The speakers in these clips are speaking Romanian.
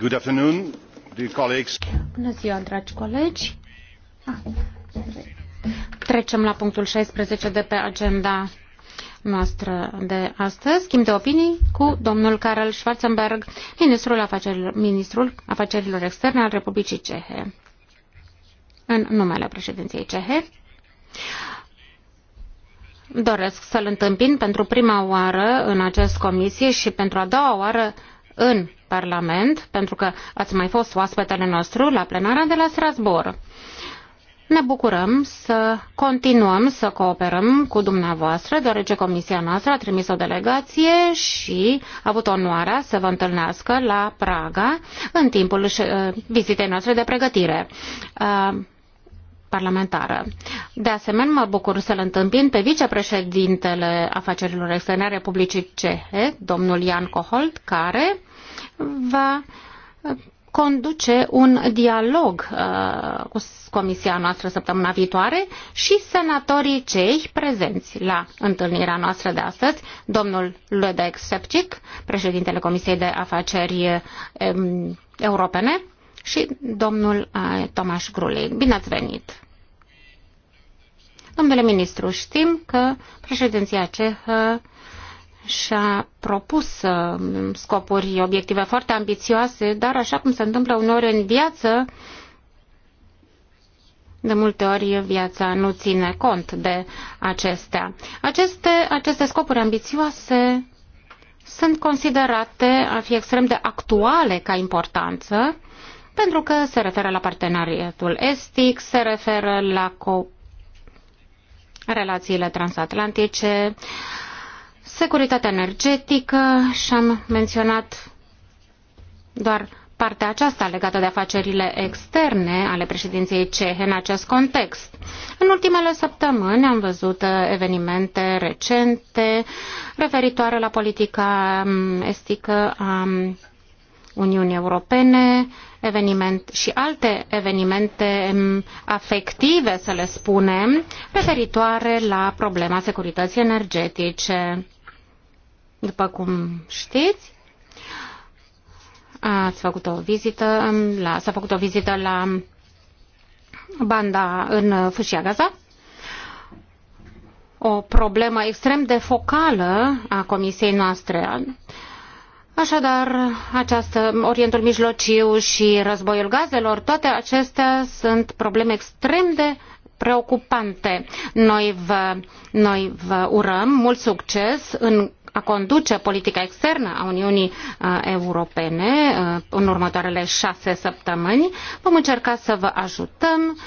Good afternoon, dear colleagues. Bună ziua, dragi colegi. Ah, trecem la punctul 16 de pe agenda noastră de astăzi, schimb de opinii cu domnul Karel Schwarzenberg, ministrul afacerilor, ministrul afacerilor externe al Republicii Cehe, în numele președinției cehe. Doresc să-l întâmpin pentru prima oară în această comisie și pentru a doua oară în Parlament, pentru că ați mai fost oaspetele nostru la plenara de la Strasbourg. Ne bucurăm să continuăm să cooperăm cu dumneavoastră, deoarece comisia noastră a trimis o delegație și a avut onoarea să vă întâlnească la Praga în timpul vizitei noastre de pregătire uh, parlamentară. De asemenea, mă bucur să-l întâmpin pe vicepreședintele afacerilor externe a Republicii Cehe, domnul Jan Koholt, care va conduce un dialog uh, cu comisia noastră săptămâna viitoare și senatorii cei prezenți la întâlnirea noastră de astăzi, domnul Ludek Sepcic, președintele Comisiei de Afaceri um, Europene, și domnul uh, Tomaș Grulei. Bine ați venit! Domnule ministru, știm că președinția cehă și-a propus uh, scopuri, obiective foarte ambițioase, dar așa cum se întâmplă uneori în viață, de multe ori viața nu ține cont de acestea. Aceste, aceste scopuri ambițioase sunt considerate a fi extrem de actuale ca importanță, pentru că se referă la parteneriatul estic, se referă la co- relațiile transatlantice, uh, securitatea energetică și am menționat doar partea aceasta legată de afacerile externe ale președinției cehe în acest context. În ultimele săptămâni am văzut evenimente recente referitoare la politica mm, estică a mm, Uniunii Europene, eveniment și alte evenimente mm, afective, să le spunem, referitoare la problema securității energetice. După cum știți, ați făcut o vizită la, s-a făcut o vizită la banda în Fâșia Gaza. O problemă extrem de focală a comisiei noastre. Așadar, această, Orientul Mijlociu și războiul gazelor, toate acestea sunt probleme extrem de preocupante. Noi vă, noi vă urăm mult succes în a conduce politica externă a Uniunii uh, Europene uh, în următoarele șase săptămâni. Vom încerca să vă ajutăm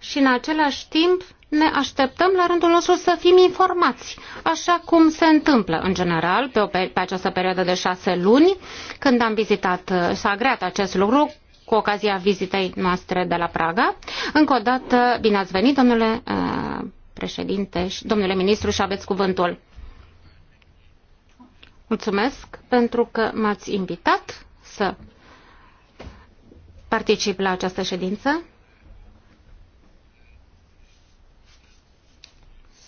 și în același timp ne așteptăm la rândul nostru să fim informați, așa cum se întâmplă în general pe, o, pe această perioadă de șase luni, când am vizitat, uh, s-a agreat acest lucru cu ocazia vizitei noastre de la Praga. Încă o dată, bine ați venit, domnule președinte, domnule ministru, și aveți cuvântul. Mulțumesc pentru că m-ați invitat să particip la această ședință.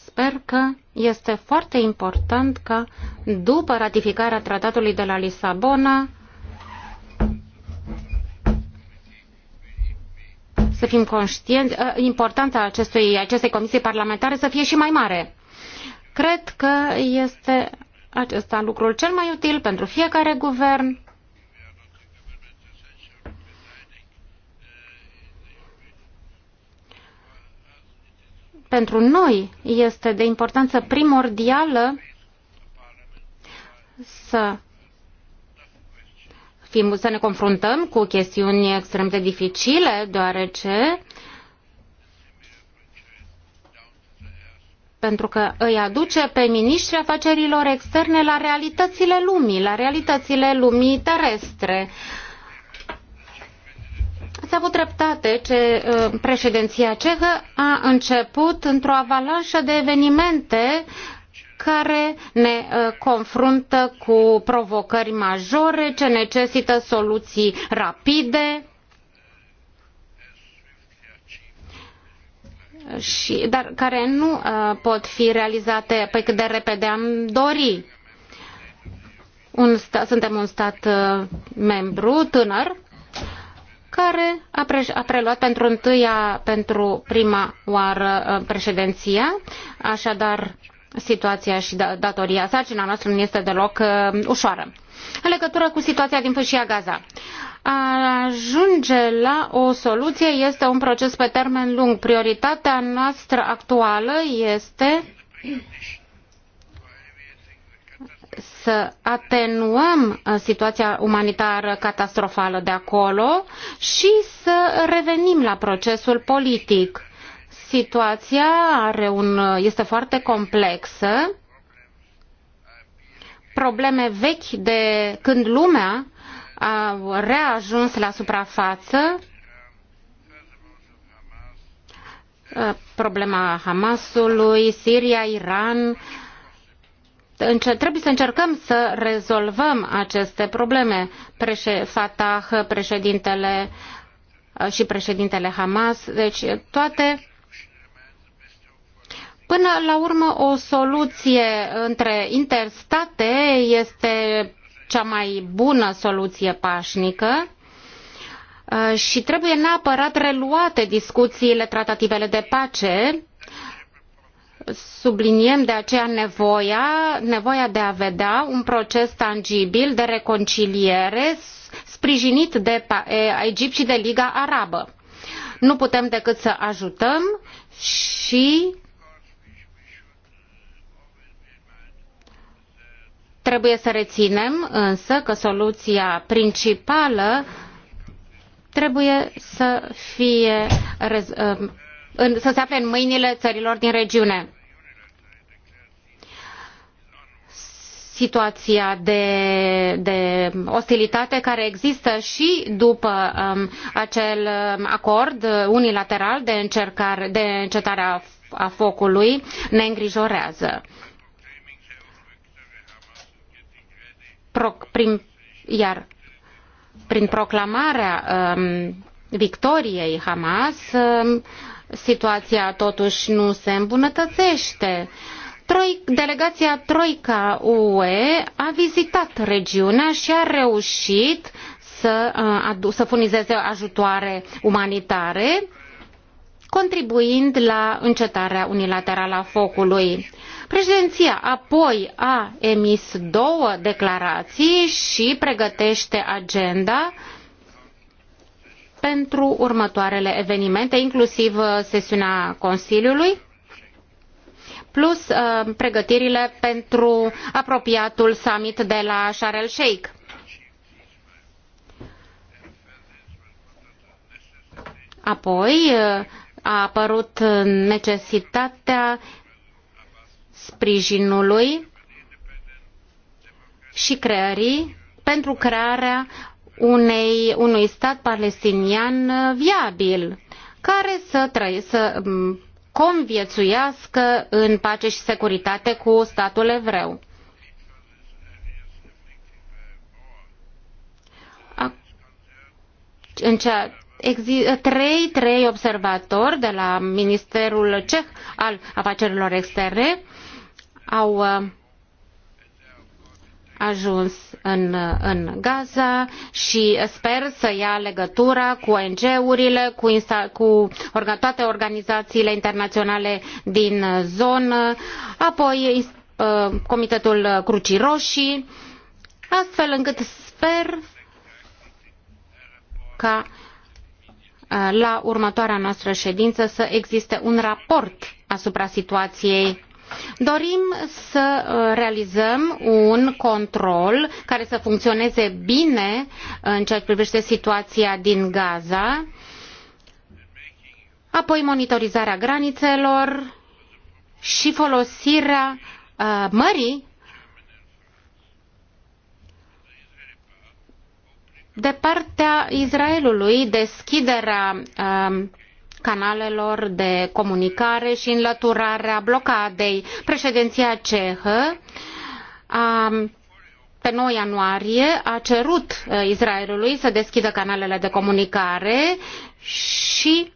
Sper că este foarte important ca, după ratificarea tratatului de la Lisabona să fim conștienți, ă, importanța acestui, acestei comisii parlamentare să fie și mai mare. Cred că este acesta lucrul cel mai util pentru fiecare guvern. Pentru noi este de importanță primordială să fim, să ne confruntăm cu chestiuni extrem de dificile, deoarece pentru că îi aduce pe miniștrii afacerilor externe la realitățile lumii, la realitățile lumii terestre. Ați avut dreptate ce ă, președinția cehă a început într-o avalanșă de evenimente care ne ă, confruntă cu provocări majore, ce necesită soluții rapide, și, dar care nu uh, pot fi realizate pe cât de repede am dori. Un sta, suntem un stat uh, membru tânăr care a, pre, a preluat pentru întâia, pentru prima oară uh, președinția, așadar situația și da, datoria sarcina noastră nu este deloc uh, ușoară. În legătură cu situația din fâșia Gaza, a ajunge la o soluție este un proces pe termen lung. Prioritatea noastră actuală este să atenuăm uh, situația umanitară catastrofală de acolo și să revenim la procesul politic. Situația are un, uh, este foarte complexă. Probleme vechi de când lumea a reajuns la suprafață. Problema Hamasului, Siria, Iran. Trebuie să încercăm să rezolvăm aceste probleme. Preșe Fatah, președintele și președintele Hamas, deci toate Până la urmă, o soluție între interstate este cea mai bună soluție pașnică uh, și trebuie neapărat reluate discuțiile tratativele de pace. Subliniem de aceea nevoia, nevoia de a vedea un proces tangibil de reconciliere sprijinit de Egipt și de Liga Arabă. Nu putem decât să ajutăm și Trebuie să reținem însă că soluția principală trebuie să fie um, să se afle în mâinile țărilor din regiune. situația de, de, ostilitate care există și după um, acel um, acord unilateral de, încercare, de încetare a, a focului ne îngrijorează. prin, iar prin proclamarea um, victoriei Hamas, um, situația totuși nu se îmbunătățește. Troi, delegația Troica UE a vizitat regiunea și a reușit să, uh, adu- să furnizeze ajutoare umanitare contribuind la încetarea unilaterală a focului. Președinția apoi a emis două declarații și pregătește agenda pentru următoarele evenimente, inclusiv uh, sesiunea Consiliului, plus uh, pregătirile pentru apropiatul summit de la Sharel Sheikh. Apoi, uh, a apărut necesitatea sprijinului și creării pentru crearea unei, unui stat palestinian viabil, care să, trăie, să conviețuiască în pace și securitate cu statul evreu. În ceea Eh, trei, trei observatori de la Ministerul Ceh al Afacerilor Externe au eh, ajuns în, eh, în Gaza și sper să ia legătura cu ONG-urile, cu, insta, cu toate organizațiile internaționale din zonă, apoi Comitetul Crucii Roșii, astfel încât sper ca Uh, la următoarea noastră ședință să existe un raport asupra situației Dorim să uh, realizăm un control care să funcționeze bine în ceea ce privește situația din Gaza, apoi monitorizarea granițelor și folosirea uh, mării de partea Israelului deschiderea um, canalelor de comunicare și înlăturarea blocadei. Președinția cehă um, pe 9 ianuarie a cerut uh, Israelului să deschidă canalele de comunicare și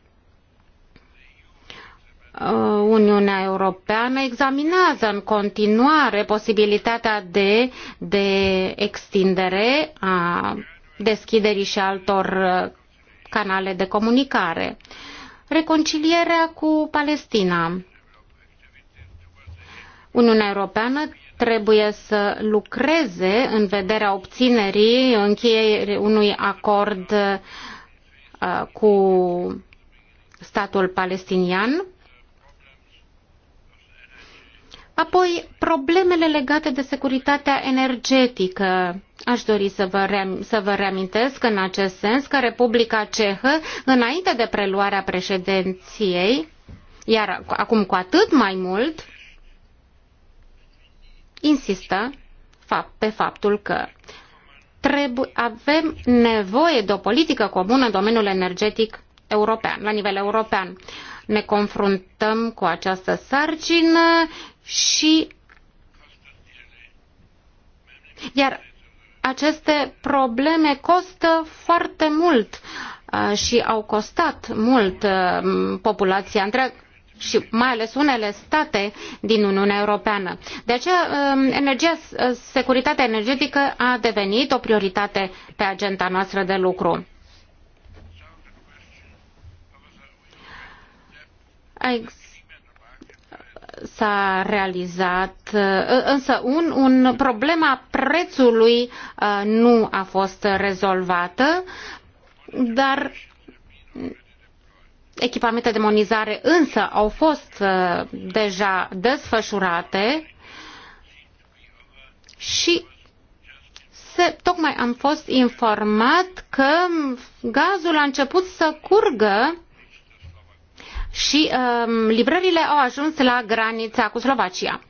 uh, Uniunea Europeană examinează în continuare posibilitatea de, de extindere a deschiderii și altor uh, canale de comunicare. Reconcilierea cu Palestina. Uniunea Europeană trebuie să lucreze în vederea obținerii încheierii unui acord uh, cu statul palestinian. Apoi, problemele legate de securitatea energetică Aș dori să vă, să vă reamintesc în acest sens că Republica Cehă, înainte de preluarea președinției, iar acum cu atât mai mult, insistă pe faptul că trebuie, avem nevoie de o politică comună în domeniul energetic european, la nivel european. Ne confruntăm cu această sarcină și iar aceste probleme costă foarte mult uh, și au costat mult uh, populația întreagă și mai ales unele state din Uniunea Europeană. De aceea, um, energia, uh, securitatea energetică a devenit o prioritate pe agenda noastră de lucru. ex s-a realizat, uh, însă un, un problema prețului uh, nu a fost rezolvată, dar echipamente de monizare însă au fost uh, deja desfășurate și se, tocmai am fost informat că gazul a început să curgă și um, livrările au ajuns la granița cu Slovacia.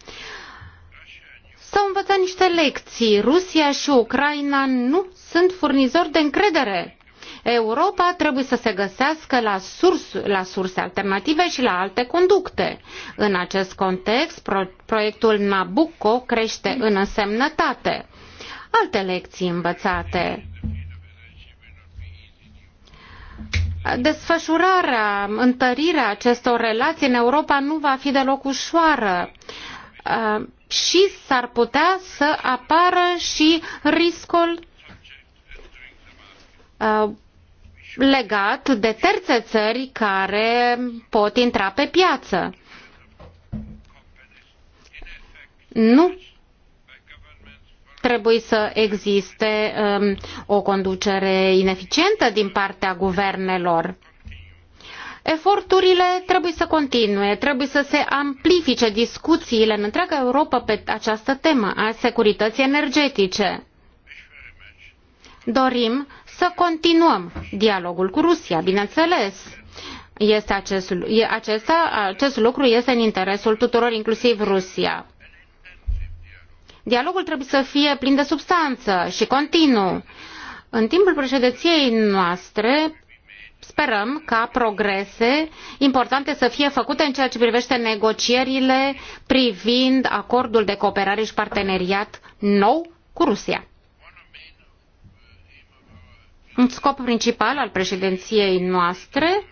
S-au învățat niște lecții. Rusia și Ucraina nu sunt furnizori de încredere. Europa trebuie să se găsească la, surs, la surse alternative și la alte conducte. În acest context, pro, proiectul Nabucco crește în însemnătate. Alte lecții învățate desfășurarea, întărirea acestor relații în Europa nu va fi deloc ușoară și s-ar putea să apară și riscul legat de terțe țări care pot intra pe piață. Nu trebuie să existe um, o conducere ineficientă din partea guvernelor. Eforturile trebuie să continue, trebuie să se amplifice discuțiile în întreaga Europa pe această temă a securității energetice. Dorim să continuăm dialogul cu Rusia, bineînțeles. Este acest, acesta, acest lucru este în interesul tuturor, inclusiv Rusia. Dialogul trebuie să fie plin de substanță și continuu. În timpul președinției noastre, sperăm ca progrese importante să fie făcute în ceea ce privește negocierile privind acordul de cooperare și parteneriat nou cu Rusia. Un scop principal al președinției noastre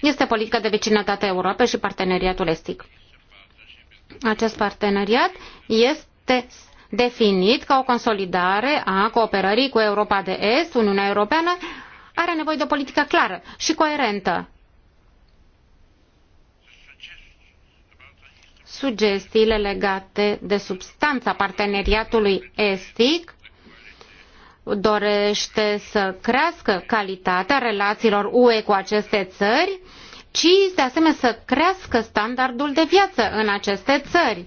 este politica de vecinătate a Europei și parteneriatul estic. Acest parteneriat este este definit ca o consolidare a cooperării cu Europa de Est, Uniunea Europeană, are nevoie de o politică clară și coerentă. Sugestiile legate de substanța parteneriatului estic dorește să crească calitatea relațiilor UE cu aceste țări, ci de asemenea să crească standardul de viață în aceste țări.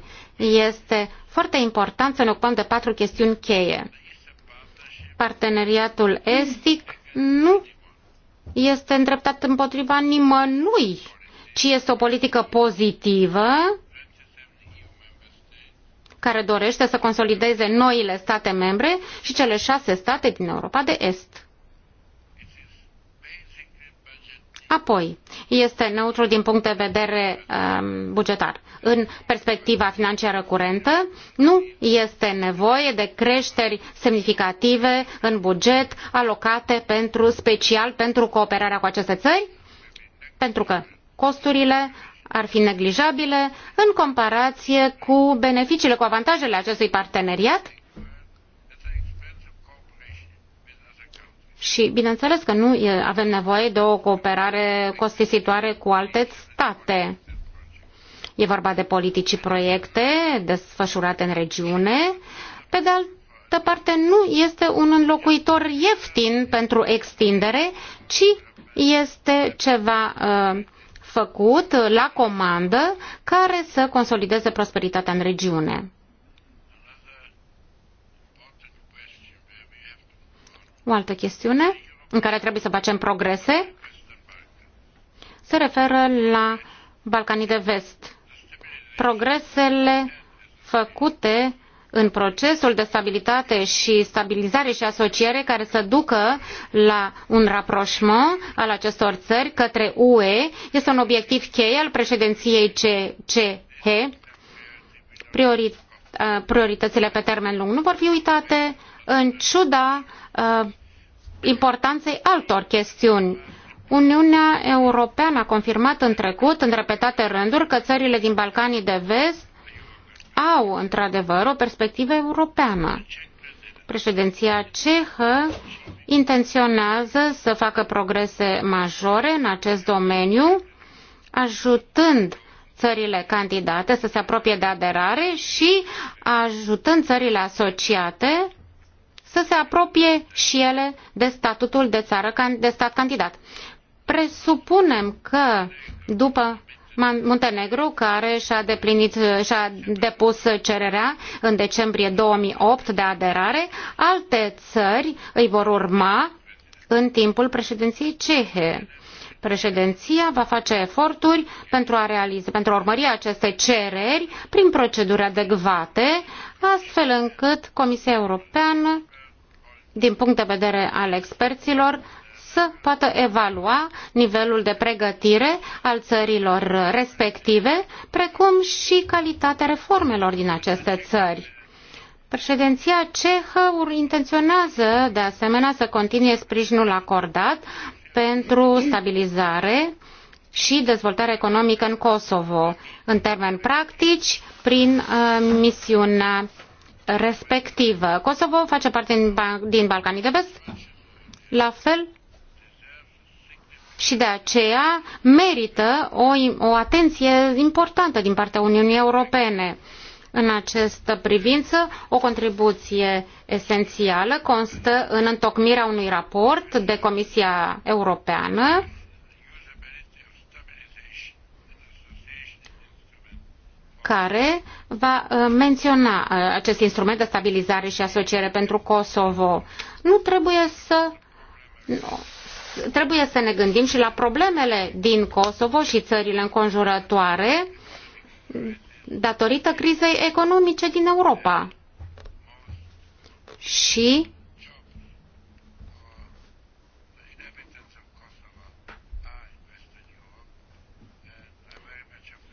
Este foarte important să ne ocupăm de patru chestiuni cheie. Parteneriatul estic nu este îndreptat împotriva nimănui, ci este o politică pozitivă care dorește să consolideze noile state membre și cele șase state din Europa de Est. Apoi, este neutru din punct de vedere um, bugetar. În perspectiva financiară curentă, nu este nevoie de creșteri semnificative în buget alocate pentru special pentru cooperarea cu aceste țări, pentru că costurile ar fi neglijabile în comparație cu beneficiile, cu avantajele acestui parteneriat Și bineînțeles că nu avem nevoie de o cooperare costisitoare cu alte state. E vorba de politici proiecte desfășurate în regiune. Pe de altă parte, nu este un înlocuitor ieftin pentru extindere, ci este ceva uh, făcut la comandă care să consolideze prosperitatea în regiune. O altă chestiune în care trebuie să facem progrese se referă la Balcanii de Vest. Progresele făcute în procesul de stabilitate și stabilizare și asociere care să ducă la un rapproșment al acestor țări către UE este un obiectiv cheie al președinției CCH. Priorit, uh, prioritățile pe termen lung nu vor fi uitate în ciuda uh, importanței altor chestiuni. Uniunea Europeană a confirmat în trecut, în repetate rânduri, că țările din Balcanii de Vest au, într-adevăr, o perspectivă europeană. Președinția cehă intenționează să facă progrese majore în acest domeniu, ajutând țările candidate să se apropie de aderare și ajutând țările asociate să se apropie și ele de statutul de, țară, de stat candidat. Presupunem că după Muntenegru, care și-a, deplinit, și-a depus cererea în decembrie 2008 de aderare, alte țări îi vor urma în timpul președinției cehe. Președinția va face eforturi pentru a, realiza, pentru a urmări aceste cereri prin proceduri adecvate, astfel încât Comisia Europeană din punct de vedere al experților, să poată evalua nivelul de pregătire al țărilor respective, precum și calitatea reformelor din aceste țări. Președinția cehă intenționează de asemenea să continue sprijinul acordat pentru stabilizare și dezvoltare economică în Kosovo, în termeni practici, prin uh, misiunea respectivă. Kosovo face parte din, din Balcanii de Vest, la fel și de aceea merită o, o atenție importantă din partea Uniunii Europene. În această privință, o contribuție esențială constă în întocmirea unui raport de Comisia Europeană care va uh, menționa uh, acest instrument de stabilizare și asociere pentru Kosovo. Nu trebuie să nu. trebuie să ne gândim și la problemele din Kosovo și țările înconjurătoare datorită crizei economice din Europa. Și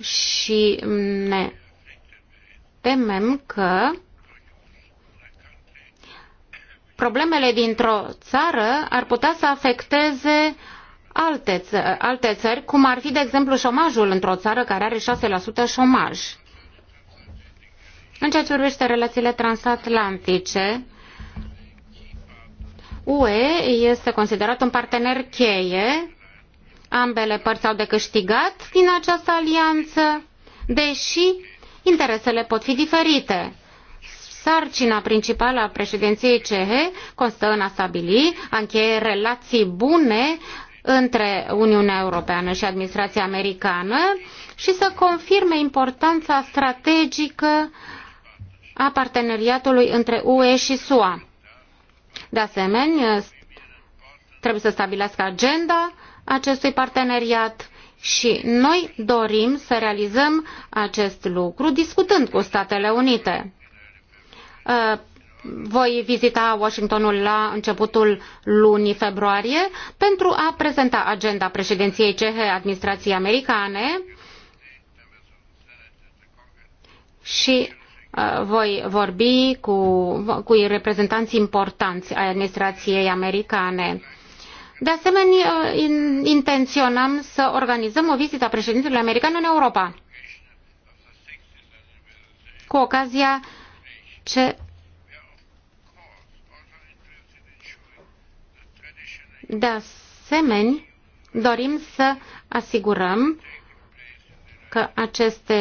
și ne temem că problemele dintr-o țară ar putea să afecteze alte, ță alte țări, cum ar fi, de exemplu, șomajul într-o țară care are 6% șomaj. În ceea ce privește relațiile transatlantice, UE este considerat un partener cheie Ambele părți au de câștigat din această alianță, deși interesele pot fi diferite. Sarcina principală a președinției cehe constă în a stabili, a încheie relații bune între Uniunea Europeană și administrația americană și să confirme importanța strategică a parteneriatului între UE și SUA. De asemenea, trebuie să stabilească agenda acestui parteneriat și noi dorim să realizăm acest lucru discutând cu Statele Unite. Uh, voi vizita Washingtonul la începutul lunii februarie pentru a prezenta agenda președinției cehe administrației americane și uh, voi vorbi cu, cu reprezentanți importanți ai administrației americane. De asemenea, intenționăm să organizăm o vizită a președintelui american în Europa cu ocazia ce de asemenea dorim să asigurăm că aceste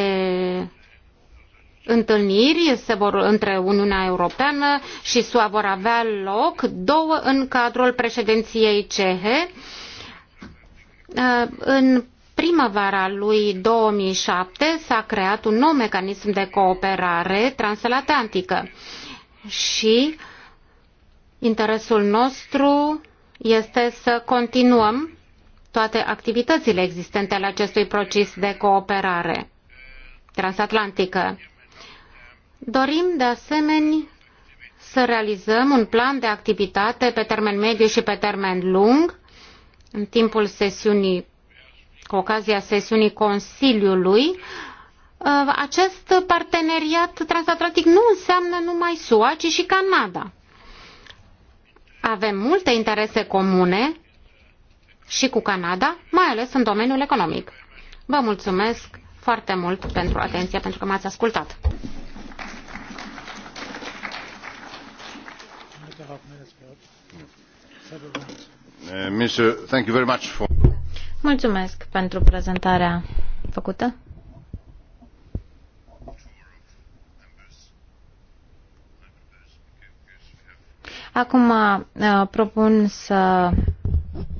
întâlniri se vor, între Uniunea Europeană și SUA vor avea loc, două în cadrul președinției cehe. Uh, în primăvara lui 2007 s-a creat un nou mecanism de cooperare transatlantică și interesul nostru este să continuăm toate activitățile existente ale acestui proces de cooperare transatlantică. Dorim de asemenea să realizăm un plan de activitate pe termen mediu și pe termen lung în timpul sesiunii, cu ocazia sesiunii Consiliului. Uh, acest parteneriat transatlantic nu înseamnă numai SUA, ci și Canada. Avem multe interese comune și cu Canada, mai ales în domeniul economic. Vă mulțumesc foarte mult pentru atenție, pentru că m-ați ascultat. Uh, Mulțumesc pentru prezentarea făcută. Acum uh, propun să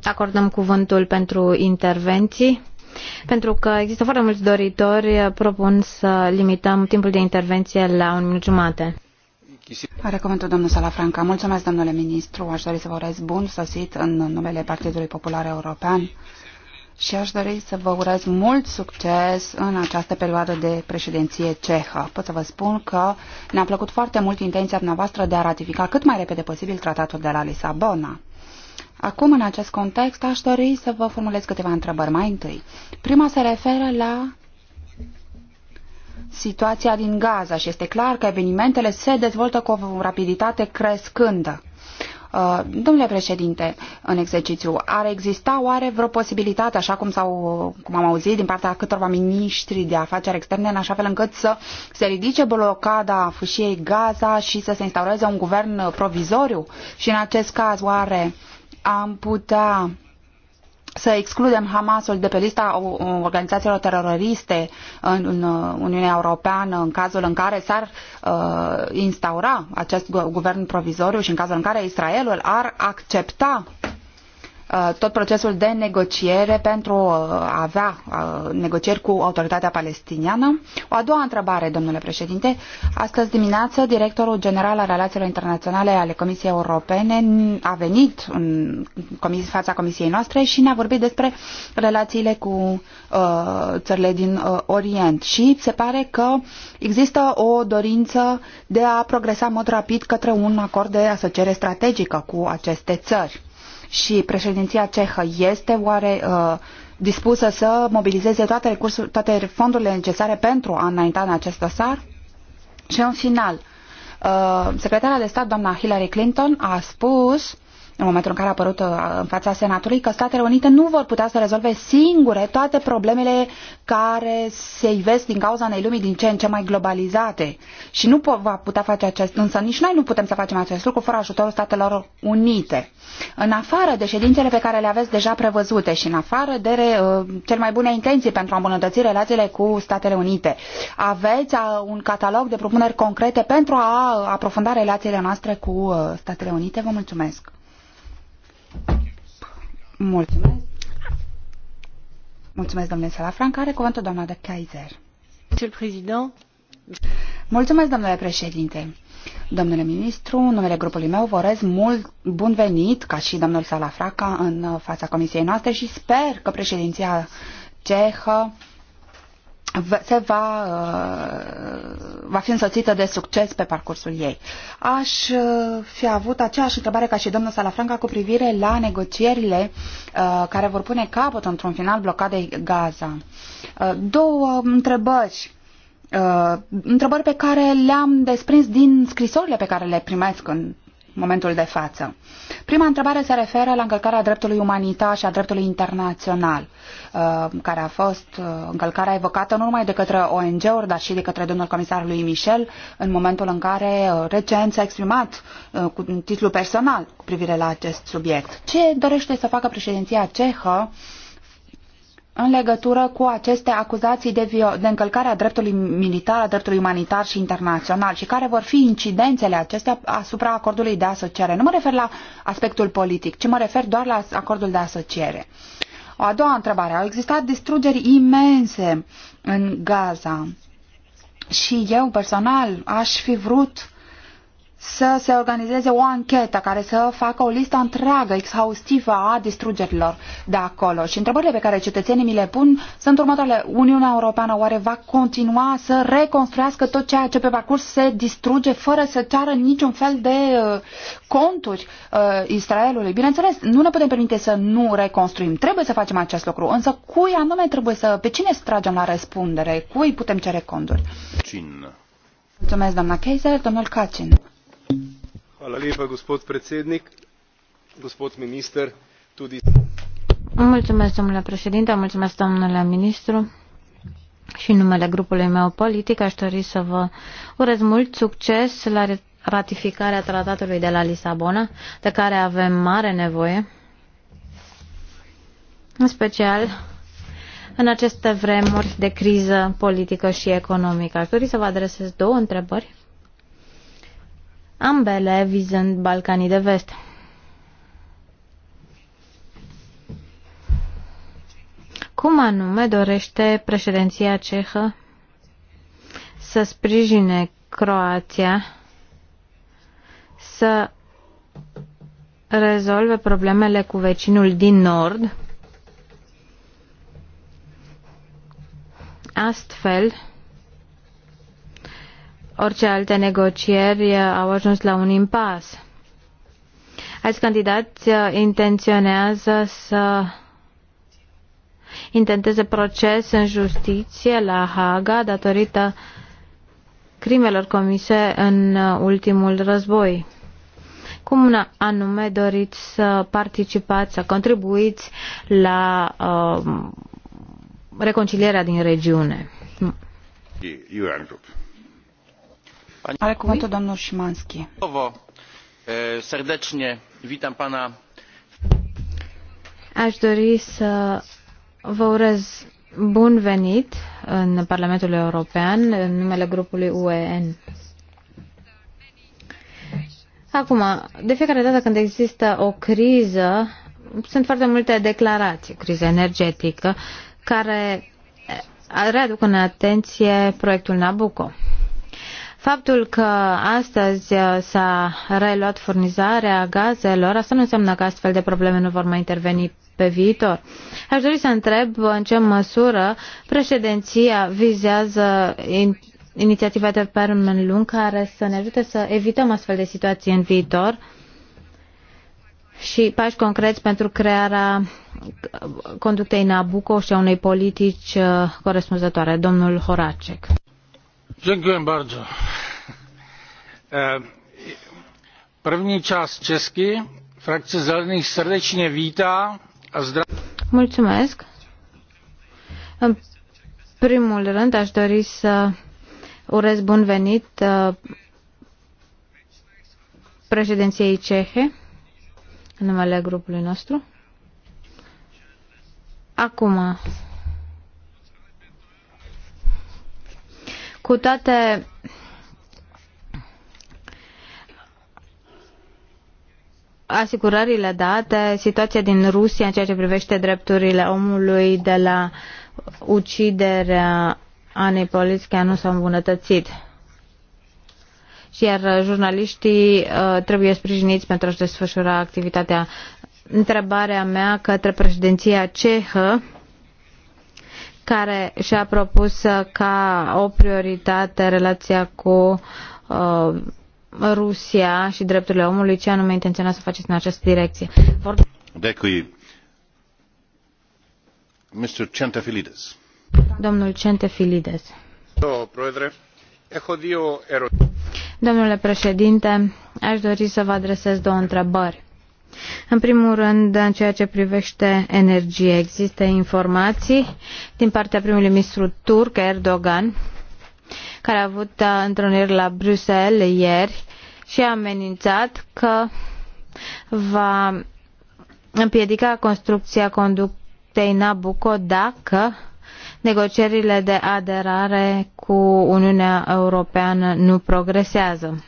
acordăm cuvântul pentru intervenții. Pentru că există foarte mulți doritori, propun să limităm timpul de intervenție la un minut jumate. Are cuvântul domnul Salafranca. Mulțumesc, domnule ministru. Aș dori să vă urez bun sosit în numele Partidului Popular European și aș dori să vă urez mult succes în această perioadă de președinție cehă. Pot să vă spun că ne-a plăcut foarte mult intenția dumneavoastră de a ratifica cât mai repede posibil tratatul de la Lisabona. Acum, în acest context, aș dori să vă formulez câteva întrebări mai întâi. Prima se referă la situația din Gaza și este clar că evenimentele se dezvoltă cu o rapiditate crescândă. Uh, domnule președinte, în exercițiu, ar exista oare vreo posibilitate, așa cum, s-au cum am auzit din partea câtorva miniștri de afaceri externe, în așa fel încât să se ridice blocada fâșiei Gaza și să se instaureze un guvern provizoriu? Și în acest caz, oare am putea să excludem Hamasul de pe lista organizațiilor teroriste în uh, Uniunea Europeană în cazul în care s-ar uh, instaura acest guvern provizoriu și în cazul în care Israelul ar accepta Uh, tot procesul de negociere pentru uh, a avea uh, negocieri cu autoritatea palestiniană. O a doua întrebare, domnule președinte. Astăzi dimineață, directorul general al relațiilor internaționale ale Comisiei Europene a venit în comis fața Comisiei noastre și ne-a vorbit despre relațiile cu uh, țările din uh, Orient. Și se pare că există o dorință de a progresa în mod rapid către un acord de asociere strategică cu aceste țări și președinția cehă este oare uh, dispusă să mobilizeze toate, recursul, toate fondurile necesare pentru a înainta în acest dosar? Și în final, uh, secretara de stat, doamna Hillary Clinton, a spus uh, în momentul în care a apărut uh, în fața Senatului, că Statele Unite nu vor putea să rezolve singure toate problemele care se ivesc din cauza unei lumii din ce în ce mai globalizate. Și nu va putea face acest, însă nici noi nu putem să facem acest lucru fără ajutorul Statelor Unite. În afară de ședințele pe care le aveți deja prevăzute și în afară de uh, cel mai bune intenții pentru a îmbunătăți relațiile cu Statele Unite, aveți uh, un catalog de propuneri concrete pentru a aprofunda relațiile noastre cu uh, Statele Unite? Vă mulțumesc! Mulțumesc. Mulțumesc, domnule Salafranca. Are cuvântul doamna de Kaiser. Mulțumesc, domnule președinte. Domnule ministru, în numele grupului meu vă urez mult bun venit, ca și domnul Salafraca, în fața comisiei noastre și sper că președinția cehă se va, uh, va fi însoțită de succes pe parcursul ei. Aș uh, fi avut aceeași întrebare ca și domnul Salafranca cu privire la negocierile uh, care vor pune capăt într-un final blocadei Gaza. Două întrebări Uh, întrebări pe care le-am desprins din scrisorile pe care le primesc în momentul de față. Prima întrebare se referă la încălcarea dreptului umanitar și a dreptului internațional, uh, care a fost uh, încălcarea evocată nu numai de către ONG-uri, dar și de către domnul comisar lui Michel, în momentul în care uh, recent s-a exprimat cu titlu personal cu privire la acest subiect. Ce dorește să facă președinția cehă în legătură cu aceste acuzații de, de încălcare a dreptului militar, a dreptului umanitar și internațional și care vor fi incidențele acestea asupra acordului de asociere. Nu mă refer la aspectul politic, ci mă refer doar la acordul de asociere. O a doua întrebare. Au existat distrugeri imense în Gaza și eu personal aș fi vrut să se organizeze o anchetă care să facă o listă întreagă, exhaustivă a distrugerilor de acolo. Și întrebările pe care cetățenii mi le pun sunt următoarele. Uniunea Europeană oare va continua să reconstruiască tot ceea ce pe parcurs se distruge fără să ceară niciun fel de uh, conturi uh, Israelului? Bineînțeles, nu ne putem permite să nu reconstruim. Trebuie să facem acest lucru. Însă cui anume trebuie să... pe cine să tragem la răspundere? Cui putem cere conturi? Cine? Mulțumesc, doamna Kaiser. Domnul Cacin. Mulțumesc, domnule președinte, mulțumesc, domnule ministru. Și în numele grupului meu politic aș dori să vă urez mult succes la ratificarea tratatului de la Lisabona, de care avem mare nevoie, în special în aceste vremuri de criză politică și economică. Aș dori să vă adresez două întrebări ambele vizând Balcanii de Vest. Cum anume dorește președinția cehă să sprijine Croația să rezolve problemele cu vecinul din nord, astfel orice alte negocieri uh, au ajuns la un impas. Ați candidați uh, intenționează să intenteze proces în justiție la Haga datorită crimelor comise în uh, ultimul război. Cum anume doriți să participați, să contribuiți la uh, reconcilierea din regiune? Iuran Grup. Serdecznie witam pana. Aș dori să vă urez bun venit în Parlamentul European în numele grupului UEN. Acum, de fiecare dată când există o criză, sunt foarte multe declarații, criză energetică, care readuc în atenție proiectul Nabucco. Faptul că astăzi uh, s-a reluat furnizarea gazelor, asta nu înseamnă că astfel de probleme nu vor mai interveni pe viitor. Aș dori să întreb în ce măsură președinția vizează inițiativa de termen lung care să ne ajute să evităm astfel de situații în viitor și pași concreți pentru crearea conductei Nabucco și a unei politici uh, corespunzătoare. Domnul Horacek první část česky frakce zelených srdečně vítá a zdraví. Mulțumesc. În primul rând aș dori să urez bun venit președinției cehe în numele grupului nostru. Acum, Cu toate asigurările date, situația din Rusia în ceea ce privește drepturile omului de la uciderea Anei Polițchea nu s-a îmbunătățit. Și iar jurnaliștii uh, trebuie sprijiniți pentru a-și desfășura activitatea. Întrebarea mea către președinția cehă care și-a propus uh, ca o prioritate relația cu uh, Rusia și drepturile omului. Ce anume intenționa să faceți în această direcție? Vor... Decui. Mr. Centefilides. Domnul Centefilides. Domnule președinte, aș dori să vă adresez două întrebări. În primul rând, în ceea ce privește energie, există informații din partea primului ministru turc, Erdogan, care a avut uh, întâlniri la Bruxelles ieri și a amenințat că va împiedica construcția conductei Nabucco dacă negocierile de aderare cu Uniunea Europeană nu progresează.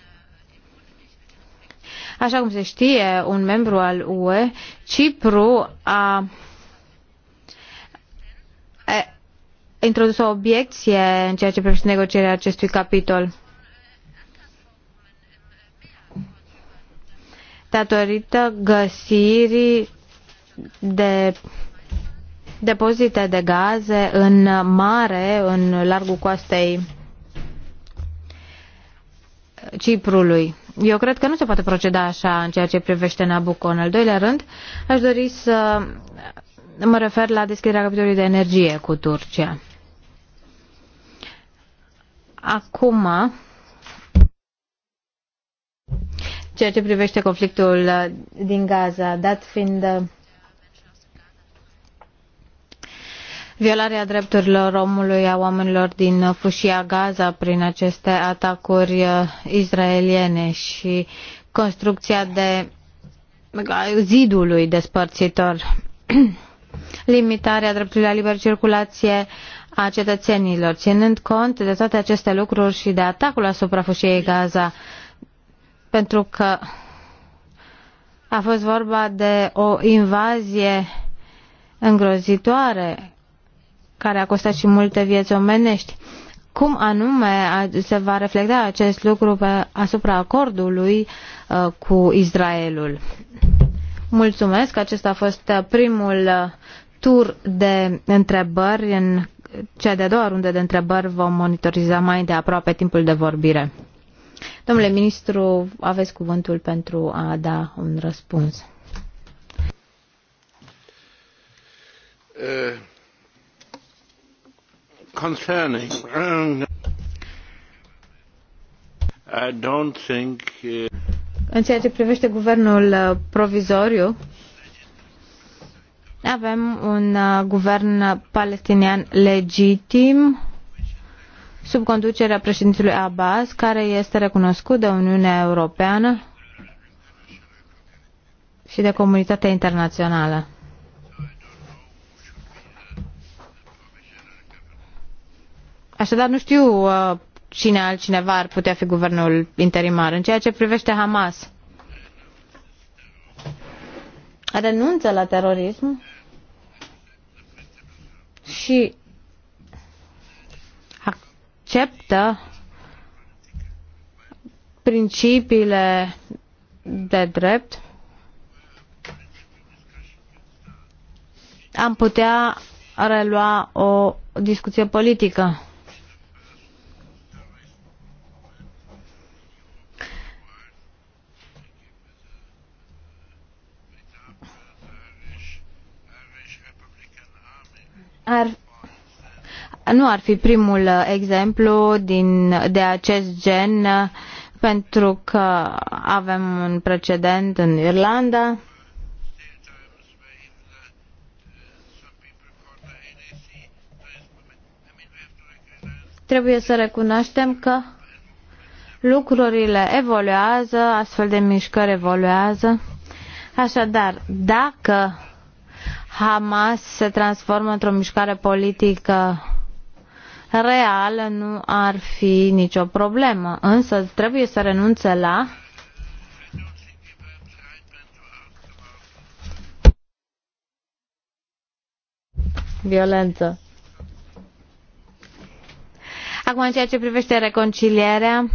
Așa cum se știe, un membru al UE, Cipru a introdus o obiecție în ceea ce privește negocierea acestui capitol. Datorită găsirii de depozite de gaze în mare, în largul coastei Ciprului eu cred că nu se poate proceda așa în ceea ce privește Nabucco. În al doilea rând, aș dori să mă refer la deschiderea capitolului de energie cu Turcia. Acum, ceea ce privește conflictul din Gaza, dat fiind violarea drepturilor omului a oamenilor din fâșia Gaza prin aceste atacuri uh, izraeliene și construcția de zidului despărțitor, limitarea dreptului la liber circulație a cetățenilor, ținând cont de toate aceste lucruri și de atacul asupra fâșiei Gaza, pentru că a fost vorba de o invazie îngrozitoare care a costat și multe vieți omenești. Cum anume se va reflecta acest lucru pe, asupra acordului uh, cu Israelul? Mulțumesc, acesta a fost uh, primul uh, tur de întrebări. În cea de-a doua rundă de întrebări vom monitoriza mai de aproape timpul de vorbire. Domnule ministru, aveți cuvântul pentru a da un răspuns. Uh concerning I don't think uh, în ceea ce privește guvernul uh, provizoriu, avem un uh, guvern palestinian legitim sub conducerea președintelui Abbas, care este recunoscut de Uniunea Europeană și de comunitatea internațională. Așadar, nu știu uh, cine altcineva ar putea fi guvernul interimar. În ceea ce privește Hamas, renunță la terorism și acceptă principiile de drept, am putea relua o discuție politică. ar, nu ar fi primul uh, exemplu din, de acest gen uh, pentru că avem un precedent în Irlanda. Trebuie să recunoaștem că lucrurile evoluează, astfel de mișcări evoluează. Așadar, dacă Hamas se transformă într-o mișcare politică reală, nu ar fi nicio problemă. Însă trebuie să renunțe la violență. Acum, în ceea ce privește reconcilierea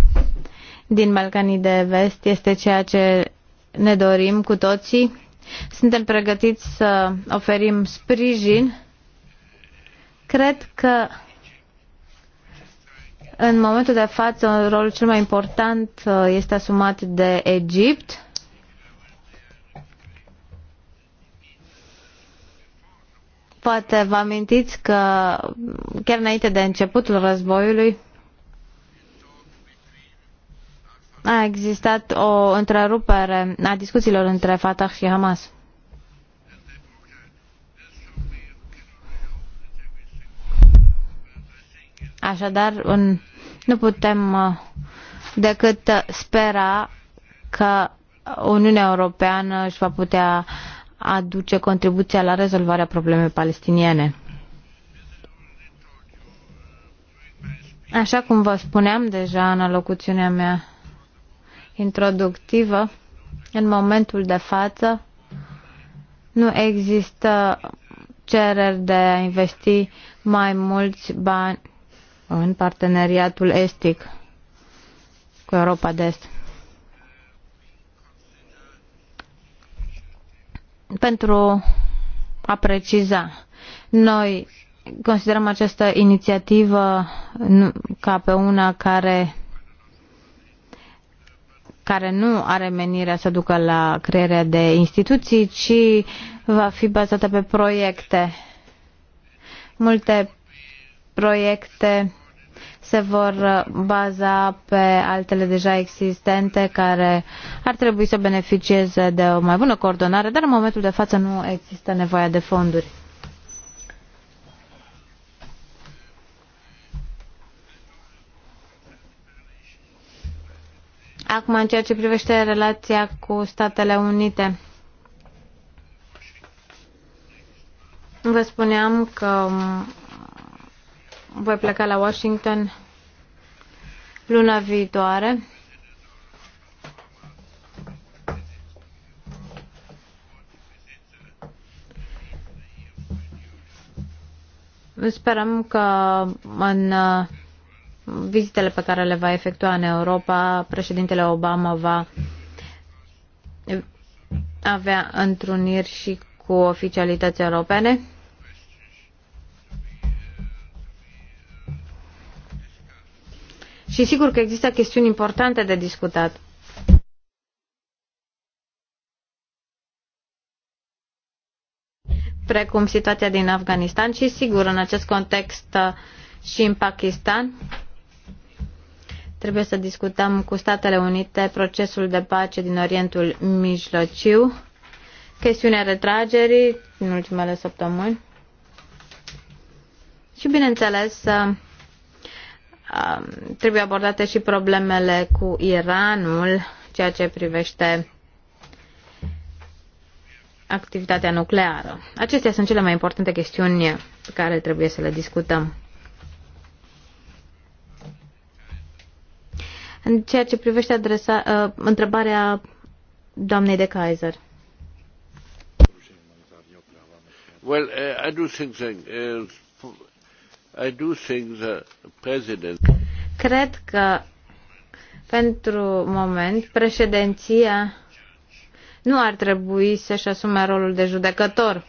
din Balcanii de Vest, este ceea ce ne dorim cu toții. Suntem pregătiți să oferim sprijin. Cred că în momentul de față rolul cel mai important uh, este asumat de Egipt. Poate vă amintiți că chiar înainte de începutul războiului, a existat o întrerupere a discuțiilor între Fatah și Hamas. Așadar, în, nu putem uh, decât uh, spera că Uniunea Europeană își va putea aduce contribuția la rezolvarea problemei palestiniene. Așa cum vă spuneam deja în alocuțiunea mea introductivă, în momentul de față nu există cereri de a investi mai mulți bani în parteneriatul estic cu Europa de Est. Pentru a preciza, noi considerăm această inițiativă ca pe una care care nu are menirea să ducă la crearea de instituții, ci va fi bazată pe proiecte. Multe proiecte se vor baza pe altele deja existente care ar trebui să beneficieze de o mai bună coordonare, dar în momentul de față nu există nevoia de fonduri. Acum, în ceea ce privește relația cu Statele Unite, vă spuneam că voi pleca la Washington luna viitoare. Sperăm că în vizitele pe care le va efectua în Europa, președintele Obama va avea întruniri și cu oficialități europene? Și sigur că există chestiuni importante de discutat. precum situația din Afganistan și, sigur, în acest context și în Pakistan. Trebuie să discutăm cu Statele Unite procesul de pace din Orientul Mijlociu, chestiunea retragerii în ultimele săptămâni și, bineînțeles, uh, um, trebuie abordate și problemele cu Iranul, ceea ce privește activitatea nucleară. Acestea sunt cele mai importante chestiuni pe care trebuie să le discutăm. În ceea ce privește adresa, uh, întrebarea doamnei de Kaiser. Well, uh, I do think that, uh, I do think the president... Cred că pentru moment președinția nu ar trebui să-și asume rolul de judecător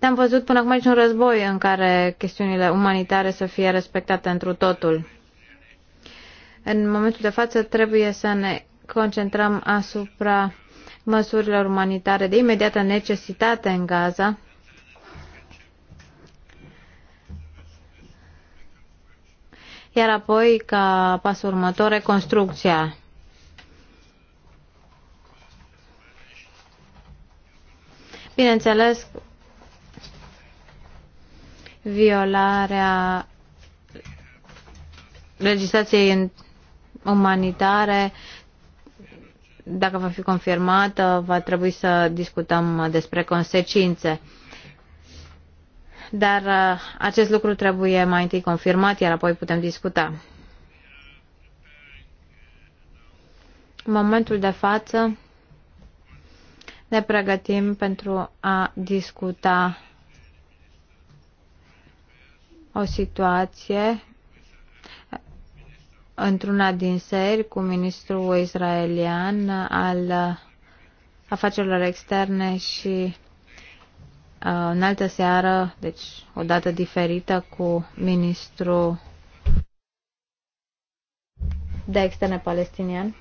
Dar am văzut până acum aici un război în care chestiunile umanitare să fie respectate întru totul. În momentul de față trebuie să ne concentrăm asupra măsurilor umanitare de imediată necesitate în Gaza, iar apoi, ca pas următor, reconstrucția. Bineînțeles, violarea legislației umanitare, dacă va fi confirmată, va trebui să discutăm despre consecințe. Dar uh, acest lucru trebuie mai întâi confirmat, iar apoi putem discuta. În momentul de față ne pregătim pentru a discuta o situație într-una din seri cu ministrul israelian al afacerilor externe și uh, în altă seară, deci o dată diferită cu ministrul de externe palestinian.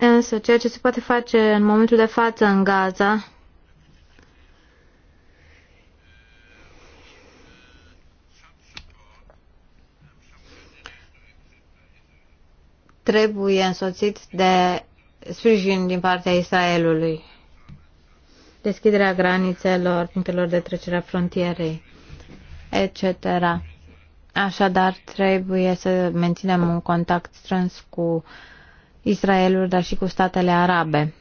Însă ceea ce se poate face în momentul de față în Gaza trebuie însoțit de sprijin din partea Israelului. Deschiderea granițelor, punctelor de trecere a frontierei, etc. Așadar, trebuie să menținem un contact strâns cu uh, Israelul, dar și cu statele arabe.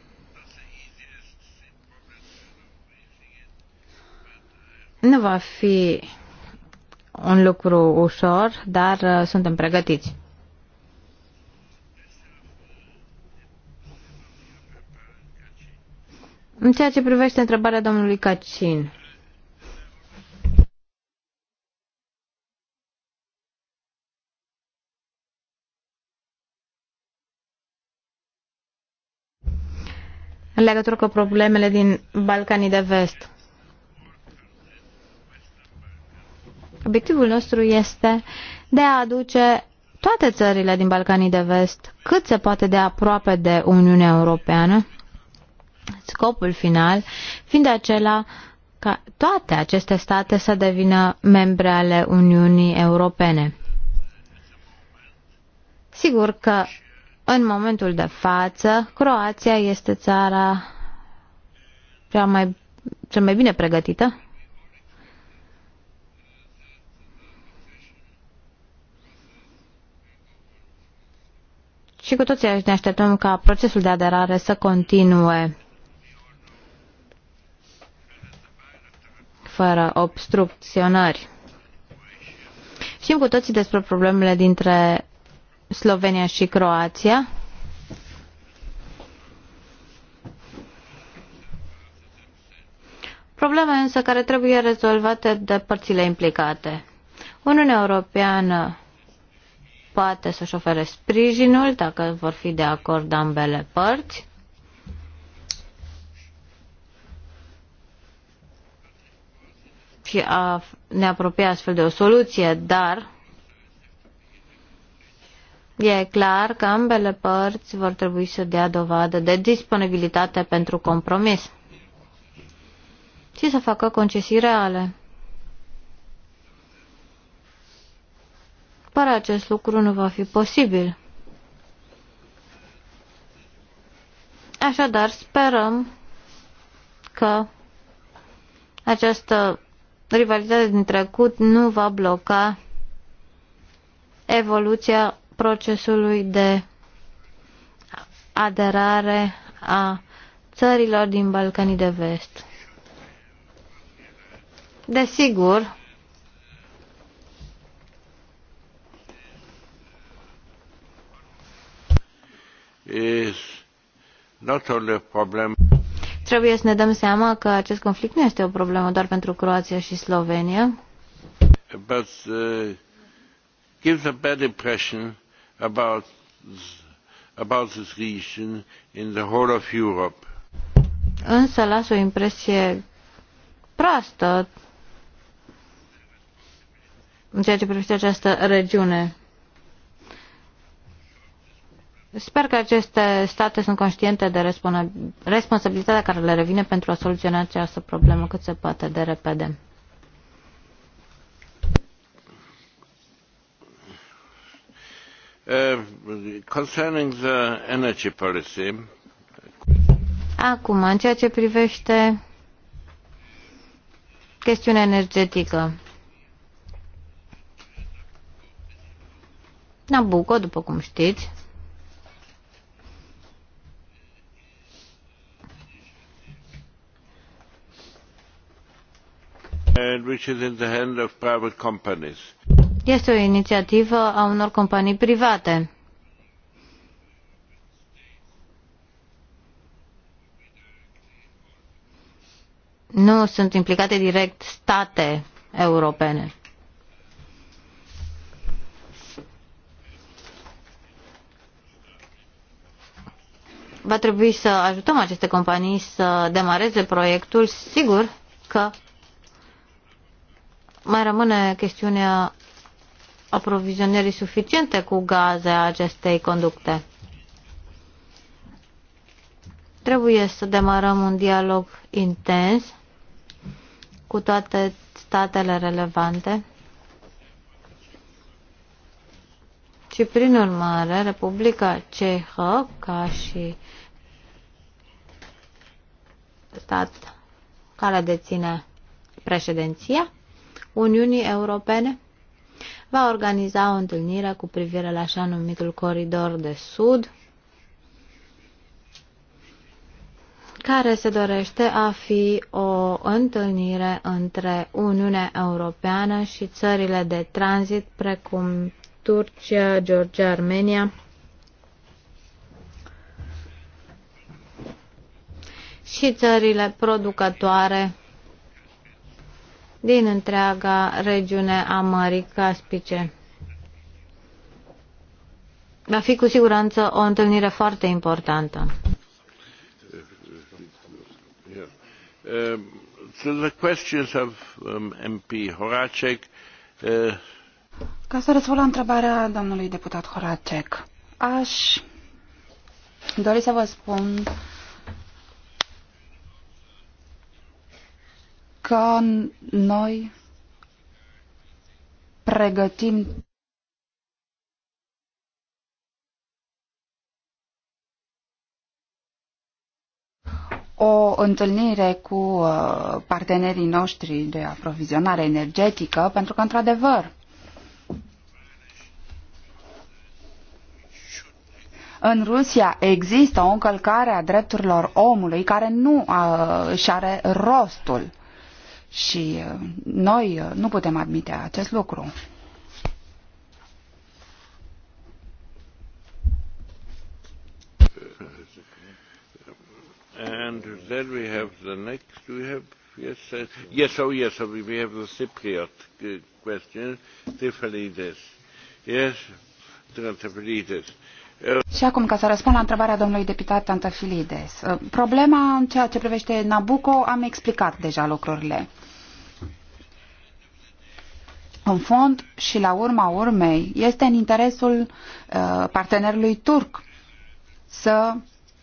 Nu va fi un lucru ușor, dar uh, suntem pregătiți. În ceea ce privește întrebarea domnului Cacin, în legătură cu problemele din Balcanii de Vest. Obiectivul nostru este de a aduce toate țările din Balcanii de Vest cât se poate de aproape de Uniunea Europeană, scopul final fiind acela ca toate aceste state să devină membre ale Uniunii Europene. Sigur că în momentul de față, Croația este țara cea mai, cea mai bine pregătită și cu toții ne așteptăm ca procesul de aderare să continue fără obstrucționări. Știm cu toții despre problemele dintre Slovenia și Croația. Probleme însă care trebuie rezolvate de părțile implicate. Uniunea Europeană poate să-și ofere sprijinul dacă vor fi de acord ambele părți. Și a ne apropia astfel de o soluție, dar E clar că ambele părți vor trebui să dea dovadă de disponibilitate pentru compromis și să facă concesii reale. Fără acest lucru nu va fi posibil. Așadar, sperăm că această rivalitate din trecut nu va bloca evoluția procesului de aderare a țărilor din Balcanii de Vest. Desigur, Trebuie să ne dăm seama că acest conflict nu este o problemă doar pentru Croația și Slovenia. But, uh, gives a bad impression about, about this region in the whole of Europe. Însă las o impresie proastă în ceea ce privește această regiune. Sper că aceste state sunt conștiente de responsabilitatea care le revine pentru a soluționa această problemă cât se poate de repede. Uh, concerning the energy policy. Acum, în ceea ce privește chestiunea energetică. Nabucco, după cum știți, uh, which is in the hand of private companies. Este o inițiativă a unor companii private. Nu sunt implicate direct state europene. va trebui să ajutăm aceste companii să demareze proiectul, sigur că mai rămâne chestiunea aprovizionării suficiente cu gaze a acestei conducte. Trebuie să demarăm un dialog intens cu toate statele relevante și, prin urmare, Republica Cehă, ca și stat care deține președinția Uniunii Europene, va organiza o întâlnire cu privire la așa numitul Coridor de Sud, care se dorește a fi o întâlnire între Uniunea Europeană și țările de tranzit, precum Turcia, Georgia, Armenia, și țările producătoare din întreaga regiune a Mării Caspice. Va fi cu siguranță o întâlnire foarte importantă. Uh, so the questions of um, MP Horacek. Uh... Ca să răspund la întrebarea domnului deputat Horacek, aș dori să vă spun că noi pregătim o întâlnire cu uh, partenerii noștri de aprovizionare energetică, pentru că, într-adevăr, în Rusia există o încălcare a drepturilor omului care nu uh, și are rostul. Uh, și uh, noi uh, nu putem admite acest lucru. And then we have the next. we have yes, uh, yes, oh yes, oh, we have the Cypriot uh, question. Tifalides, yes, Tifalides. Și acum, ca să răspund la întrebarea domnului deputat Antafilides. Uh, problema în ceea ce privește Nabucco, am explicat deja lucrurile. În fond și la urma urmei, este în interesul uh, partenerului turc să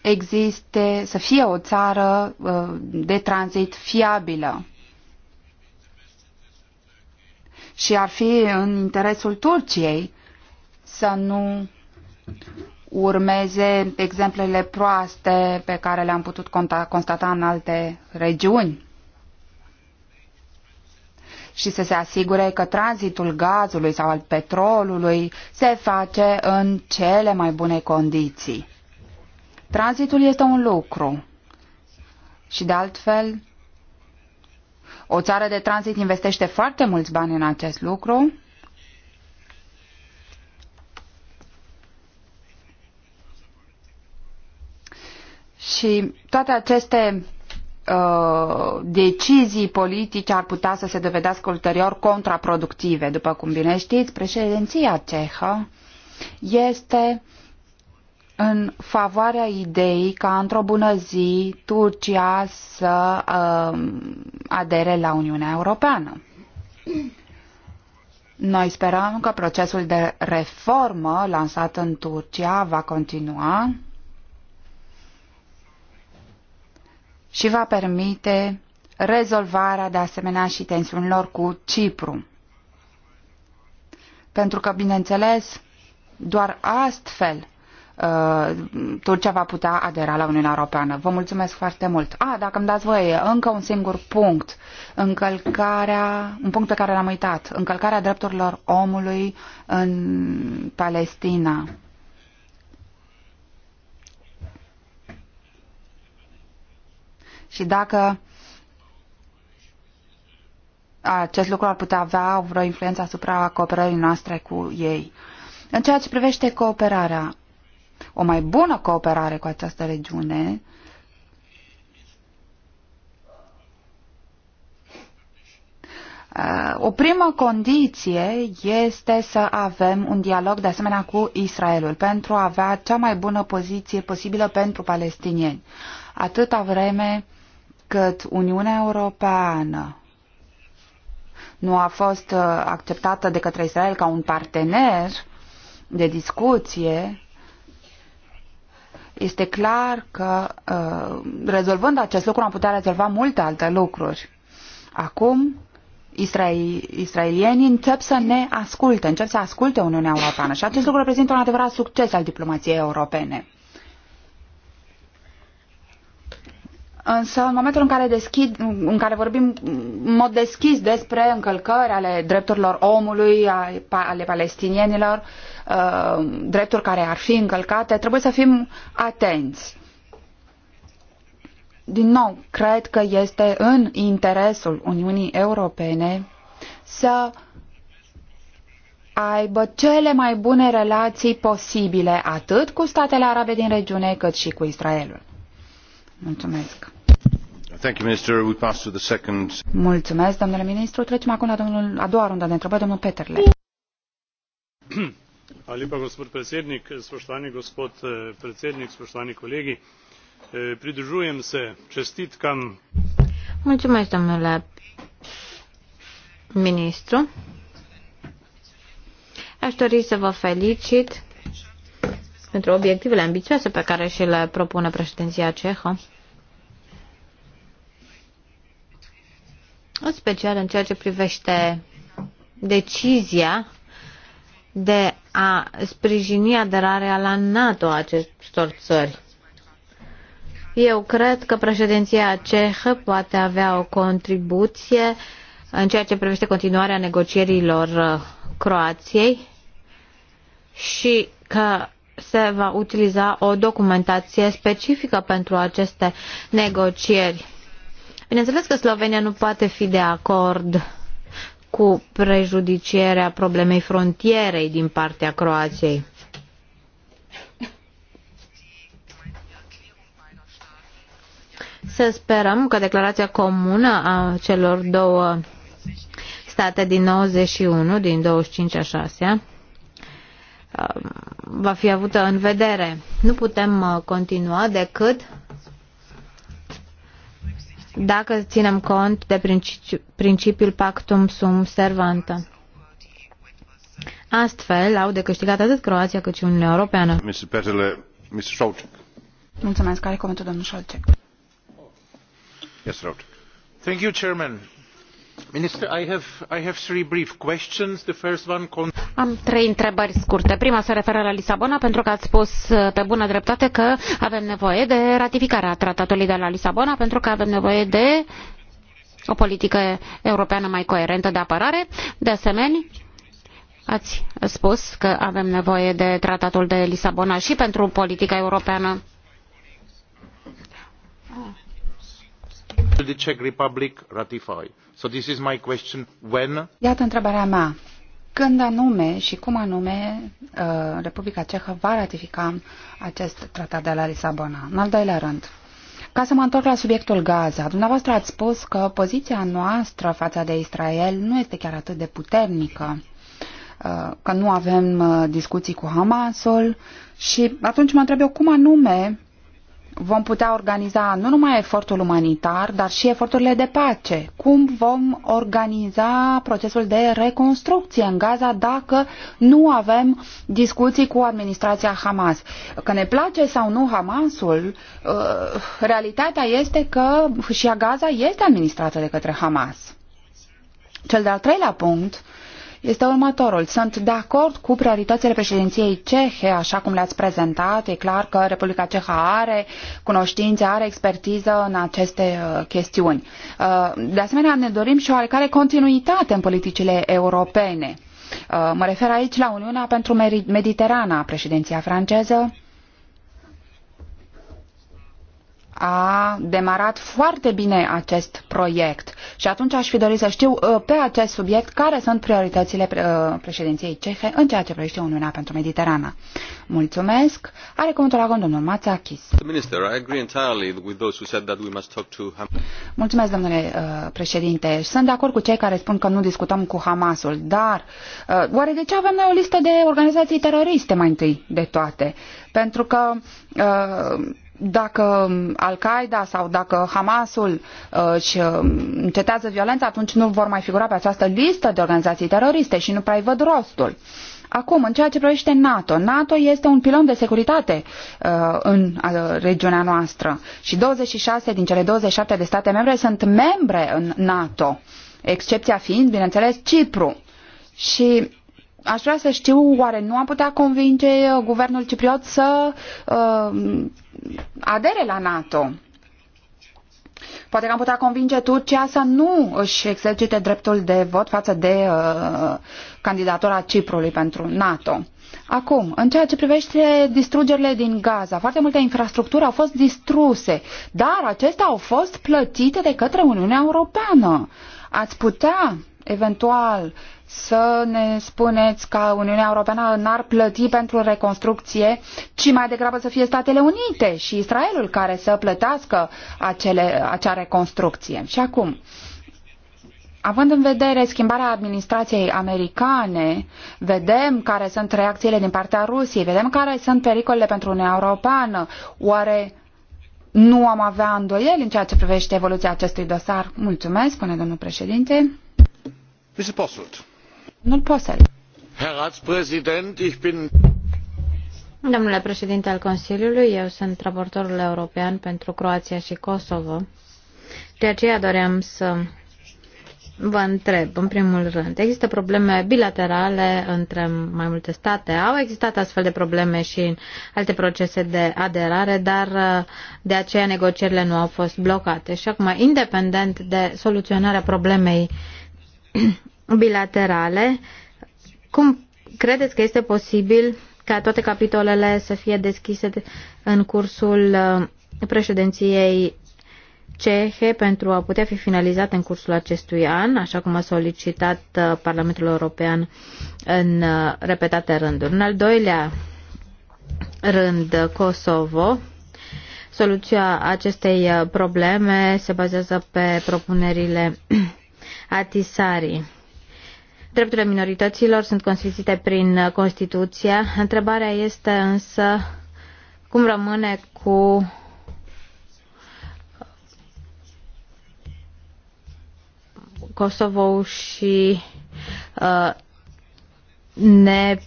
existe, să fie o țară uh, de tranzit fiabilă. Și ar fi în interesul Turciei să nu urmeze exemplele proaste pe care le-am putut constata în alte regiuni și să se asigure că tranzitul gazului sau al petrolului se face în cele mai bune condiții. Tranzitul este un lucru și de altfel o țară de tranzit investește foarte mulți bani în acest lucru Și toate aceste uh, decizii politice ar putea să se dovedească ulterior contraproductive. După cum bine știți, președinția cehă este în favoarea ideii ca într-o bună zi Turcia să uh, adere la Uniunea Europeană. Noi sperăm că procesul de reformă lansat în Turcia va continua și va permite rezolvarea de asemenea și tensiunilor cu Cipru. Pentru că, bineînțeles, doar astfel uh, Turcia va putea adera la Uniunea Europeană. Vă mulțumesc foarte mult. A, ah, dacă îmi dați voie, încă un singur punct. Încălcarea, un punct pe care l-am uitat. Încălcarea drepturilor omului în Palestina. și dacă acest lucru ar putea avea vreo influență asupra cooperării noastre cu ei. În ceea ce privește cooperarea, o mai bună cooperare cu această regiune uh, O primă condiție este să avem un dialog de asemenea cu Israelul pentru a avea cea mai bună poziție posibilă pentru palestinieni. Atâta vreme uh, cât Uniunea Europeană nu a fost uh, acceptată de către Israel ca un partener de discuție, este clar că uh, rezolvând acest lucru am putea rezolva multe alte lucruri. Acum, israelienii încep să ne asculte, încep să asculte Uniunea Europeană și acest lucru reprezintă un adevărat succes al diplomației europene. Însă, în momentul în care, deschid, în care vorbim în mod deschis despre încălcări ale drepturilor omului, ale palestinienilor, ă, drepturi care ar fi încălcate, trebuie să fim atenți. Din nou, cred că este în interesul Uniunii Europene să aibă cele mai bune relații posibile atât cu statele arabe din regiune cât și cu Israelul. Mulțumesc! Mulțumesc, domnule ministru. Trecem acum la domnul, a doua rundă de întrebări, domnul Peterle. Hvala lepa, gospod predsednik. Spoštovani gospod eh, predsednik, spoštovani kolegi. Eh, pridružujem se čestitkam. Mulțumesc, domnule ministru. Aș dori să vă felicit pentru obiectivele ambițioase pe care și le propune președinția cehă. în special în ceea ce privește decizia de a sprijini aderarea la NATO a acestor țări. Eu cred că președinția cehă poate avea o contribuție în ceea ce privește continuarea negocierilor uh, Croației și că se va utiliza o documentație specifică pentru aceste negocieri. Bineînțeles că Slovenia nu poate fi de acord cu prejudicierea problemei frontierei din partea Croației. Să sperăm că declarația comună a celor două state din 91, din 25 a 6 um, va fi avută în vedere. Nu putem uh, continua decât dacă ținem cont de principi principiul pactum sum servantă. Astfel, au de câștigat atât Croația cât și Uniunea Europeană. Mr. Mr. Mulțumesc. Care comentul domnul Scholcek. Yes, Thank you, Chairman am trei întrebări scurte. prima se referă la lisabona pentru că ați spus uh, pe bună dreptate că avem nevoie de ratificarea tratatului de la lisabona pentru că avem nevoie de o politică europeană mai coerentă de apărare. de asemenea ați spus că avem nevoie de tratatul de lisabona și pentru politica europeană will the Czech Republic ratify? So this is my question. When? Iată întrebarea mea. Când anume și cum anume uh, Republica Cehă va ratifica acest tratat de la Lisabona? În al doilea rând, ca să mă întorc la subiectul Gaza, dumneavoastră ați spus că poziția noastră față de Israel nu este chiar atât de puternică, uh, că nu avem uh, discuții cu Hamasul și atunci mă întreb eu cum anume vom putea organiza nu numai efortul umanitar, dar și eforturile de pace. Cum vom organiza procesul de reconstrucție în Gaza dacă nu avem discuții cu administrația Hamas? Că ne place sau nu Hamasul, uh, realitatea este că și a Gaza este administrată de către Hamas. Cel de-al treilea punct este următorul. Sunt de acord cu prioritățile președinției cehe, așa cum le-ați prezentat. E clar că Republica Ceha are cunoștințe, are expertiză în aceste uh, chestiuni. Uh, de asemenea, ne dorim și o oarecare continuitate în politicile europene. Uh, mă refer aici la Uniunea pentru Mediterana, președinția franceză a demarat foarte bine acest proiect și atunci aș fi dorit să știu uh, pe acest subiect care sunt prioritățile uh, președinției cehe în ceea ce privește Uniunea pentru Mediterana. Mulțumesc. Are cuvântul la domnul Mațachis. Mulțumesc, domnule uh, președinte. Sunt de acord cu cei care spun că nu discutăm cu Hamasul, dar oare de ce avem noi o listă de organizații teroriste mai întâi de toate? Pentru că dacă Al-Qaeda sau dacă Hamasul își uh, uh, încetează violența, atunci nu vor mai figura pe această listă de organizații teroriste și nu prea văd rostul. Acum, în ceea ce privește NATO, NATO este un pilon de securitate uh, în uh, regiunea noastră și 26 din cele 27 de state membre sunt membre în NATO, excepția fiind, bineînțeles, Cipru. Și aș vrea să știu, oare nu am putea convinge uh, guvernul cipriot să uh, adere la NATO? Poate că am putea convinge Turcia să nu își exercite dreptul de vot față de uh, candidatura Ciprului pentru NATO. Acum, în ceea ce privește distrugerile din Gaza, foarte multe infrastructuri au fost distruse, dar acestea au fost plătite de către Uniunea Europeană. Ați putea eventual să ne spuneți că Uniunea Europeană n-ar plăti pentru reconstrucție, ci mai degrabă să fie Statele Unite și Israelul care să plătească acele, acea reconstrucție. Și acum, Având în vedere schimbarea administrației americane, vedem care sunt reacțiile din partea Rusiei, vedem care sunt pericolele pentru Uniunea Europeană. Oare nu am avea îndoieli în ceea ce privește evoluția acestui dosar? Mulțumesc, spune domnul președinte. Mr. Domnule președinte al Consiliului, eu sunt raportorul european pentru Croația și Kosovo. De aceea doream să vă întreb, în primul rând, există probleme bilaterale între mai multe state? Au existat astfel de probleme și în alte procese de aderare, dar uh, de aceea negocierile nu au fost blocate. Și acum, independent de soluționarea problemei bilaterale, cum credeți că este posibil ca toate capitolele să fie deschise în cursul uh, președinției cehe pentru a putea fi finalizate în cursul acestui an, așa cum a solicitat uh, Parlamentul European în uh, repetate rânduri. În al doilea rând, Kosovo. Soluția acestei probleme se bazează pe propunerile Atisarii. Drepturile minorităților sunt consfințite prin Constituție. Întrebarea este însă cum rămâne cu Kosovo și uh, ne,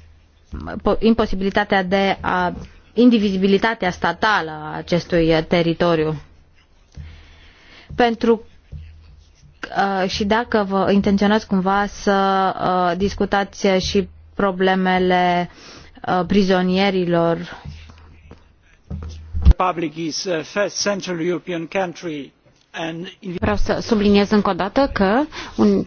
imposibilitatea de a indivizibilitatea statală a acestui teritoriu. Pentru Uh, și dacă vă intenționați cumva să uh, discutați și problemele uh, prizonierilor. Vreau să subliniez încă o dată că un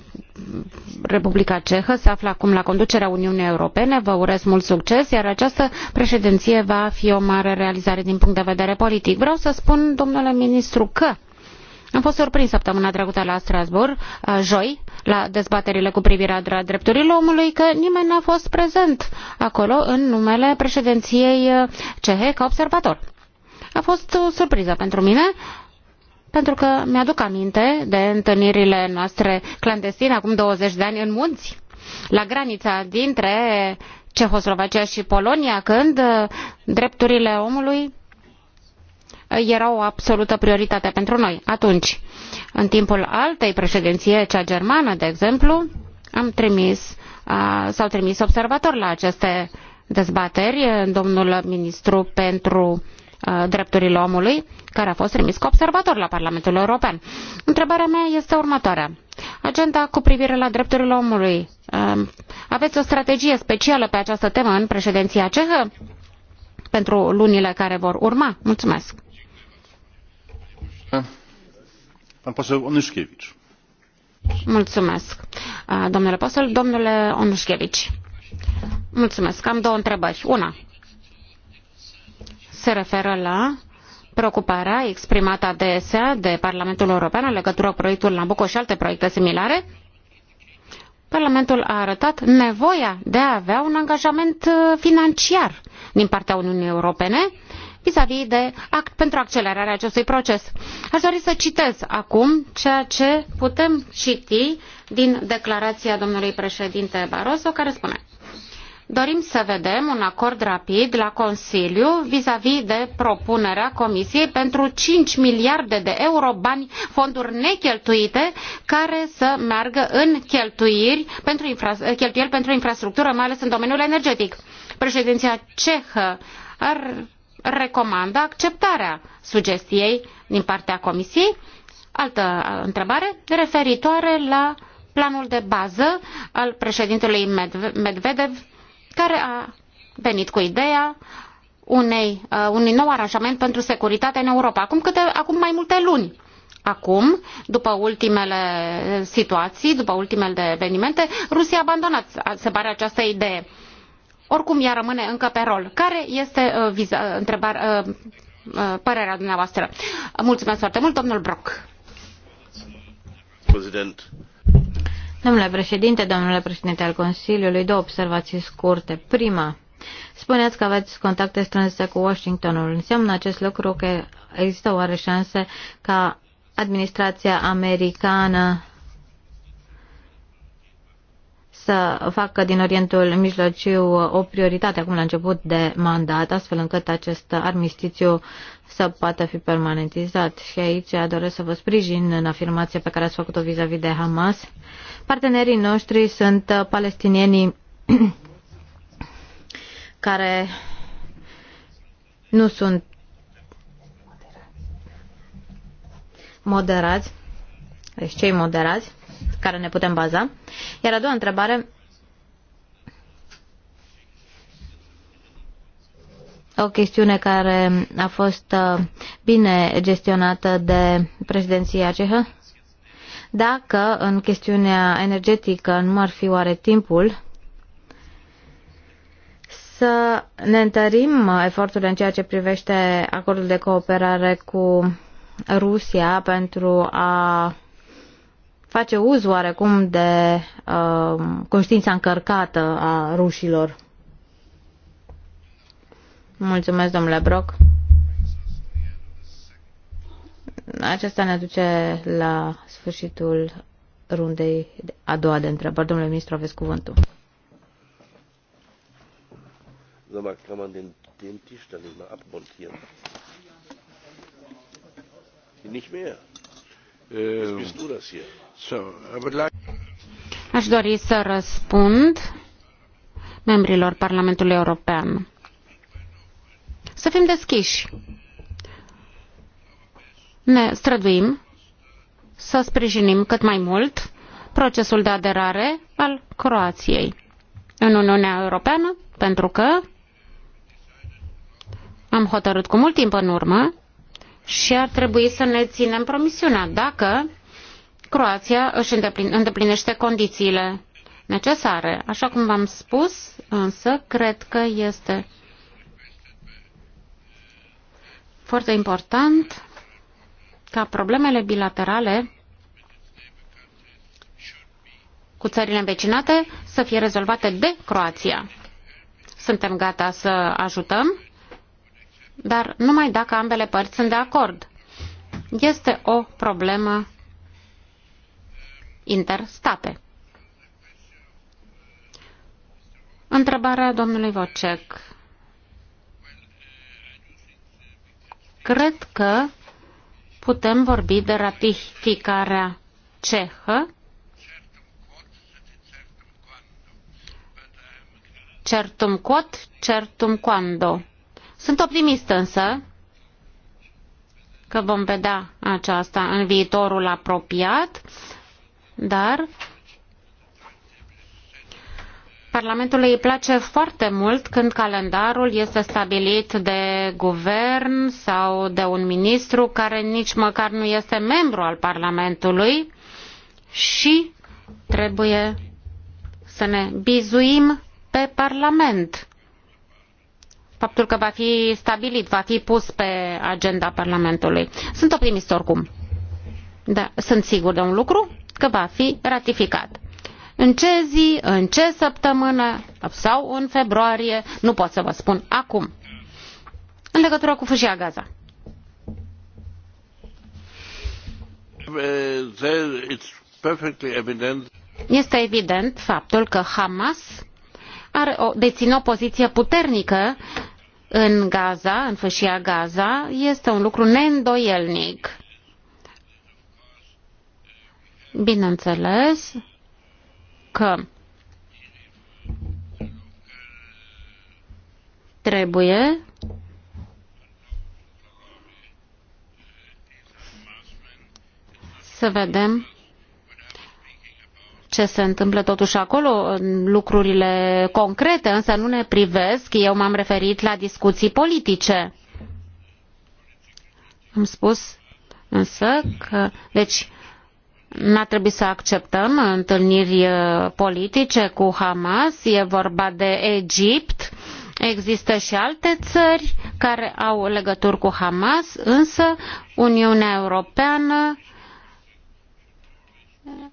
Republica Cehă se află acum la conducerea Uniunii Europene. Vă urez mult succes, iar această președinție va fi o mare realizare din punct de vedere politic. Vreau să spun, domnule ministru, că am fost surprins săptămâna trecută la Strasbourg, joi, la dezbaterile cu privire la drepturile omului, că nimeni n-a fost prezent acolo în numele președinției cehe ca observator. A fost o uh, surpriză pentru mine, pentru că mi-aduc aminte de întâlnirile noastre clandestine acum 20 de ani în munți, la granița dintre Cehoslovacia și Polonia, când uh, drepturile omului era o absolută prioritate pentru noi. Atunci, în timpul altei președinții, cea germană, de exemplu, am trimis, s-au trimis observatori la aceste dezbateri, domnul ministru pentru drepturile omului, care a fost trimis cu observator la Parlamentul European. Întrebarea mea este următoarea. Agenda cu privire la drepturile omului. Aveți o strategie specială pe această temă în președinția cehă pentru lunile care vor urma? Mulțumesc! Domnule Posel, domnule Onușchevici. Mulțumesc. Am două întrebări. Una se referă la preocuparea exprimată adesea de Parlamentul European în legătură cu proiectul Nabucco și alte proiecte similare. Parlamentul a arătat nevoia de a avea un angajament uh, financiar din partea Uniunii Europene uh, vis-a-vis de act pentru accelerarea acestui proces. Aș dori să citez acum ceea ce putem citi din declarația domnului președinte Barroso, care spune Dorim să vedem un acord rapid la Consiliu vis-a-vis -vis de propunerea Comisiei pentru 5 miliarde de euro bani fonduri necheltuite care să meargă în cheltuiri pentru, infra- cheltuieli pentru infrastructură, mai ales în domeniul energetic. Președinția cehă ar recomandă acceptarea sugestiei din partea Comisiei. Altă întrebare referitoare la planul de bază al președintelui Medvedev, care a venit cu ideea unei, uh, unui nou aranjament pentru securitate în Europa, acum, câte, acum mai multe luni. Acum, după ultimele situații, după ultimele evenimente, Rusia a abandonat, se pare, această idee oricum ea rămâne încă pe rol. Care este uh, viza, uh, întrebarea, uh, uh, părerea dumneavoastră? Mulțumesc foarte mult, domnul Brock. Domnule președinte, domnule președinte al Consiliului, două observații scurte. Prima, spuneți că aveți contacte strânse cu Washingtonul. Înseamnă acest lucru că există oare șanse ca administrația americană să facă din Orientul Mijlociu o prioritate acum la început de mandat, astfel încât acest armistițiu să poată fi permanentizat. Și aici doresc să vă sprijin în afirmația pe care ați făcut-o vis-a-vis de Hamas. Partenerii noștri sunt palestinienii care nu sunt moderați, deci cei moderați, care ne putem baza. Iar a doua întrebare, o chestiune care a fost uh, bine gestionată de președinția cehă. Dacă în chestiunea energetică nu ar fi oare timpul să ne întărim eforturile în ceea ce privește acordul de cooperare cu Rusia pentru a face uz oarecum de uh, conștiința încărcată a rușilor. Mulțumesc, domnule Brock. Acesta ne duce la sfârșitul rundei a doua de întrebări. Domnule ministru, aveți cuvântul. Sag mehr. Ähm, bist du das hier. Aș dori să răspund membrilor Parlamentului European. Să fim deschiși. Ne străduim să sprijinim cât mai mult procesul de aderare al Croației în Uniunea Europeană, pentru că am hotărât cu mult timp în urmă și ar trebui să ne ținem promisiunea. Dacă Croația își îndeplinește condițiile necesare. Așa cum v-am spus, însă, cred că este foarte important ca problemele bilaterale cu țările învecinate să fie rezolvate de Croația. Suntem gata să ajutăm, dar numai dacă ambele părți sunt de acord. Este o problemă interstate. Întrebarea domnului Vocec. Cred că putem vorbi de ratificarea cehă, certum quod, certum quando. Sunt optimist însă că vom vedea aceasta în viitorul apropiat dar Parlamentului îi place foarte mult când calendarul este stabilit de guvern sau de un ministru care nici măcar nu este membru al Parlamentului și trebuie să ne bizuim pe Parlament. Faptul că va fi stabilit, va fi pus pe agenda Parlamentului. Sunt optimist oricum. Da, sunt sigur de un lucru că va fi ratificat. În ce zi, în ce săptămână sau în februarie, nu pot să vă spun acum. În legătură cu fâșia Gaza. Este evident faptul că Hamas are o, deține o poziție puternică în Gaza, în fâșia Gaza, este un lucru neîndoielnic. Bineînțeles că trebuie să vedem ce se întâmplă totuși acolo, lucrurile concrete, însă nu ne privesc. Eu m-am referit la discuții politice. Am spus însă că, deci, n-a trebuit să acceptăm întâlniri uh, politice cu Hamas, e vorba de Egipt, Există și alte țări care au legături cu Hamas, însă Uniunea Europeană,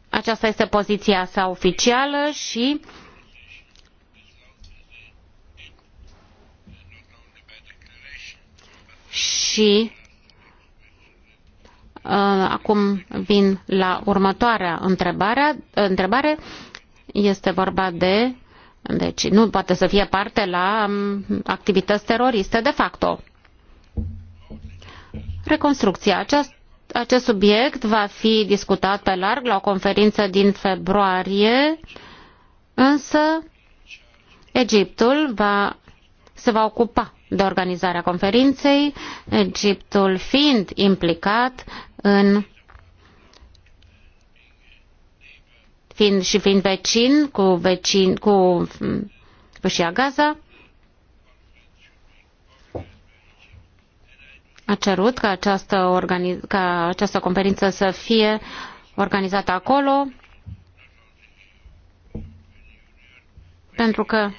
aceasta este poziția sa oficială și și Uh, acum vin la următoarea întrebare. întrebare. Este vorba de. Deci nu poate să fie parte la um, activități teroriste de facto. Reconstrucția. acest acest subiect va fi discutat pe larg la o conferință din februarie, însă Egiptul va, se va ocupa de organizarea conferinței, Egiptul fiind implicat în fiind și fiind vecin cu vecin cu Fâșia Gaza, a cerut ca această, organiz, ca această conferință să fie organizată acolo, pentru că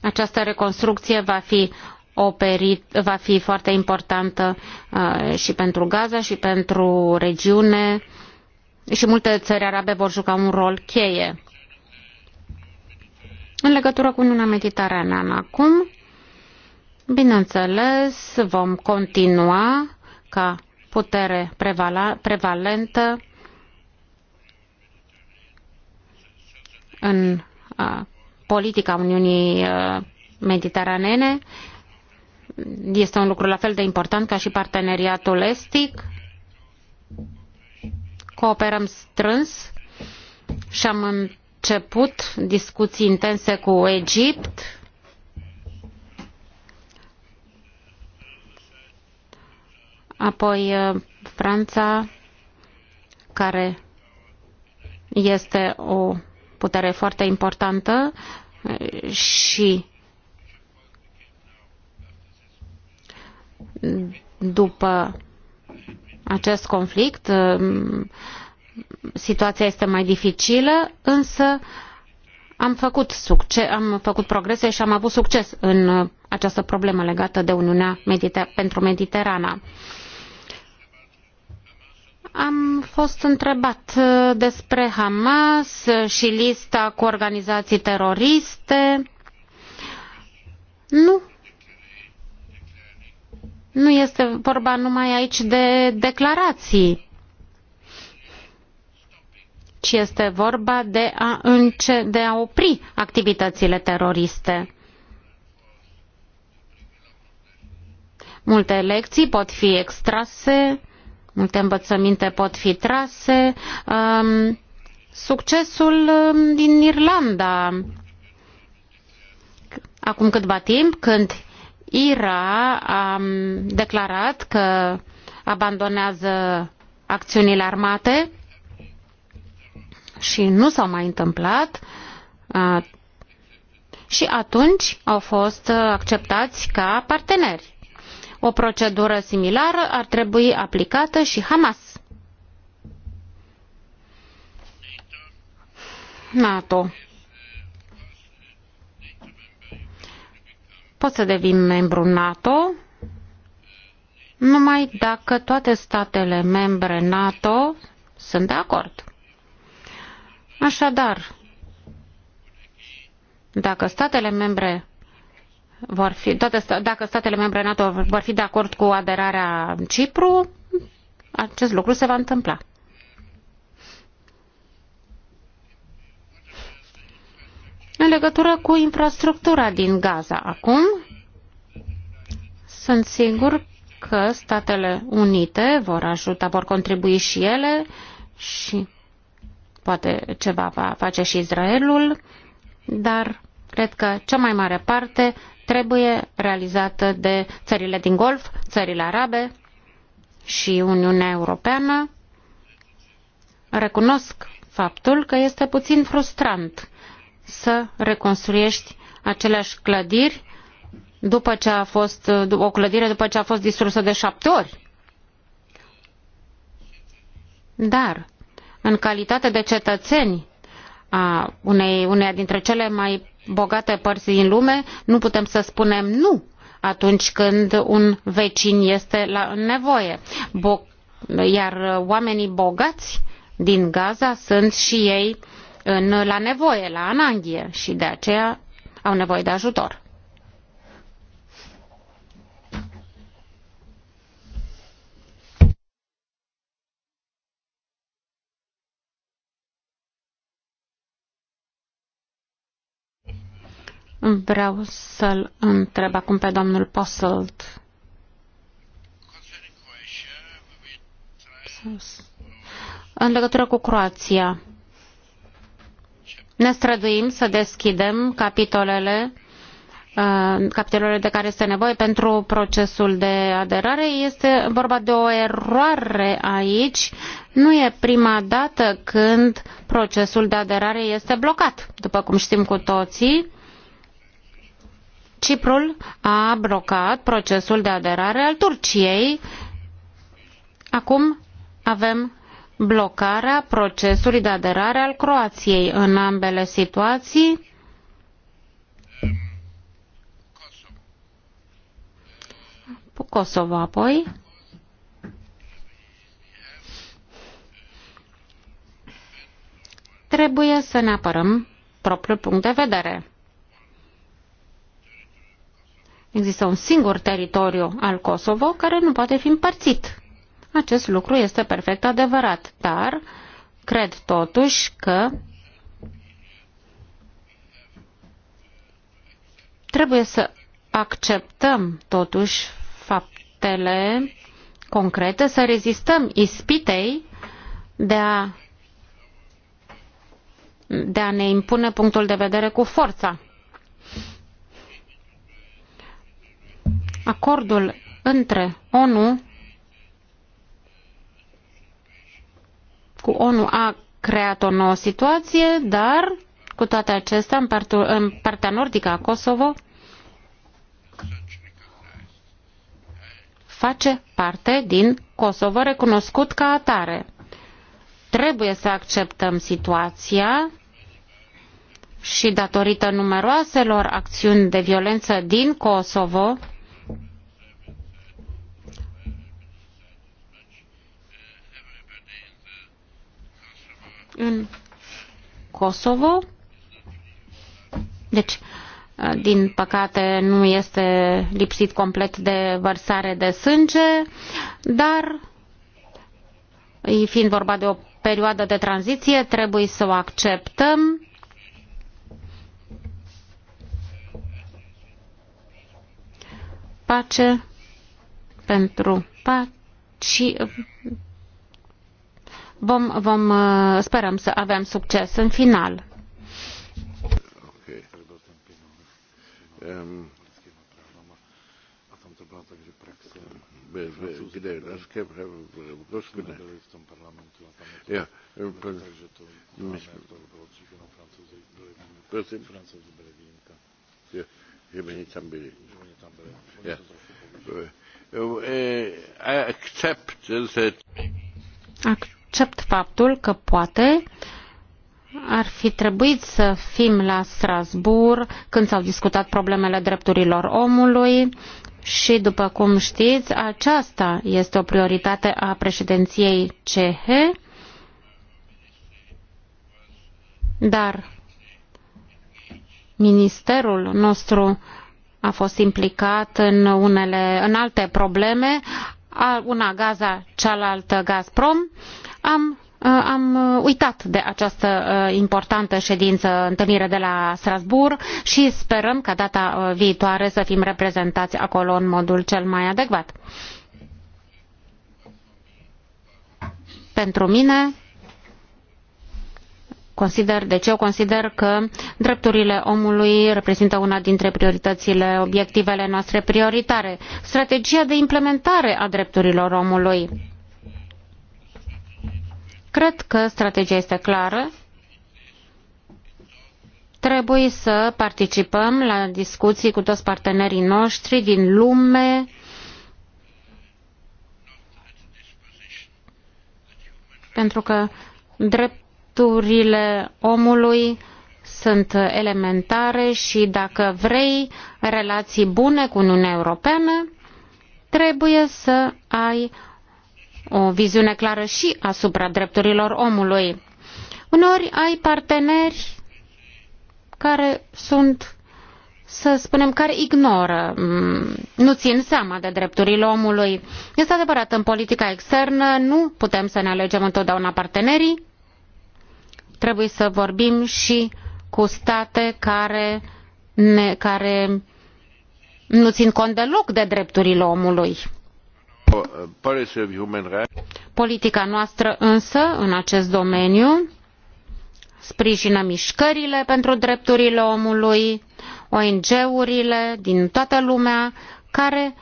această reconstrucție va fi operit, va fi foarte importantă uh, și pentru Gaza și pentru regiune și multe țări arabe vor juca un rol cheie. În legătură cu Uniunea Mediteraneană acum, bineînțeles, vom continua ca putere prevala, prevalentă în a, uh, politica Uniunii a, uh, Mediteranene este un lucru la fel de important ca și parteneriatul estic. Cooperăm strâns și am început discuții intense cu Egipt. Apoi uh, Franța, care este o putere foarte importantă uh, și după acest conflict. Um, situația este mai dificilă, însă am făcut, succes, am făcut progrese și am avut succes în uh, această problemă legată de Uniunea Mediter pentru Mediterana. Am fost întrebat uh, despre Hamas și lista cu organizații teroriste. Nu nu este vorba numai aici de declarații, ci este vorba de a, înce- de a opri activitățile teroriste. Multe lecții pot fi extrase, multe învățăminte pot fi trase. Um, succesul um, din Irlanda acum câtva timp, când IRA a um, declarat că abandonează acțiunile armate și nu s-au mai întâmplat și atunci au fost acceptați ca parteneri. O procedură similară ar trebui aplicată și Hamas. NATO pot să devin membru NATO numai dacă toate statele membre NATO sunt de acord. Așadar, dacă statele membre vor fi, toate, dacă statele membre NATO vor fi de acord cu aderarea Cipru, acest lucru se va întâmpla. în legătură cu infrastructura din Gaza. Acum sunt sigur că Statele Unite vor ajuta, vor contribui și ele și poate ceva va face și Israelul, dar cred că cea mai mare parte trebuie realizată de țările din Golf, țările arabe și Uniunea Europeană. Recunosc faptul că este puțin frustrant să reconstruiești aceleași clădiri după ce a fost, o clădire după ce a fost distrusă de șapte ori. Dar, în calitate de cetățeni a unei, uneia dintre cele mai bogate părți din lume, nu putem să spunem nu atunci când un vecin este la nevoie. Bo- iar oamenii bogați din Gaza sunt și ei în, la nevoie, la ananghie și de aceea au nevoie de ajutor. Vreau să-l întreb acum pe domnul Posselt. În legătură cu Croația, ne străduim să deschidem capitolele uh, capitolele de care este nevoie pentru procesul de aderare. Este vorba de o eroare aici. Nu e prima dată când procesul de aderare este blocat, după cum știm cu toții. Ciprul a blocat procesul de aderare al Turciei. Acum avem blocarea procesului de aderare al Croației. În ambele situații, Kosovo apoi. Trebuie să ne apărăm propriul punct de vedere. Există un singur teritoriu al Kosovo care nu poate fi împărțit. Acest lucru este perfect adevărat, dar cred totuși că trebuie să acceptăm totuși faptele concrete, să rezistăm ispitei de a, de a ne impune punctul de vedere cu forța. Acordul între ONU cu ONU a creat o nouă situație, dar cu toate acestea, în, partul, în partea nordică a Kosovo, face parte din Kosovo recunoscut ca atare. Trebuie să acceptăm situația și datorită numeroaselor acțiuni de violență din Kosovo, în Kosovo. Deci, uh, din păcate, nu este lipsit complet de vărsare de sânge, dar, fiind vorba de o perioadă de tranziție, trebuie să o acceptăm. Pace pentru pace și vom, vom uh, sperăm să avem succes în final. Accept that accept faptul că poate ar fi trebuit să fim la Strasbourg când s-au discutat problemele drepturilor omului și, după cum știți, aceasta este o prioritate a președinției cehe, dar ministerul nostru a fost implicat în, unele, în alte probleme, una Gaza, cealaltă Gazprom am uh, am uh, uitat de această uh, importantă ședință, întâlnire de la Strasbourg și sperăm ca data viitoare să fim reprezentați acolo în modul cel mai adecvat. Pentru mine, consider, deci eu consider că drepturile omului reprezintă una dintre prioritățile, obiectivele noastre prioritare. Strategia de implementare a drepturilor omului Cred că strategia este clară. Trebuie să participăm la discuții cu toți partenerii noștri din lume, pentru că drepturile omului sunt elementare și dacă vrei relații bune cu Uniunea Europeană, trebuie să ai o viziune clară și asupra drepturilor omului. Uneori ai parteneri care sunt, să spunem, care ignoră, mm, nu țin seama de drepturile omului. Este adevărat, în politica externă nu putem să ne alegem întotdeauna partenerii, trebuie să vorbim și cu state care, ne, care nu țin cont deloc de drepturile omului. Politica noastră însă, în acest domeniu, sprijină mișcările pentru drepturile omului, ONG-urile din toată lumea care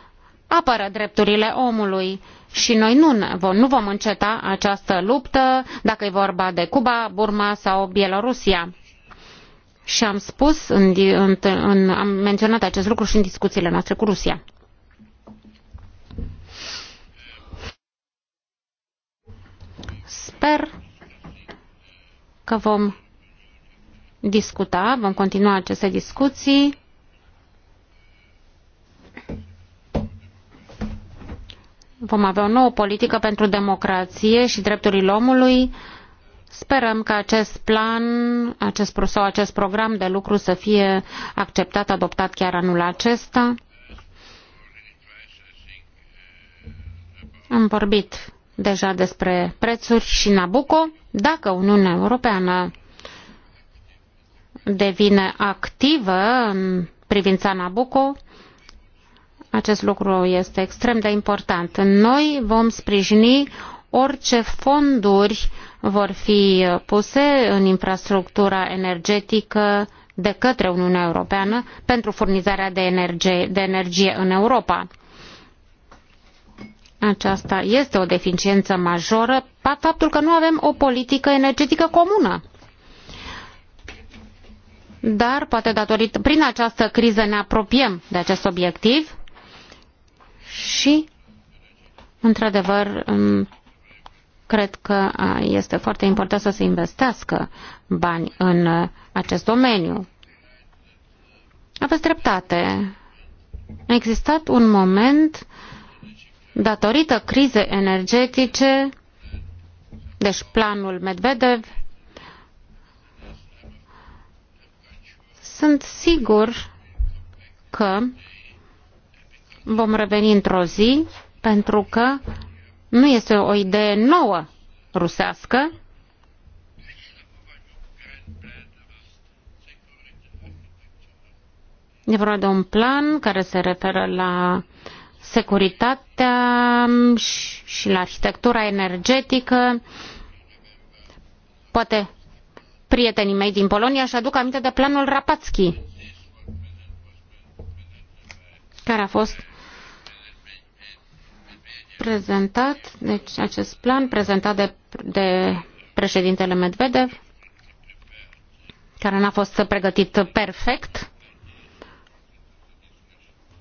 apără drepturile omului și noi nu, vom, nu vom înceta această luptă dacă e vorba de Cuba, Burma sau Bielorusia. Și am spus, în, în, în, am menționat acest lucru și în discuțiile noastre cu Rusia. Sper că vom discuta, vom continua aceste discuții. Vom avea o nouă politică pentru democrație și drepturile omului. Sperăm că acest plan acest, sau acest program de lucru să fie acceptat, adoptat chiar anul acesta. Am vorbit deja despre prețuri și Nabucco. Dacă Uniunea Europeană devine activă în privința Nabucco, acest lucru este extrem de important. Noi vom sprijini orice fonduri vor fi puse în infrastructura energetică de către Uniunea Europeană pentru furnizarea de energie, de energie în Europa. Aceasta este o deficiență majoră, faptul că nu avem o politică energetică comună. Dar, poate datorită, prin această criză ne apropiem de acest obiectiv și, într-adevăr, cred că este foarte important să se investească bani în acest domeniu. Aveți dreptate. A existat un moment datorită crizei energetice, deci planul Medvedev, sunt sigur că vom reveni într-o zi pentru că nu este o idee nouă rusească, E vorba de un plan care se referă la securitatea și la arhitectura energetică. Poate prietenii mei din Polonia își aduc aminte de planul Rapatski, care a fost prezentat, deci acest plan prezentat de, de președintele Medvedev, care n-a fost pregătit perfect,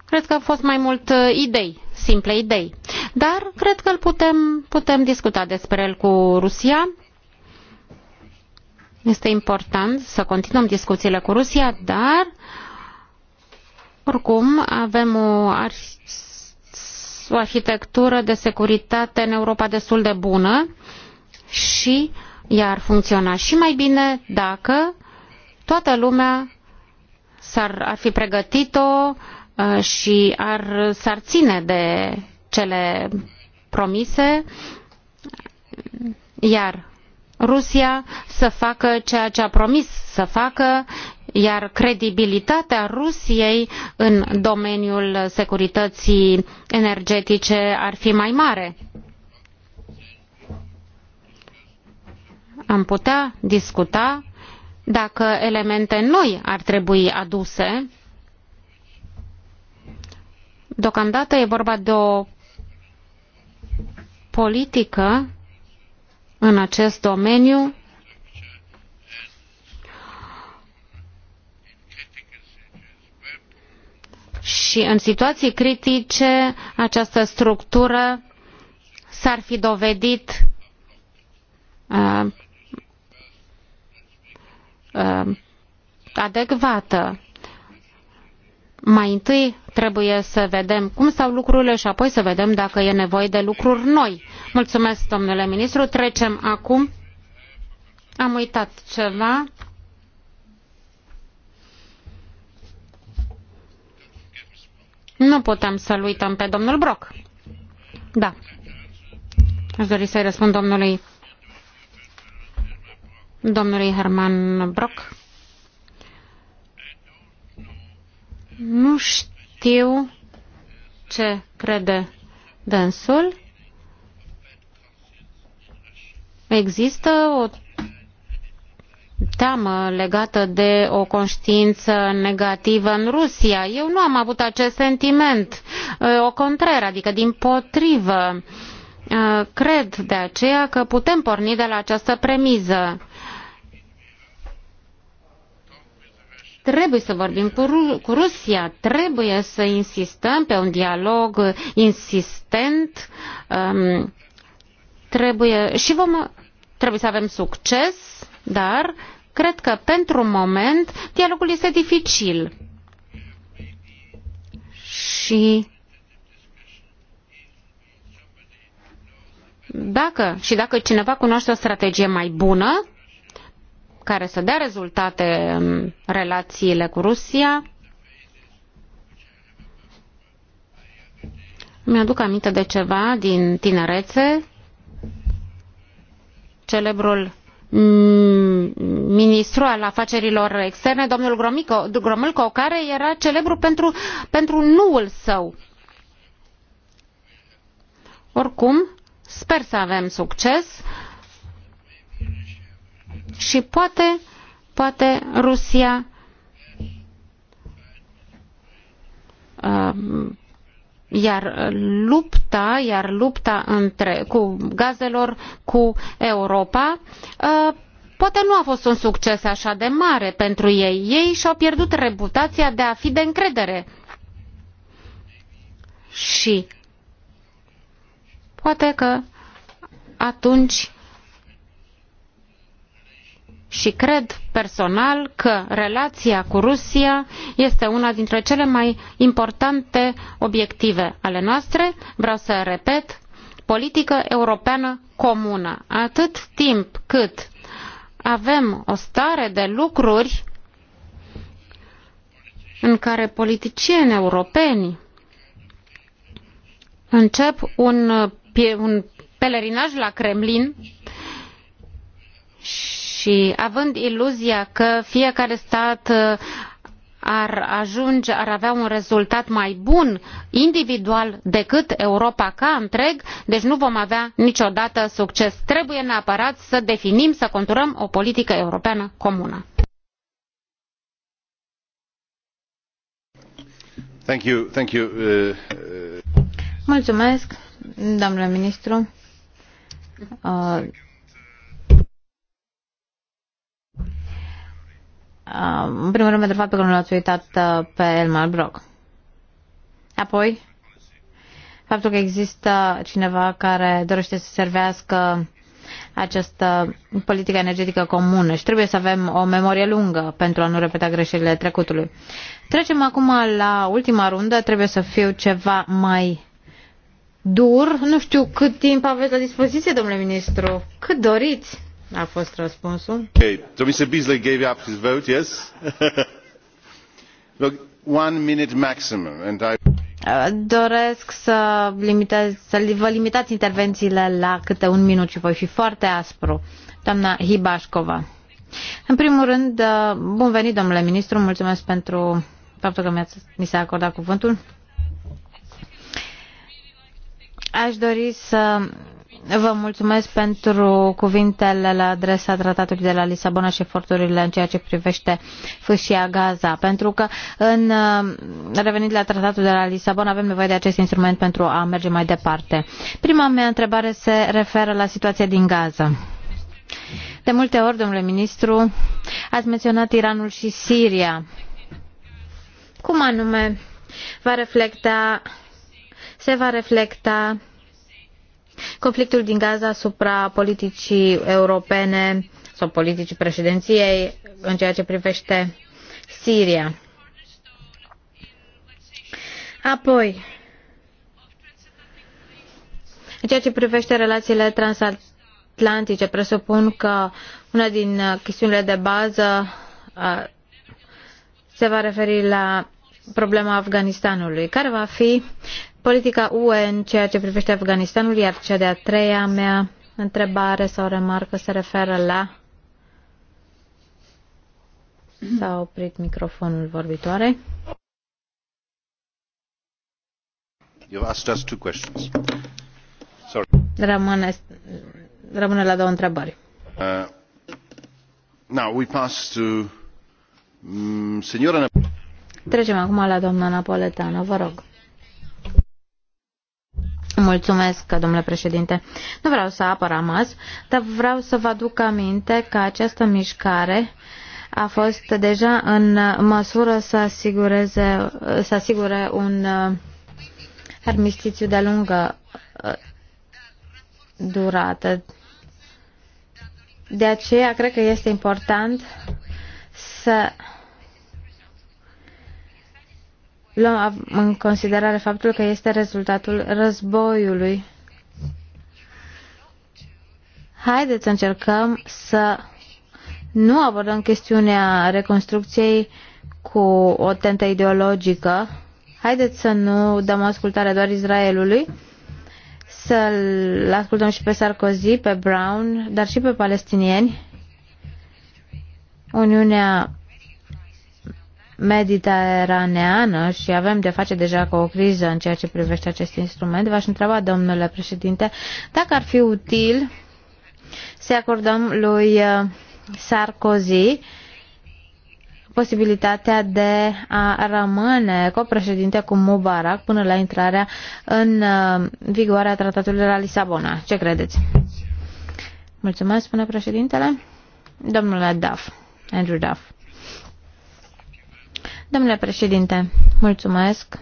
Cred că au fost mai mult uh, idei, simple idei. Dar cred că îl putem, putem discuta despre el cu Rusia. Este important să continuăm discuțiile cu Rusia, dar oricum avem o, o arhitectură de securitate în Europa destul de bună și ea ar funcționa și mai bine dacă toată lumea s-ar ar fi pregătit-o Uh, și ar, s-ar ține de cele promise, iar Rusia să facă ceea ce a promis să facă, iar credibilitatea Rusiei în domeniul securității energetice ar fi mai mare. Am putea discuta dacă elemente noi ar trebui aduse Deocamdată e vorba de o politică în acest domeniu și în situații critice această structură s-ar fi dovedit uh, uh, adecvată mai întâi trebuie să vedem cum stau lucrurile și apoi să vedem dacă e nevoie de lucruri noi. Mulțumesc, domnule ministru. Trecem acum. Am uitat ceva. Nu putem să-l uităm pe domnul Brock. Da. Aș dori să-i răspund domnului, domnului Herman Brock. Nu știu ce crede dânsul. Există o teamă legată de o conștiință negativă în Rusia. Eu nu am avut acest sentiment, uh, o contrar, adică din potrivă. Uh, cred de aceea că putem porni de la această premiză. Trebuie să vorbim cu, Ru- cu Rusia, trebuie să insistăm pe un dialog insistent, um, trebuie și vom trebuie să avem succes, dar cred că pentru moment dialogul este dificil. Și dacă și dacă cineva cunoaște o strategie mai bună, care să dea rezultate în relațiile cu Rusia. Mi-aduc aminte de ceva din tinerețe, celebrul ministru al afacerilor externe, domnul Gromico, Gromilco, care era celebru pentru, pentru nuul său. Oricum, sper să avem succes și poate, poate Rusia uh, iar lupta, iar lupta între, cu gazelor cu Europa uh, poate nu a fost un succes așa de mare pentru ei. Ei și-au pierdut reputația de a fi de încredere. Și poate că atunci și cred personal că relația cu Rusia este una dintre cele mai importante obiective ale noastre. Vreau să repet, politică europeană comună. Atât timp cât avem o stare de lucruri în care politicieni europeni încep un, un pelerinaj la Kremlin și având iluzia că fiecare stat uh, ar ajunge, ar avea un rezultat mai bun individual decât Europa ca întreg, deci nu vom avea niciodată succes. Trebuie neapărat să definim, să conturăm o politică europeană comună. Thank you, thank you, uh, uh... Mulțumesc, domnule ministru. Uh, Uh, în primul rând pentru faptul că nu l-ați uitat uh, pe Elmar Brock. Apoi, faptul că există cineva care dorește să servească această politică energetică comună și trebuie să avem o memorie lungă pentru a nu repeta greșelile trecutului. Trecem acum la ultima rundă, trebuie să fiu ceva mai dur. Nu știu cât timp aveți la dispoziție, domnule ministru, cât doriți a fost răspunsul. Okay. So Mr. Beasley gave up his vote, yes? Look, one minute maximum and I... Doresc să, limitez, să vă limitați intervențiile la câte un minut și voi fi foarte aspru. Doamna Hibașcova. În primul rând, bun venit, domnule ministru, mulțumesc pentru faptul că mi s-a acordat cuvântul. Aș dori să Vă mulțumesc pentru cuvintele la adresa tratatului de la Lisabona și eforturile în ceea ce privește fâșia Gaza, pentru că în uh, revenind la tratatul de la Lisabona avem nevoie de acest instrument pentru a merge mai departe. Prima mea întrebare se referă la situația din Gaza. De multe ori, domnule ministru, ați menționat Iranul și Siria. Cum anume va reflecta, se va reflecta conflictul din Gaza asupra politicii europene sau politicii președinției în ceea ce privește Siria. Apoi, în ceea ce privește relațiile transatlantice, presupun că una din chestiunile de bază se va referi la problema Afganistanului, care va fi politica UE în ceea ce privește Afganistanul, iar cea de-a treia mea întrebare sau remarcă se referă la... S-a oprit microfonul vorbitoare. You've asked us two questions. Sorry. Rămâne, rămâne la două întrebări. Uh, now we pass to um, Trecem acum la doamna Napoletano, vă rog. Mulțumesc, domnule președinte. Nu vreau să apăr Amas, dar vreau să vă aduc aminte că această mișcare a fost deja în măsură să, asigureze, să asigure un uh, armistițiu de lungă uh, durată. De aceea, cred că este important să luăm în considerare faptul că este rezultatul războiului. Haideți să încercăm să nu abordăm chestiunea reconstrucției cu o tentă ideologică. Haideți să nu dăm ascultare doar Israelului, să-l ascultăm și pe Sarkozy, pe Brown, dar și pe palestinieni. Uniunea mediteraneană și avem de face deja cu o criză în ceea ce privește acest instrument, v-aș întreba, domnule președinte, dacă ar fi util să acordăm lui uh, Sarkozy posibilitatea de a rămâne copreședinte cu Mubarak până la intrarea în uh, vigoarea a tratatului de la Lisabona. Ce credeți? Mulțumesc, spune președintele. Domnule Duff, Andrew Duff. Domnule președinte, mulțumesc.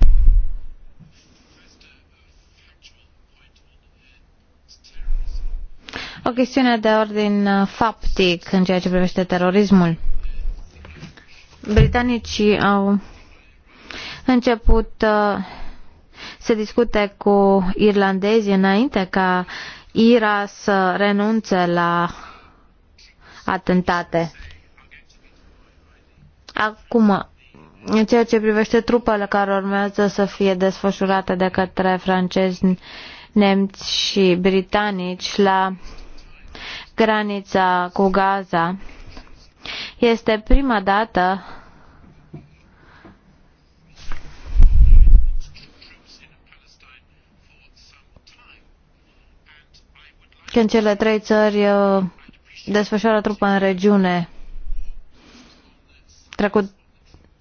O chestiune de ordin uh, faptic în ceea ce privește terorismul. Britanicii au început uh, să discute cu irlandezii înainte ca IRA să renunțe la atentate. Acum în ceea ce privește trupele care urmează să fie desfășurate de către francezi, nemți și britanici la granița cu Gaza, este prima dată când cele trei țări uh, desfășoară trupă în regiune. Trecut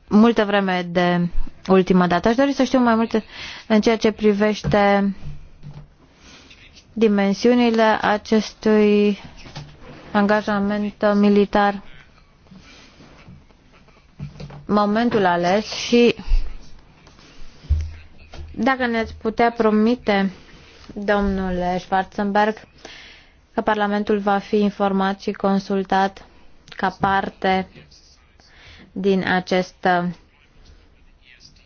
multă vreme de ultima dată. Aș dori să știu mai multe în ceea ce privește dimensiunile acestui angajament militar, momentul ales și dacă ne-ați putea promite, domnule Schwarzenberg, că Parlamentul va fi informat și consultat ca parte din acest uh,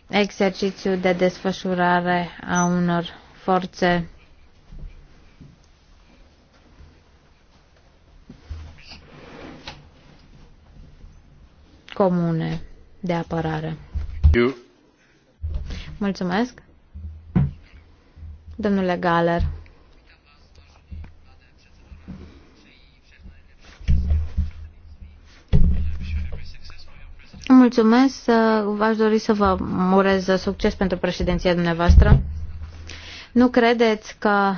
exercițiu de desfășurare a unor forțe comune de apărare. Mulțumesc. Domnule Galer. Mulțumesc. V-aș dori să vă urez succes pentru președinția dumneavoastră. Nu credeți că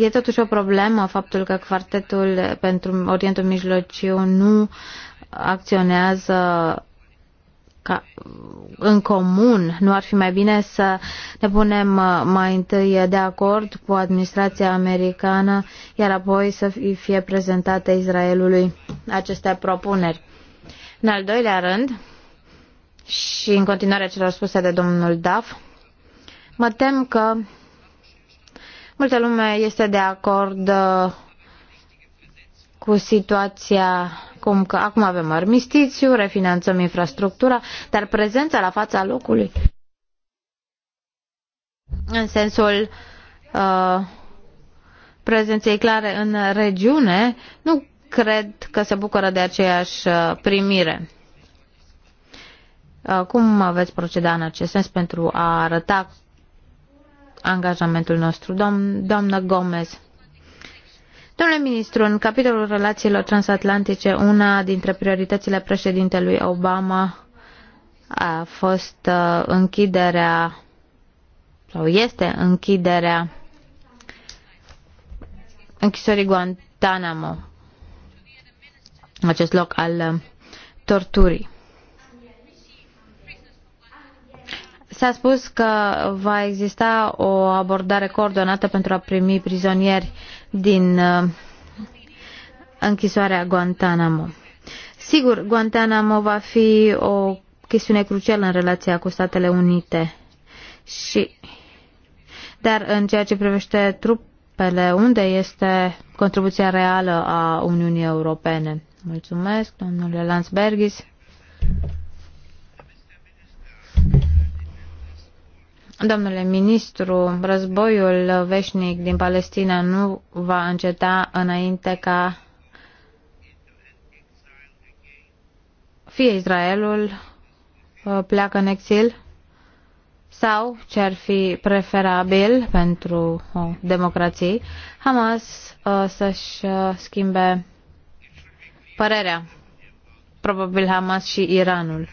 e totuși o problemă faptul că Quartetul pentru Orientul Mijlociu nu acționează ca, în comun, nu ar fi mai bine să ne punem uh, mai întâi de acord cu administrația americană, iar apoi să fie prezentate Israelului aceste propuneri. În al doilea rând, și în continuare celor spuse de domnul Daf, mă tem că multă lume este de acord uh, cu situația cum că acum avem armistițiu, refinanțăm infrastructura, dar prezența la fața locului în sensul uh, prezenței clare în regiune nu cred că se bucură de aceeași uh, primire. Uh, cum veți proceda în acest sens pentru a arăta angajamentul nostru? Domn, doamnă Gomez. Domnule ministru, în capitolul relațiilor transatlantice, una dintre prioritățile președintelui Obama a fost uh, închiderea sau este închiderea închisorii Guantanamo acest loc al uh, torturii. S-a spus că va exista o abordare coordonată pentru a primi prizonieri din uh, închisoarea Guantanamo. Sigur, Guantanamo va fi o chestiune crucială în relația cu Statele Unite. Și, dar în ceea ce privește trupele, unde este contribuția reală a Uniunii Europene? Mulțumesc, domnule Lansbergis. Domnule ministru, războiul veșnic din Palestina nu va înceta înainte ca fie Israelul uh, pleacă în exil sau ce ar fi preferabil pentru o uh, democrație, Hamas uh, să-și schimbe părerea. Probabil Hamas și Iranul.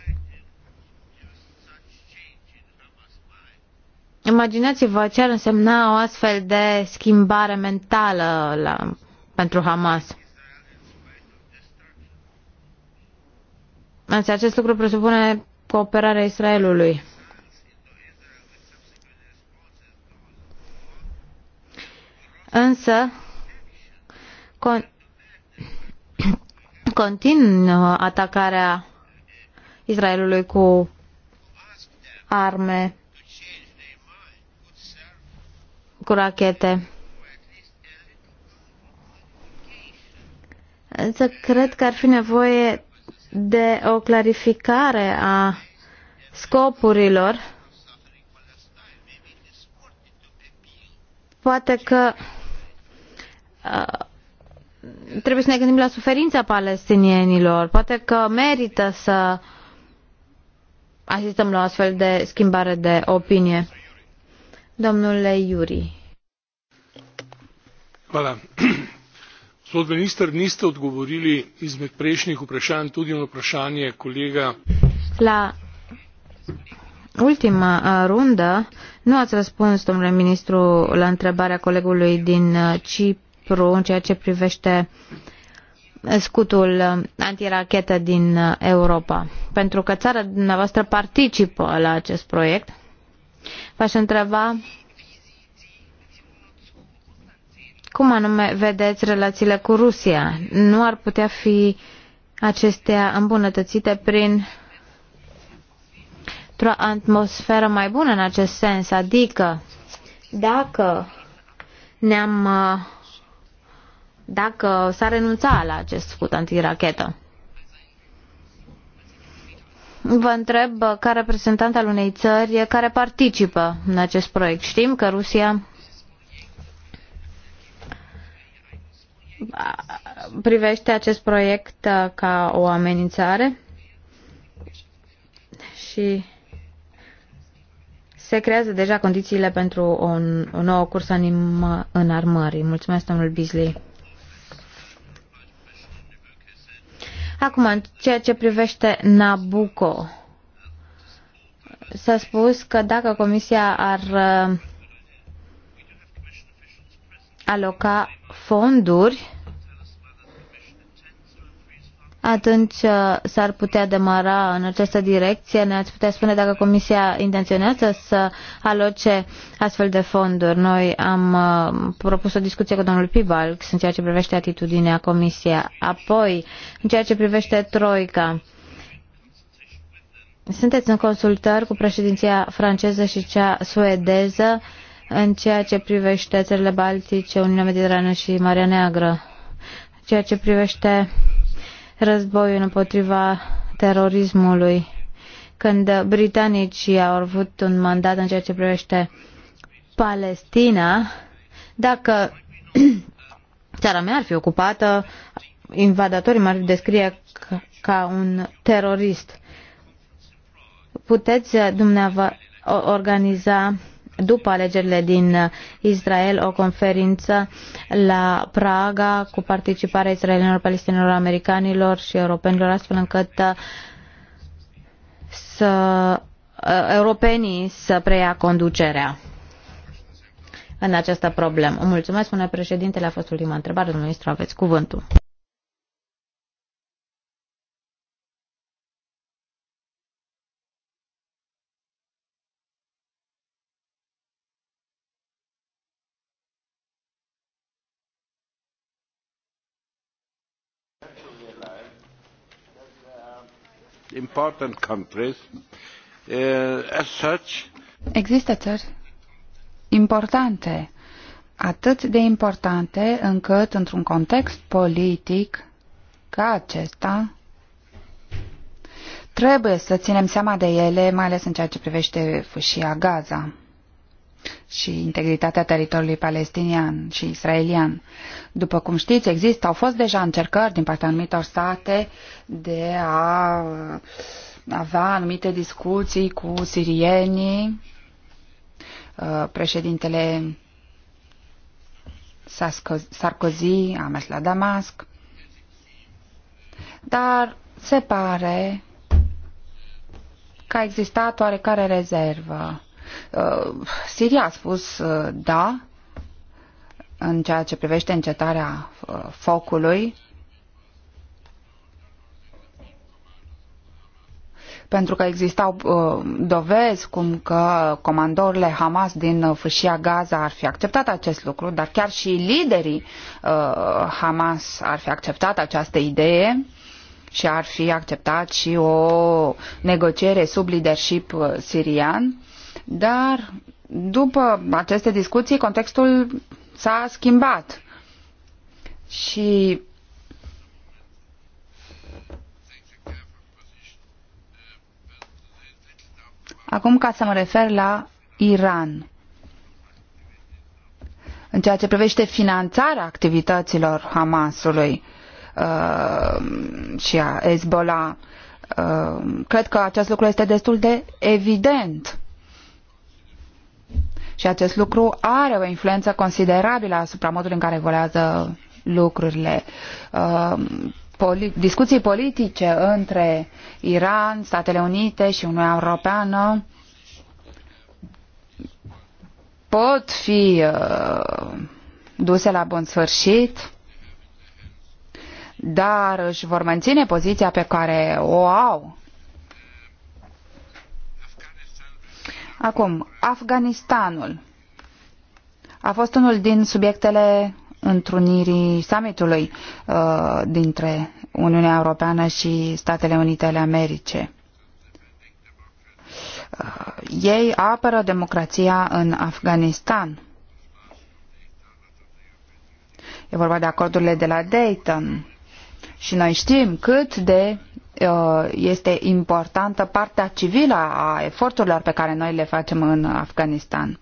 Imaginați-vă ce ar însemna o astfel de schimbare mentală la, pentru Hamas. Însă acest lucru presupune cooperarea Israelului. Însă, con- continuă atacarea Israelului cu arme, cu rachete. Însă cred că ar fi nevoie de o clarificare a scopurilor. Poate că uh, trebuie să ne gândim la suferința palestinienilor. Poate că merită să asistăm la o astfel de schimbare de opinie. Domnule Iuri. Hvala. Gospod minister, niste odgovorili izmed prejšnjih vprašanj tudi na vprašanje kolega. La ultima uh, rundă nu ați răspuns, domnule ministru, la întrebarea colegului din uh, CIP Cipru în ceea ce privește scutul antirachetă din Europa? Pentru că țara dumneavoastră participă la acest proiect. V-aș întreba cum anume vedeți relațiile cu Rusia? Nu ar putea fi acestea îmbunătățite prin o atmosferă mai bună în acest sens, adică dacă ne-am uh, dacă s-a renunțat la acest scut antirachetă. Vă întreb ca reprezentant al unei țări care participă în acest proiect. Știm că Rusia privește acest proiect uh, ca o amenințare și se creează deja condițiile pentru o nouă cursă în armării. Mulțumesc, domnul Bisley. Acum, în ceea ce privește Nabucco, s-a spus că dacă Comisia ar uh, aloca fonduri atunci uh, s-ar putea demara în această direcție. Ne-ați putea spune dacă Comisia intenționează să aloce astfel de fonduri. Noi am uh, propus o discuție cu domnul Pibalx în ceea ce privește atitudinea Comisia. Apoi, în ceea ce privește Troica, sunteți în consultări cu președinția franceză și cea suedeză în ceea ce privește țările Baltice, Uniunea Mediterană și Marea Neagră. Ceea ce privește războiul împotriva terorismului, când britanicii au avut un mandat în ceea ce privește Palestina, dacă țara mea ar fi ocupată, invadatorii m-ar descrie ca un terorist. Puteți dumneavoastră organiza după alegerile din Israel o conferință la Praga cu participarea israelienilor, palestinilor, americanilor și europenilor, astfel încât uh, să uh, europenii să preia conducerea în această problemă. Mulțumesc, spune președintele, a fost ultima întrebare. Domnul ministru, aveți cuvântul. important countries. Uh, as such, Există țări importante, atât de importante încât într-un context politic ca acesta trebuie să ținem seama de ele, mai ales în ceea ce privește fâșia Gaza și integritatea teritoriului palestinian și israelian. După cum știți, există, au fost deja încercări din partea anumitor state de a avea anumite discuții cu sirienii. Uh, președintele Sarkozy a mers la Damasc. Dar se pare că a existat oarecare rezervă Uh, Siria a spus uh, da în ceea ce privește încetarea uh, focului, pentru că existau uh, dovezi cum că comandorile Hamas din fâșia Gaza ar fi acceptat acest lucru, dar chiar și liderii uh, Hamas ar fi acceptat această idee și ar fi acceptat și o negociere sub leadership sirian. Dar după aceste discuții, contextul s-a schimbat. Și acum ca să mă refer la Iran. În ceea ce privește finanțarea activităților Hamasului uh, și a Hezbollah, uh, cred că acest lucru este destul de evident. Și acest lucru are o influență considerabilă asupra modului în care evoluează lucrurile. Uh, poli discuții politice între Iran, Statele Unite și Uniunea Europeană pot fi uh, duse la bun sfârșit, dar își vor menține poziția pe care o au Acum, Afganistanul a fost unul din subiectele întrunirii summitului uh, dintre Uniunea Europeană și Statele Unite ale Americii. Uh, ei apără democrația în Afganistan. E vorba de acordurile de la Dayton. Și noi știm cât de Uh, este importantă partea civilă a eforturilor pe care noi le facem în Afganistan.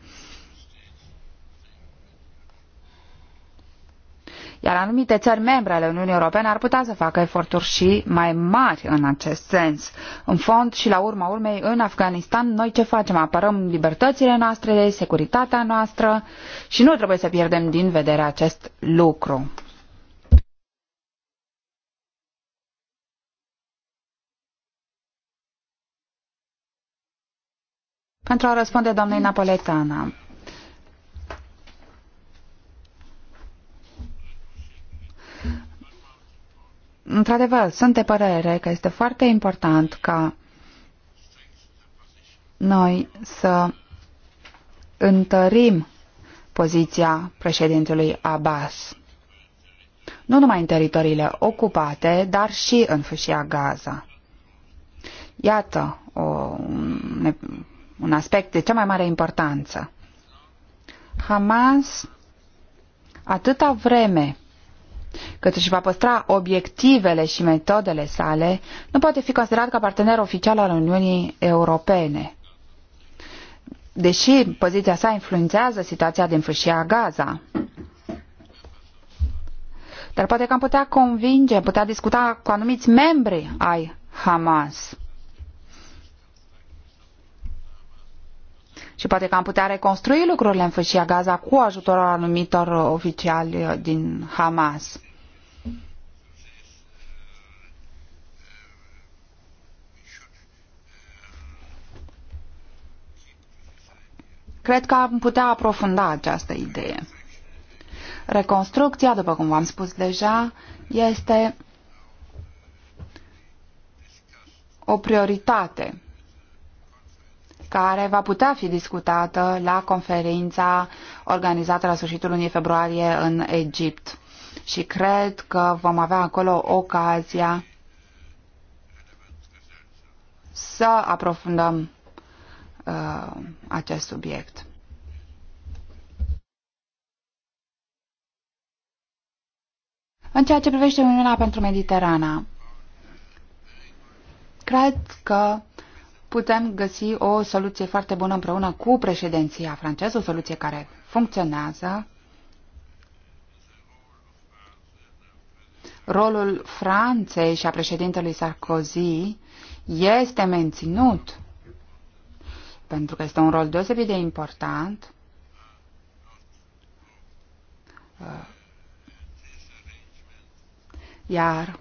Iar anumite țări membre ale Uniunii Europene ar putea să facă eforturi și mai mari în acest sens. În fond și la urma urmei, în Afganistan, noi ce facem? Apărăm libertățile noastre, securitatea noastră și nu trebuie să pierdem din vedere acest lucru. Pentru a răspunde doamnei Napoletana. Într-adevăr, sunt de părere că este foarte important ca noi să întărim poziția președintelui Abbas, nu numai în teritoriile ocupate, dar și în fâșia Gaza. Iată o, un aspect de cea mai mare importanță. Hamas, atâta vreme cât își va păstra obiectivele și metodele sale, nu poate fi considerat ca partener oficial al Uniunii Europene. Deși poziția sa influențează situația din fâșia Gaza, dar poate că am putea convinge, putea discuta cu anumiți membri ai Hamas Și poate că am putea reconstrui lucrurile în fâșia Gaza cu ajutorul anumitor oficiali din Hamas. Cred că am putea aprofunda această idee. Reconstrucția, după cum v-am spus deja, este o prioritate care va putea fi discutată la conferința organizată la sfârșitul lunii februarie în Egipt. Și cred că vom avea acolo ocazia să aprofundăm uh, acest subiect. În ceea ce privește Uniunea pentru Mediterana, cred că putem găsi o soluție foarte bună împreună cu președinția franceză, o soluție care funcționează. Rolul Franței și a președintelui Sarkozy este menținut pentru că este un rol deosebit de important. Iar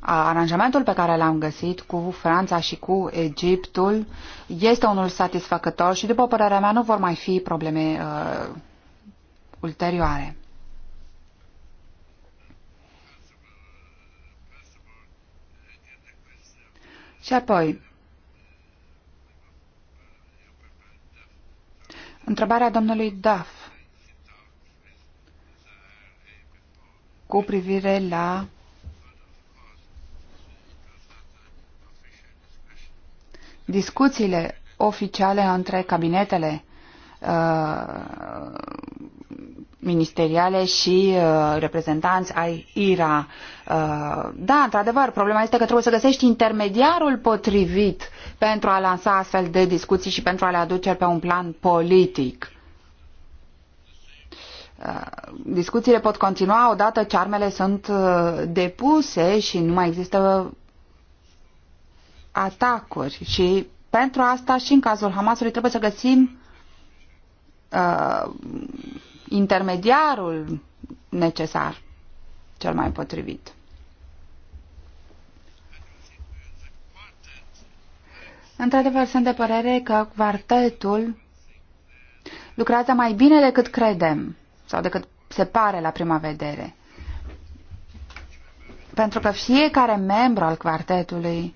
aranjamentul pe care l-am găsit cu Franța și cu Egiptul este unul satisfăcător și, după părerea mea, nu vor mai fi probleme uh, ulterioare. Și apoi, întrebarea domnului Duff cu privire la discuțiile oficiale între cabinetele uh, ministeriale și uh, reprezentanți ai IRA. Uh, da, într-adevăr, problema este că trebuie să găsești intermediarul potrivit pentru a lansa astfel de discuții și pentru a le aduce pe un plan politic. Uh, discuțiile pot continua odată ce armele sunt uh, depuse și nu mai există atacuri și pentru asta și în cazul Hamasului trebuie să găsim uh, intermediarul necesar, cel mai potrivit. Într-adevăr, sunt de părere că quartetul lucrează mai bine decât credem sau decât se pare la prima vedere. Pentru că fiecare membru al quartetului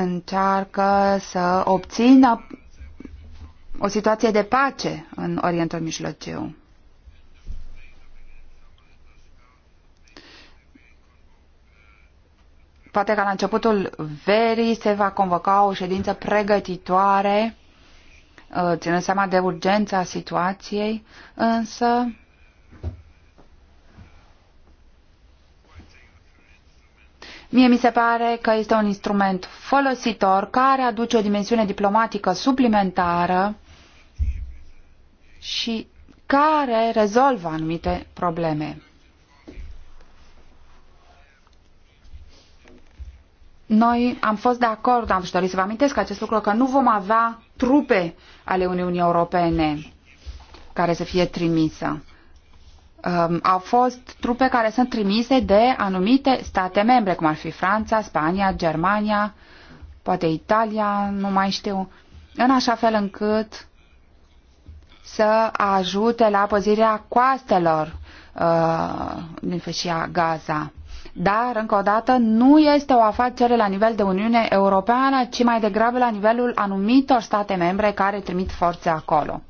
încearcă să obțină o situație de pace în Orientul Mijlociu. Poate că la începutul verii se va convoca o ședință pregătitoare, uh, ținând seama de urgența situației, însă Mie mi se pare că este un instrument folositor care aduce o dimensiune diplomatică suplimentară și care rezolvă anumite probleme. Noi am fost de acord, am dorit să vă amintesc acest lucru, că nu vom avea trupe ale Uniunii Europene care să fie trimisă. Um, au fost trupe care sunt trimise de anumite state membre, cum ar fi Franța, Spania, Germania, poate Italia, nu mai știu, în așa fel încât să ajute la păzirea coastelor uh, din fășia Gaza. Dar, încă o dată, nu este o afacere la nivel de Uniune Europeană, ci mai degrabă la nivelul anumitor state membre care trimit forțe acolo.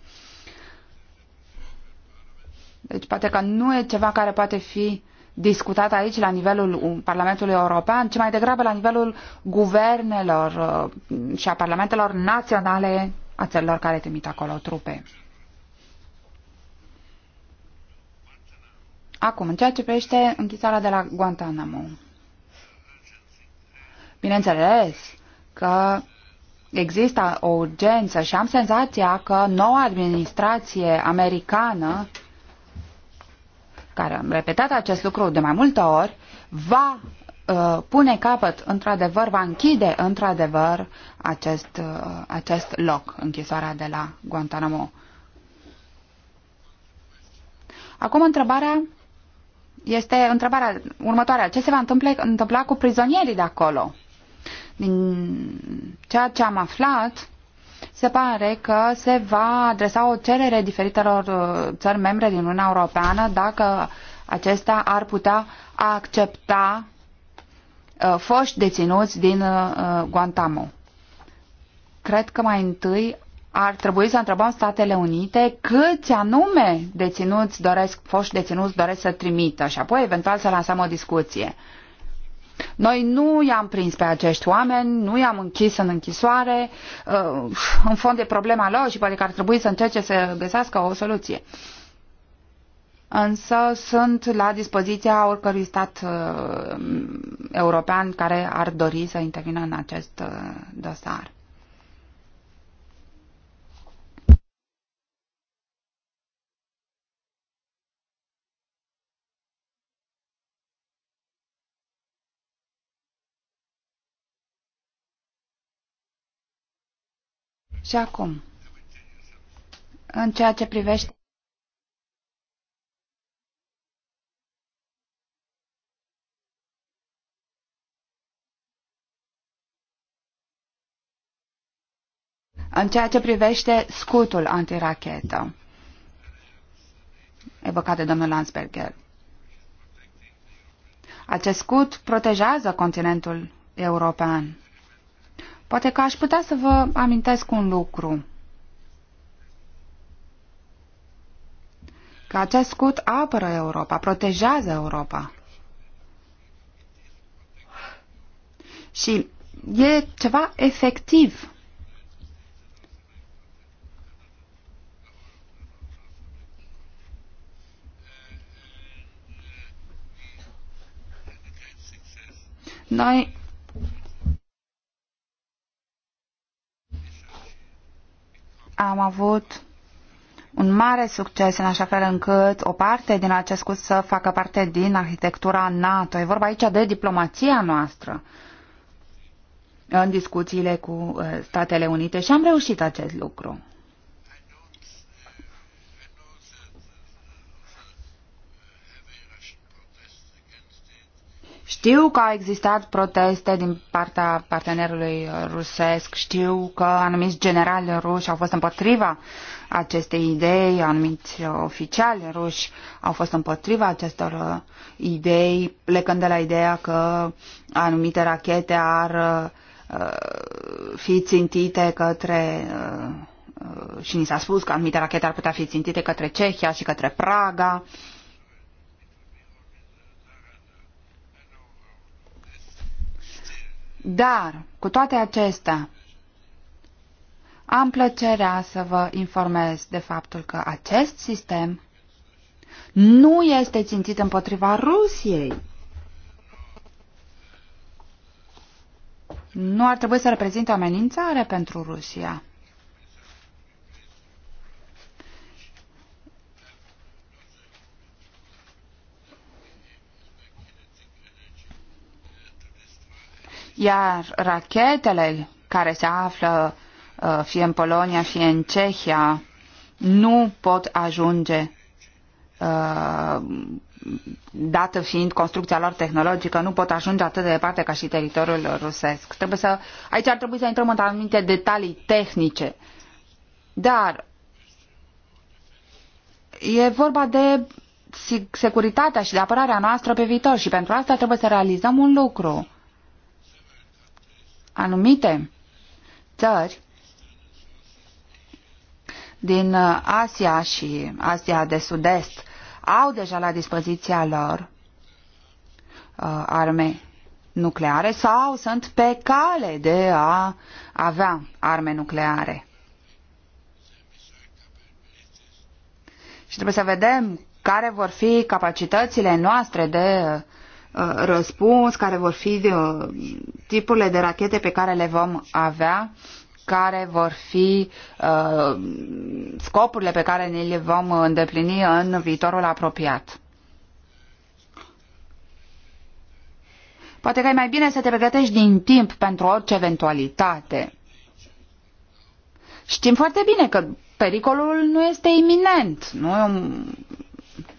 Deci poate că nu e ceva care poate fi discutat aici la nivelul Parlamentului European, ci mai degrabă la nivelul guvernelor uh, și a parlamentelor naționale a țărilor care trimit acolo trupe. Acum, în ceea ce privește închisarea de la Guantanamo. Bineînțeles că există o urgență și am senzația că noua administrație americană care am repetat acest lucru de mai multe ori, va uh, pune capăt, într-adevăr, va închide, într-adevăr, acest, uh, acest loc, închisoarea de la Guantanamo. Acum întrebarea este întrebarea următoarea. Ce se va întâmpla, întâmpla cu prizonierii de acolo? Din ceea ce am aflat, se pare că se va adresa o cerere diferitelor uh, țări membre din Uniunea Europeană dacă acestea ar putea accepta uh, foști deținuți din uh, Guantamo. Cred că mai întâi ar trebui să întrebăm Statele Unite câți anume deținuți doresc, foști deținuți doresc să trimită și apoi eventual să lansăm o discuție. Noi nu i-am prins pe acești oameni, nu i-am închis în închisoare, uh, în fond de problema lor și poate că ar trebui să încerce să găsească o soluție. Însă sunt la dispoziția oricărui stat uh, european care ar dori să intervină în acest uh, dosar. Și acum, în ceea ce privește în ceea ce privește scutul antirachetă evocat de domnul Landsberger. Acest scut protejează continentul european. Poate că aș putea să vă amintesc un lucru. Că acest scut apără Europa, protejează Europa. Și e ceva efectiv. Noi am avut un mare succes în așa fel încât o parte din acest curs să facă parte din arhitectura NATO. E vorba aici de diplomația noastră în discuțiile cu eh, Statele Unite și am reușit acest lucru. Știu că au existat proteste din partea partenerului rusesc, știu că anumiți generali ruși au fost împotriva acestei idei, anumiți oficiali ruși au fost împotriva acestor uh, idei, plecând de la ideea că anumite rachete ar uh, uh, fi țintite către și ni s-a spus că anumite rachete ar putea fi țintite către Cehia și către Praga. Uh, Dar, cu toate acestea, am plăcerea să vă informez de faptul că acest sistem nu este țintit împotriva Rusiei. Nu ar trebui să reprezinte o amenințare pentru Rusia. Iar rachetele care se află uh, fie în Polonia, fie în Cehia, nu pot ajunge, uh, dată fiind construcția lor tehnologică, nu pot ajunge atât de departe ca și teritoriul rusesc. Trebuie să, aici ar trebui să intrăm în anumite detalii tehnice. Dar e vorba de securitatea și de apărarea noastră pe viitor și pentru asta trebuie să realizăm un lucru anumite țări din uh, Asia și Asia de Sud-Est au deja la dispoziția lor uh, arme nucleare sau sunt pe cale de a avea arme nucleare. Și trebuie să vedem care vor fi capacitățile noastre de uh, Uh, răspuns, care vor fi uh, tipurile de rachete pe care le vom avea, care vor fi uh, scopurile pe care ne le vom îndeplini în viitorul apropiat. Poate că e mai bine să te pregătești din timp pentru orice eventualitate. Știm foarte bine că pericolul nu este iminent, nu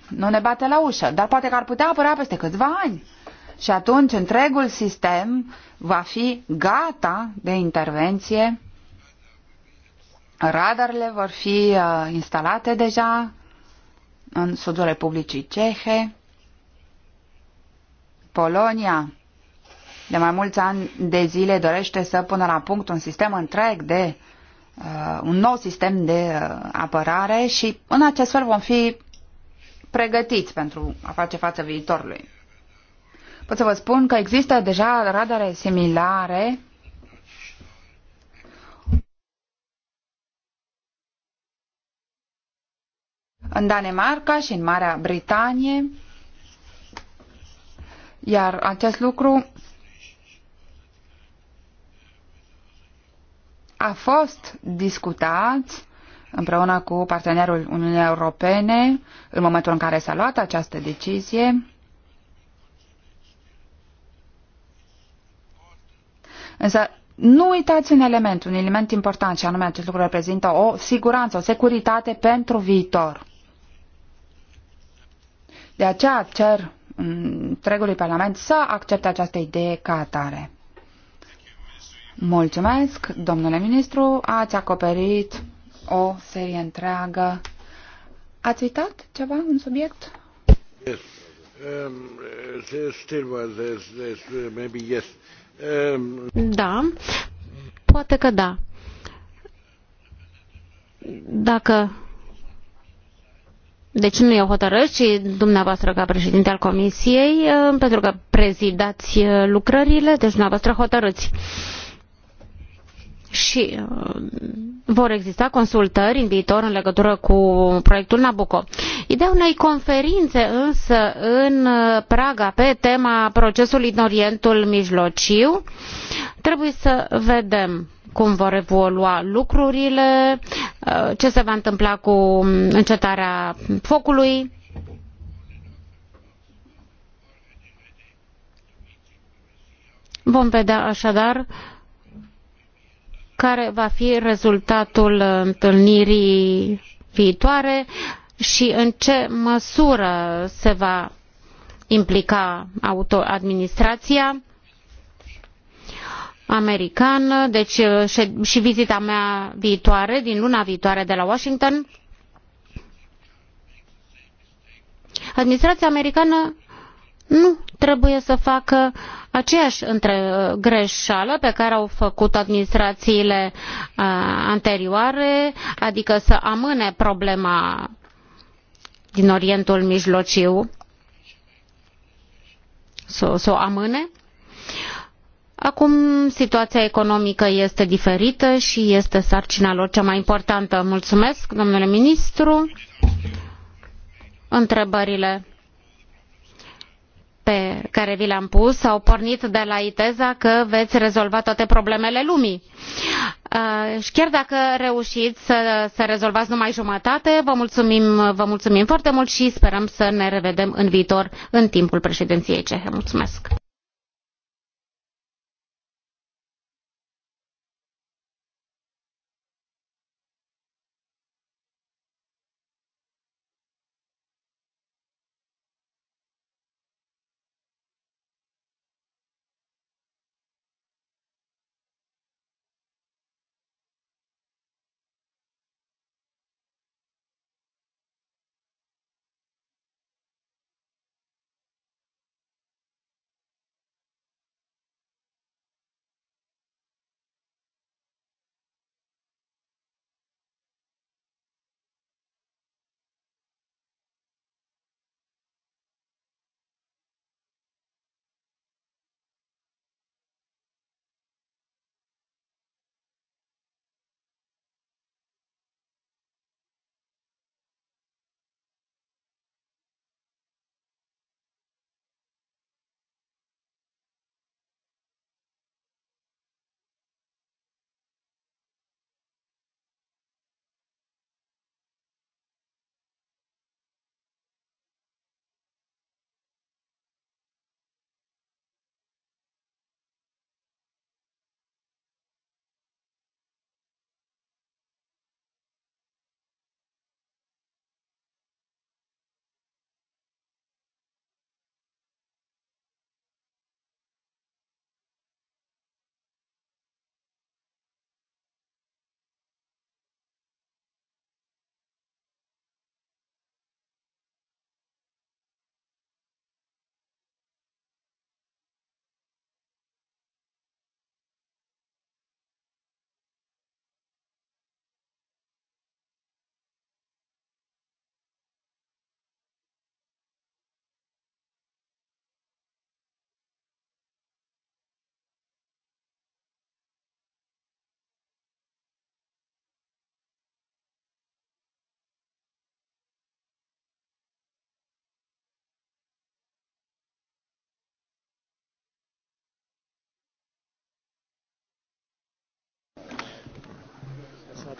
nu ne bate la ușă, dar poate că ar putea apărea peste câțiva ani. Și atunci întregul sistem va fi gata de intervenție, radarele vor fi uh, instalate deja în sudul Republicii Cehe, Polonia, de mai mulți ani de zile dorește să pună la punct un sistem întreg de uh, un nou sistem de uh, apărare și în acest fel vom fi pregătiți pentru a face față viitorului. Pot să vă spun că există deja radare similare în Danemarca și în Marea Britanie, iar acest lucru a fost discutat împreună cu partenerul Uniunii Europene în momentul în care s-a luat această decizie. Însă nu uitați un element, un element important și anume acest lucru reprezintă o siguranță, o securitate pentru viitor. De aceea cer întregului Parlament să accepte această idee ca atare. Mulțumesc, domnule ministru, ați acoperit o serie întreagă. Ați uitat ceva în subiect? Yes. Um, still was this, this, maybe yes. Um... Da, poate că da. Dacă deci nu e hotărâre, ci dumneavoastră ca președinte al Comisiei, uh, pentru că prezidați uh, lucrările, deci dumneavoastră hotărâți. Uh, și uh, vor exista consultări în viitor în legătură cu proiectul Nabucco. Ideea unei conferințe însă în uh, Praga pe tema procesului din Orientul Mijlociu trebuie să vedem cum vor evolua lucrurile, uh, ce se va întâmpla cu um, încetarea focului. Vom vedea așadar care va fi rezultatul întâlnirii viitoare și în ce măsură se va implica administrația americană, deci uh, și vizita mea viitoare, din luna viitoare de la Washington. Administrația americană nu trebuie să facă aceeași între uh, greșeală pe care au făcut administrațiile uh, anterioare, adică să amâne problema din Orientul Mijlociu, să, să o amâne. Acum situația economică este diferită și este sarcina lor cea mai importantă. Mulțumesc, domnule ministru. Întrebările pe care vi le-am pus au pornit de la iteza că veți rezolva toate problemele lumii. Uh, și chiar dacă reușiți să, să rezolvați numai jumătate, vă mulțumim, vă mulțumim foarte mult și sperăm să ne revedem în viitor în timpul președinției cehe. Mulțumesc!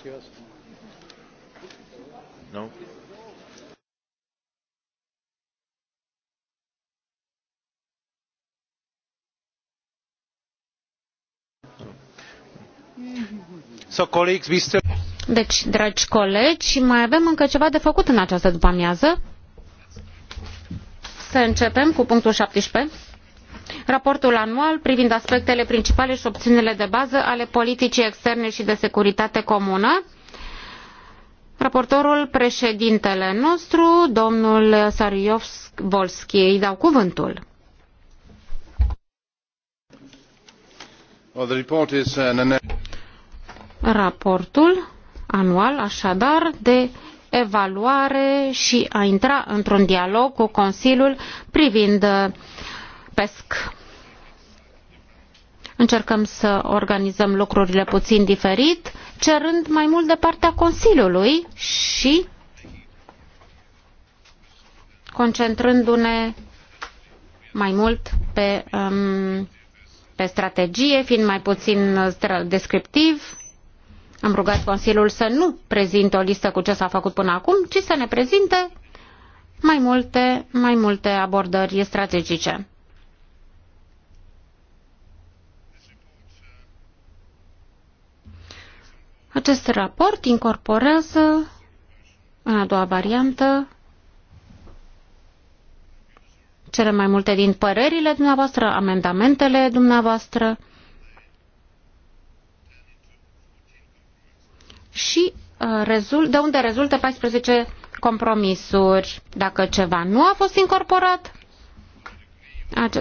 not No? So, colleagues, we still... Deci, dragi colegi, mai avem încă ceva de făcut în această după-amiază. Să începem cu punctul 17 raportul anual privind aspectele principale și opțiunile de bază ale politicii externe și de securitate comună. Raportorul președintele nostru, domnul Sariovski, îi dau cuvântul. Raportul anual, așadar, de evaluare și a intra într-un dialog cu Consiliul privind uh, PESC. Încercăm să organizăm lucrurile puțin diferit, cerând mai mult de partea Consiliului și concentrându-ne mai mult pe, um, pe strategie, fiind mai puțin descriptiv. Am rugat Consiliul să nu prezinte o listă cu ce s-a făcut până acum, ci să ne prezinte mai multe, mai multe abordări strategice. Acest raport incorporează, în a doua variantă, cele mai multe din părerile dumneavoastră, amendamentele dumneavoastră și uh, de unde rezultă 14 compromisuri. Dacă ceva nu a fost incorporat,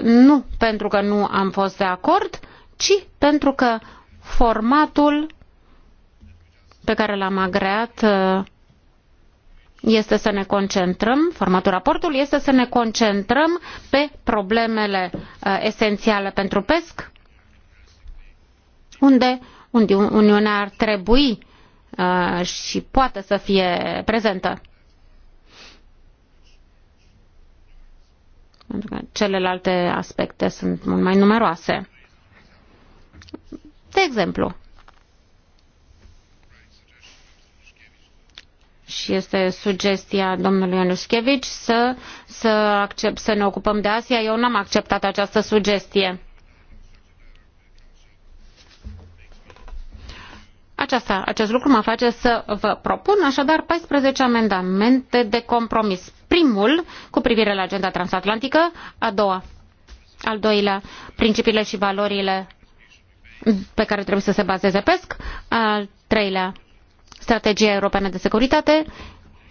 nu pentru că nu am fost de acord, ci pentru că formatul pe care l-am agreat uh, este să ne concentrăm, formatul raportului este să ne concentrăm pe problemele uh, esențiale pentru pesc, unde Uniunea ar trebui uh, și poate să fie prezentă. Pentru că celelalte aspecte sunt mult mai numeroase. De exemplu, și este sugestia domnului Anuschevici să, să, accept, să ne ocupăm de Asia. Eu n-am acceptat această sugestie. Aceasta, acest lucru mă face să vă propun așadar 14 amendamente de compromis. Primul, cu privire la agenda transatlantică, a doua, al doilea, principiile și valorile pe care trebuie să se bazeze PESC, al treilea, strategia europeană de securitate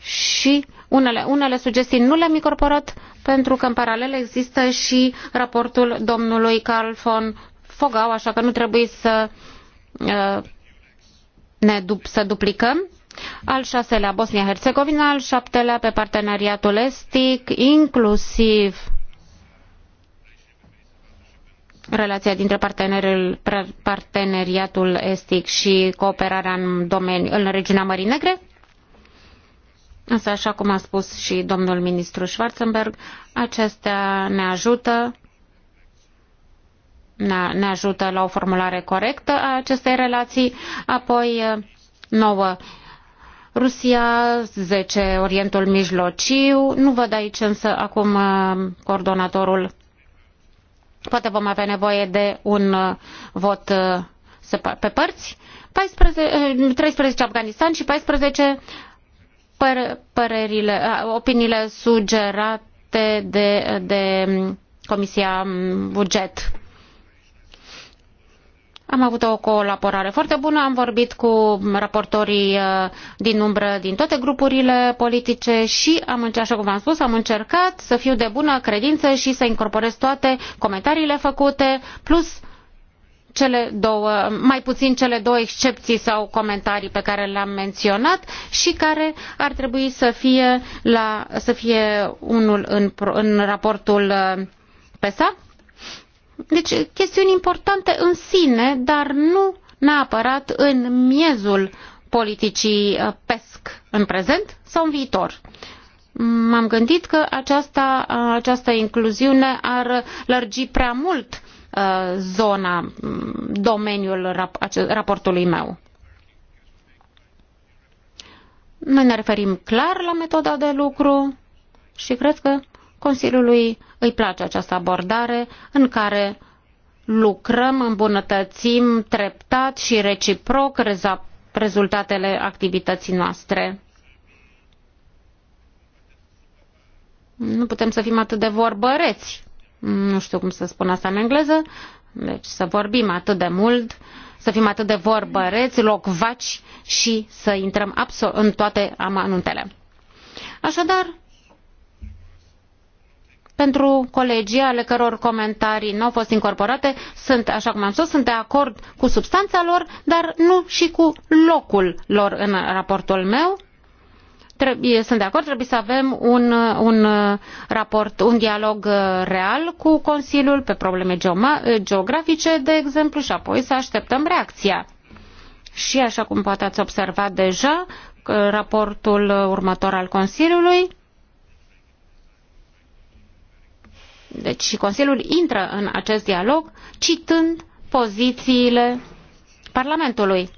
și unele, unele sugestii nu le-am incorporat pentru că în paralel există și raportul domnului Carl von Fogau, așa că nu trebuie să uh, ne să duplicăm. Al șaselea Bosnia-Herzegovina, al șaptelea pe parteneriatul estic, inclusiv relația dintre parteneriatul estic și cooperarea în, domeni, în regiunea Mării Negre? Însă, așa cum a spus și domnul ministru Schwarzenberg, acestea ne ajută ne ajută la o formulare corectă a acestei relații. Apoi, nouă, Rusia, 10, Orientul Mijlociu. Nu văd aici însă acum uh, coordonatorul Poate vom avea nevoie de un uh, vot uh, pe părți. 14, 13 uh, Afganistan și 14 păr, părerile, opiniile sugerate de, de um, Comisia um, Buget. Am avut o colaborare foarte bună, am vorbit cu raportorii uh, din umbră din toate grupurile politice și am, așa cum v-am spus, am încercat să fiu de bună credință și să incorporez toate comentariile făcute, plus cele două, mai puțin cele două excepții sau comentarii pe care le-am menționat și care ar trebui să fie, la, să fie unul în, în raportul uh, PESA deci, chestiuni importante în sine, dar nu neapărat în miezul politicii uh, PESC în prezent sau în viitor. M-am gândit că aceasta, uh, această incluziune ar lărgi prea mult uh, zona, mm, domeniul raportului meu. Noi ne referim clar la metoda de lucru și cred că Consiliului îi place această abordare în care lucrăm, îmbunătățim treptat și reciproc rezultatele activității noastre. Nu putem să fim atât de vorbăreți. Nu știu cum să spun asta în engleză. Deci să vorbim atât de mult, să fim atât de vorbăreți, locvaci și să intrăm absolut în toate amănuntele. Așadar, pentru colegii ale căror comentarii nu au fost incorporate. Sunt, așa cum am spus, sunt de acord cu substanța lor, dar nu și cu locul lor în raportul meu. Trebuie, sunt de acord, trebuie să avem un, un raport, un dialog real cu Consiliul pe probleme geografice, de exemplu, și apoi să așteptăm reacția. Și așa cum poate ați observat deja, raportul următor al Consiliului Deci și Consiliul intră în acest dialog citând pozițiile Parlamentului.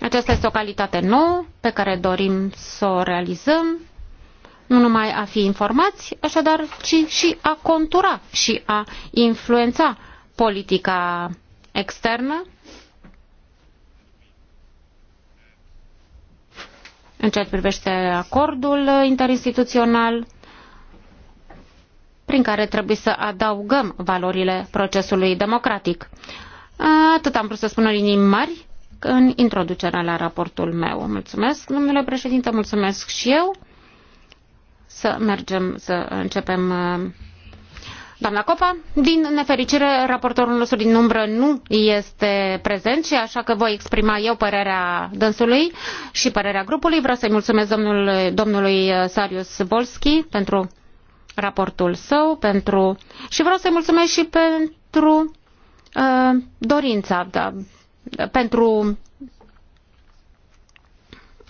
Aceasta este o calitate nouă pe care dorim să o realizăm, nu numai a fi informați, așadar, ci și a contura și a influența politica externă în ceea ce privește acordul interinstituțional prin care trebuie să adaugăm valorile procesului democratic. Atât am vrut să spun în linii mari în introducerea la raportul meu. Mulțumesc, domnule președinte, mulțumesc și eu. Să mergem, să începem. Uh, doamna Copa, din nefericire, raportorul nostru din umbră nu este prezent și așa că voi exprima eu părerea dânsului și părerea grupului. Vreau să-i mulțumesc domnului domnului uh, Sarius Volski pentru raportul său pentru... și vreau să-i mulțumesc și pentru uh, dorința, da, pentru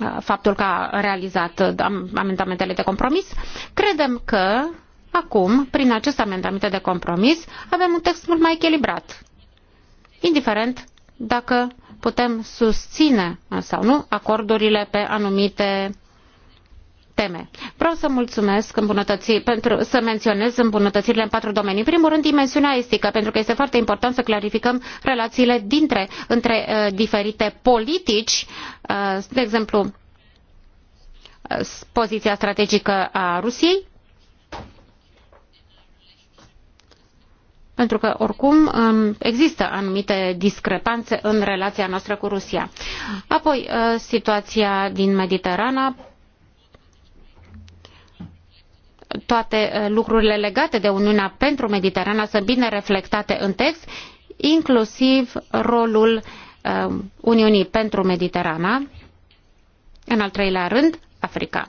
uh, faptul că a realizat uh, amendamentele de compromis. Credem că acum, prin aceste amendamente de compromis, avem un text mult mai echilibrat. Indiferent dacă putem susține sau nu acordurile pe anumite teme. Vreau să mulțumesc pentru să menționez îmbunătățirile în patru domenii. În primul rând, dimensiunea estică, pentru că este foarte important să clarificăm relațiile dintre, între uh, diferite politici, uh, de exemplu, uh, poziția strategică a Rusiei, pentru că oricum um, există anumite discrepanțe în relația noastră cu Rusia. Apoi, uh, situația din Mediterana, toate uh, lucrurile legate de Uniunea pentru Mediterana sunt bine reflectate în text, inclusiv rolul uh, Uniunii pentru Mediterana, în al treilea rând, Africa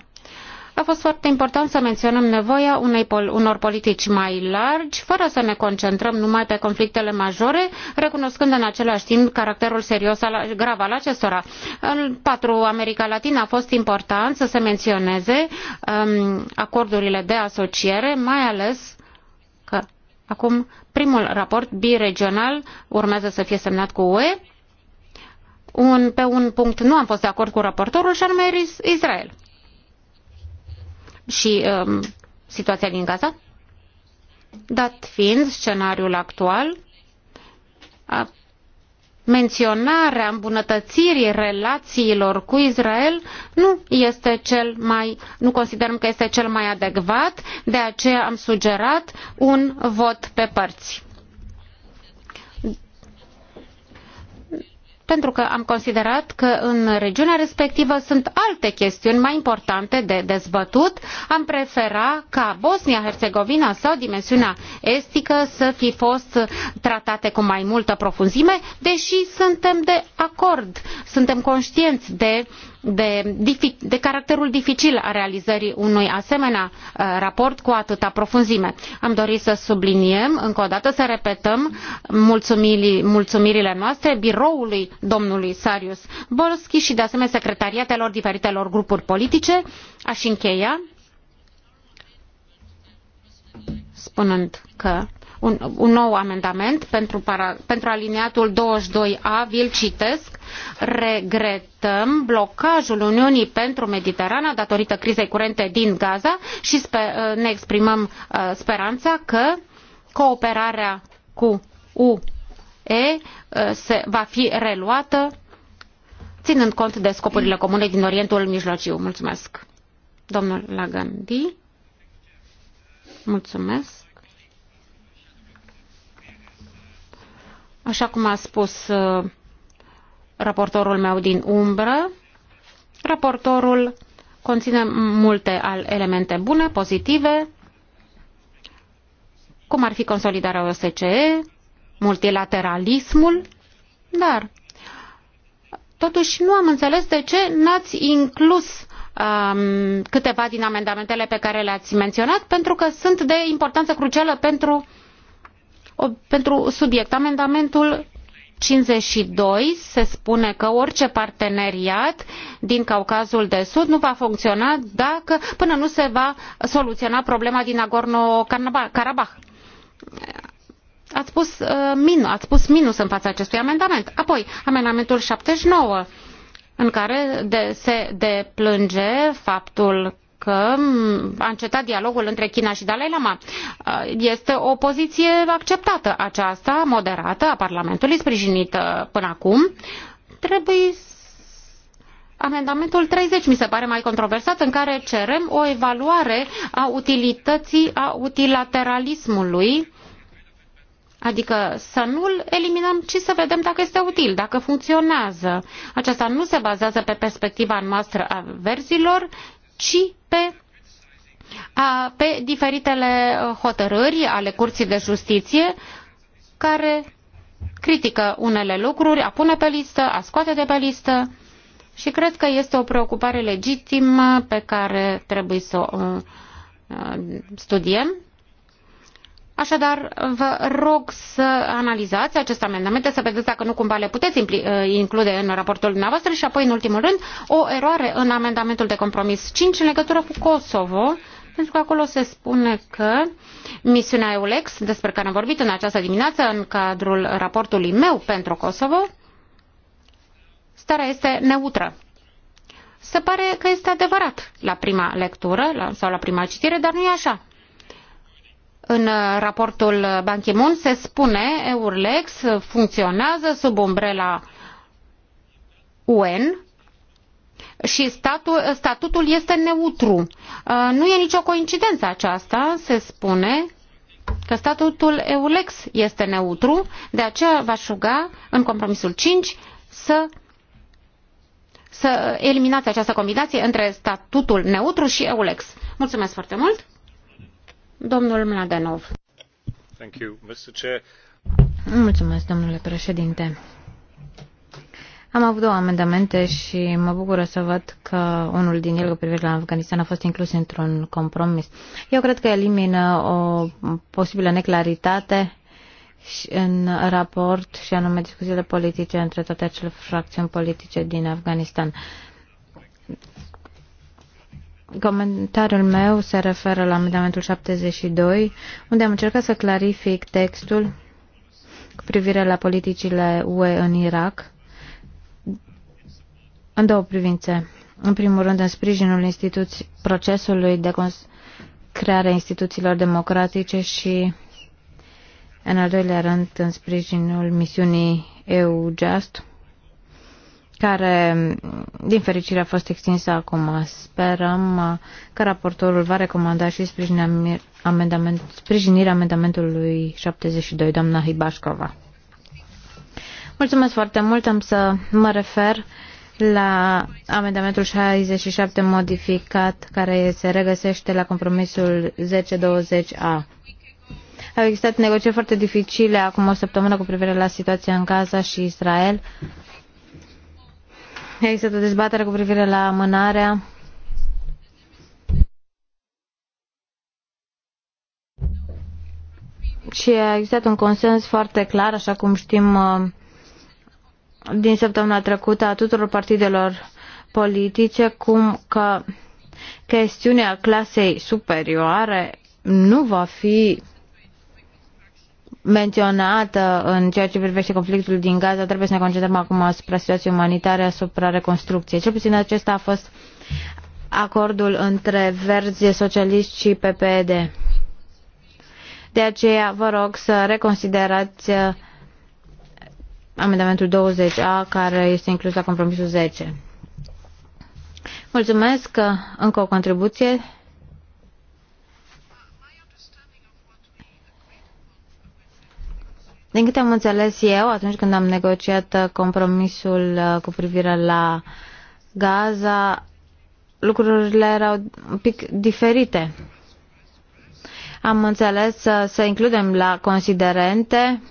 a fost foarte important să menționăm nevoia unei pol unor politici mai largi, fără să ne concentrăm numai pe conflictele majore, recunoscând în același timp caracterul serios al, grav al acestora. În patru America Latina a fost important să se menționeze um, acordurile de asociere, mai ales că acum primul raport biregional urmează să fie semnat cu UE. Un, pe un punct nu am fost de acord cu raportorul și anume Israel și um, situația din Gaza? Dat fiind scenariul actual, a, menționarea îmbunătățirii relațiilor cu Israel nu este cel mai, nu considerăm că este cel mai adecvat, de aceea am sugerat un vot pe părți. pentru că am considerat că în regiunea respectivă sunt alte chestiuni mai importante de dezbătut. Am prefera ca Bosnia-Herzegovina sau dimensiunea estică să fi fost tratate cu mai multă profunzime, deși suntem de acord, suntem conștienți de de, de caracterul dificil a realizării unui asemenea uh, raport cu atâta profunzime. Am dorit să subliniem, încă o dată să repetăm mulțumirile noastre biroului domnului Sarius Bolski și de asemenea secretariatelor diferitelor grupuri politice. Aș încheia spunând că un, un nou amendament pentru, para, pentru aliniatul 22A, vi-l citesc. Regretăm blocajul Uniunii pentru Mediterana datorită crizei curente din Gaza și uh, ne exprimăm uh, speranța că cooperarea cu UE uh, se, va fi reluată ținând cont de scopurile comune din Orientul Mijlociu. Mulțumesc. Domnul Lagandi. Mulțumesc. Așa cum a spus uh, raportorul meu din umbră, raportorul conține multe elemente bune, pozitive, cum ar fi consolidarea OSCE, multilateralismul, dar totuși nu am înțeles de ce n-ați inclus um, câteva din amendamentele pe care le-ați menționat, pentru că sunt de importanță crucială pentru pentru subiect. Amendamentul 52 se spune că orice parteneriat din Caucazul de Sud nu va funcționa dacă, până nu se va soluționa problema din Nagorno-Karabakh. Ați spus, uh, min, ați spus minus în fața acestui amendament. Apoi, amendamentul 79, în care de, se deplânge faptul că mm, a încetat dialogul între China și Dalai Lama. Uh, este o poziție acceptată aceasta, moderată, a Parlamentului, sprijinită până acum. Trebuie Amendamentul 30 mi se pare mai controversat, în care cerem o evaluare a utilității, a utilateralismului, adică să nu îl eliminăm, ci să vedem dacă este util, dacă funcționează. Aceasta nu se bazează pe perspectiva noastră a verzilor, ci pe a, pe diferitele uh, hotărâri ale Curții de Justiție care critică unele lucruri, a pune pe listă, a scoate de pe listă și cred că este o preocupare legitimă pe care trebuie să o uh, uh, studiem Așadar, vă rog să analizați aceste amendamente, să vedeți dacă nu cumva le puteți uh, include în raportul dumneavoastră și apoi, în ultimul rând, o eroare în amendamentul de compromis 5 în legătură cu Kosovo, pentru că acolo se spune că misiunea EULEX, despre care am vorbit în această dimineață în cadrul raportului meu pentru Kosovo, starea este neutră. Se pare că este adevărat la prima lectură la, sau la prima citire, dar nu e așa. În uh, raportul Ban Ki-moon se spune eulex funcționează sub umbrela UN și statutul este neutru. Uh, nu e nicio coincidență aceasta, se spune că statutul EULEX este neutru, de aceea v-aș ruga în compromisul 5 să, să eliminați această combinație între statutul neutru și EULEX. Mulțumesc foarte mult! Domnul Mladenov. Mulțumesc, domnule președinte. Am avut două amendamente și mă bucură să văd că unul din ele cu privire la Afganistan a fost inclus într-un compromis. Eu cred că elimină o posibilă neclaritate în raport și anume discuțiile politice între toate acele fracțiuni politice din Afganistan. Uh, Comentariul meu se referă la amendamentul 72, unde am încercat să clarific textul cu privire la politicile UE în Irak în două privințe. În primul rând, în sprijinul procesului de creare a instituțiilor democratice și, în al doilea rând, în sprijinul misiunii EU-Just care, din fericire, a fost extinsă acum. Sperăm uh, că raportorul va recomanda și sprijinirea amendament, sprijinirea amendamentului 72, doamna Hibașcova. Mulțumesc foarte mult. Am să mă refer la amendamentul 67 modificat care se regăsește la compromisul 1020A. Au existat negocieri foarte dificile acum o săptămână cu privire la situația în Gaza și Israel Există o dezbatere cu privire la amânarea și a existat un consens foarte clar, așa cum știm uh, din săptămâna trecută, a tuturor partidelor politice, cum că chestiunea clasei superioare nu va fi menționată în ceea ce privește conflictul din Gaza, trebuie să ne concentrăm acum asupra situației umanitare, asupra reconstrucției. Cel puțin acesta a fost acordul între Verzi, Socialiști și PPD. De aceea vă rog să reconsiderați uh, amendamentul 20A care este inclus la compromisul 10. Mulțumesc uh, încă o contribuție Din câte am înțeles eu, atunci când am negociat uh, compromisul uh, cu privire la Gaza, lucrurile erau un pic diferite. Am înțeles să, uh, să includem la considerente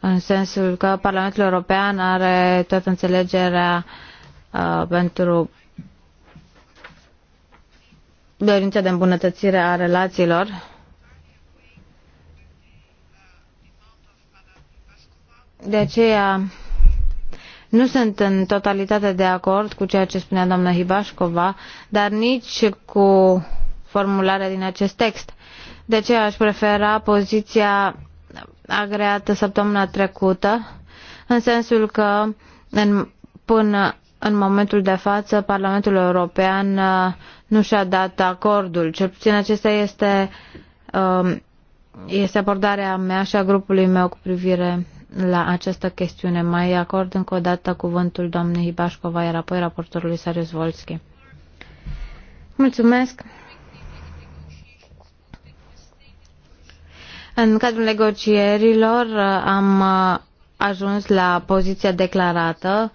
în sensul că Parlamentul European are toată înțelegerea uh, pentru dorința de îmbunătățire a relațiilor De aceea nu sunt în totalitate de acord cu ceea ce spunea doamna Hibașcova, dar nici cu formularea din acest text. De aceea aș prefera poziția agreată săptămâna trecută, în sensul că în, până în momentul de față Parlamentul European uh, nu și-a dat acordul. Cel puțin acesta este, um, este abordarea mea și a grupului meu cu privire la această chestiune. Mai acord încă o dată cuvântul doamnei Hibașcova, iar apoi raportorului Sarius Volski. Mulțumesc! În cadrul negocierilor uh, am uh, ajuns la poziția declarată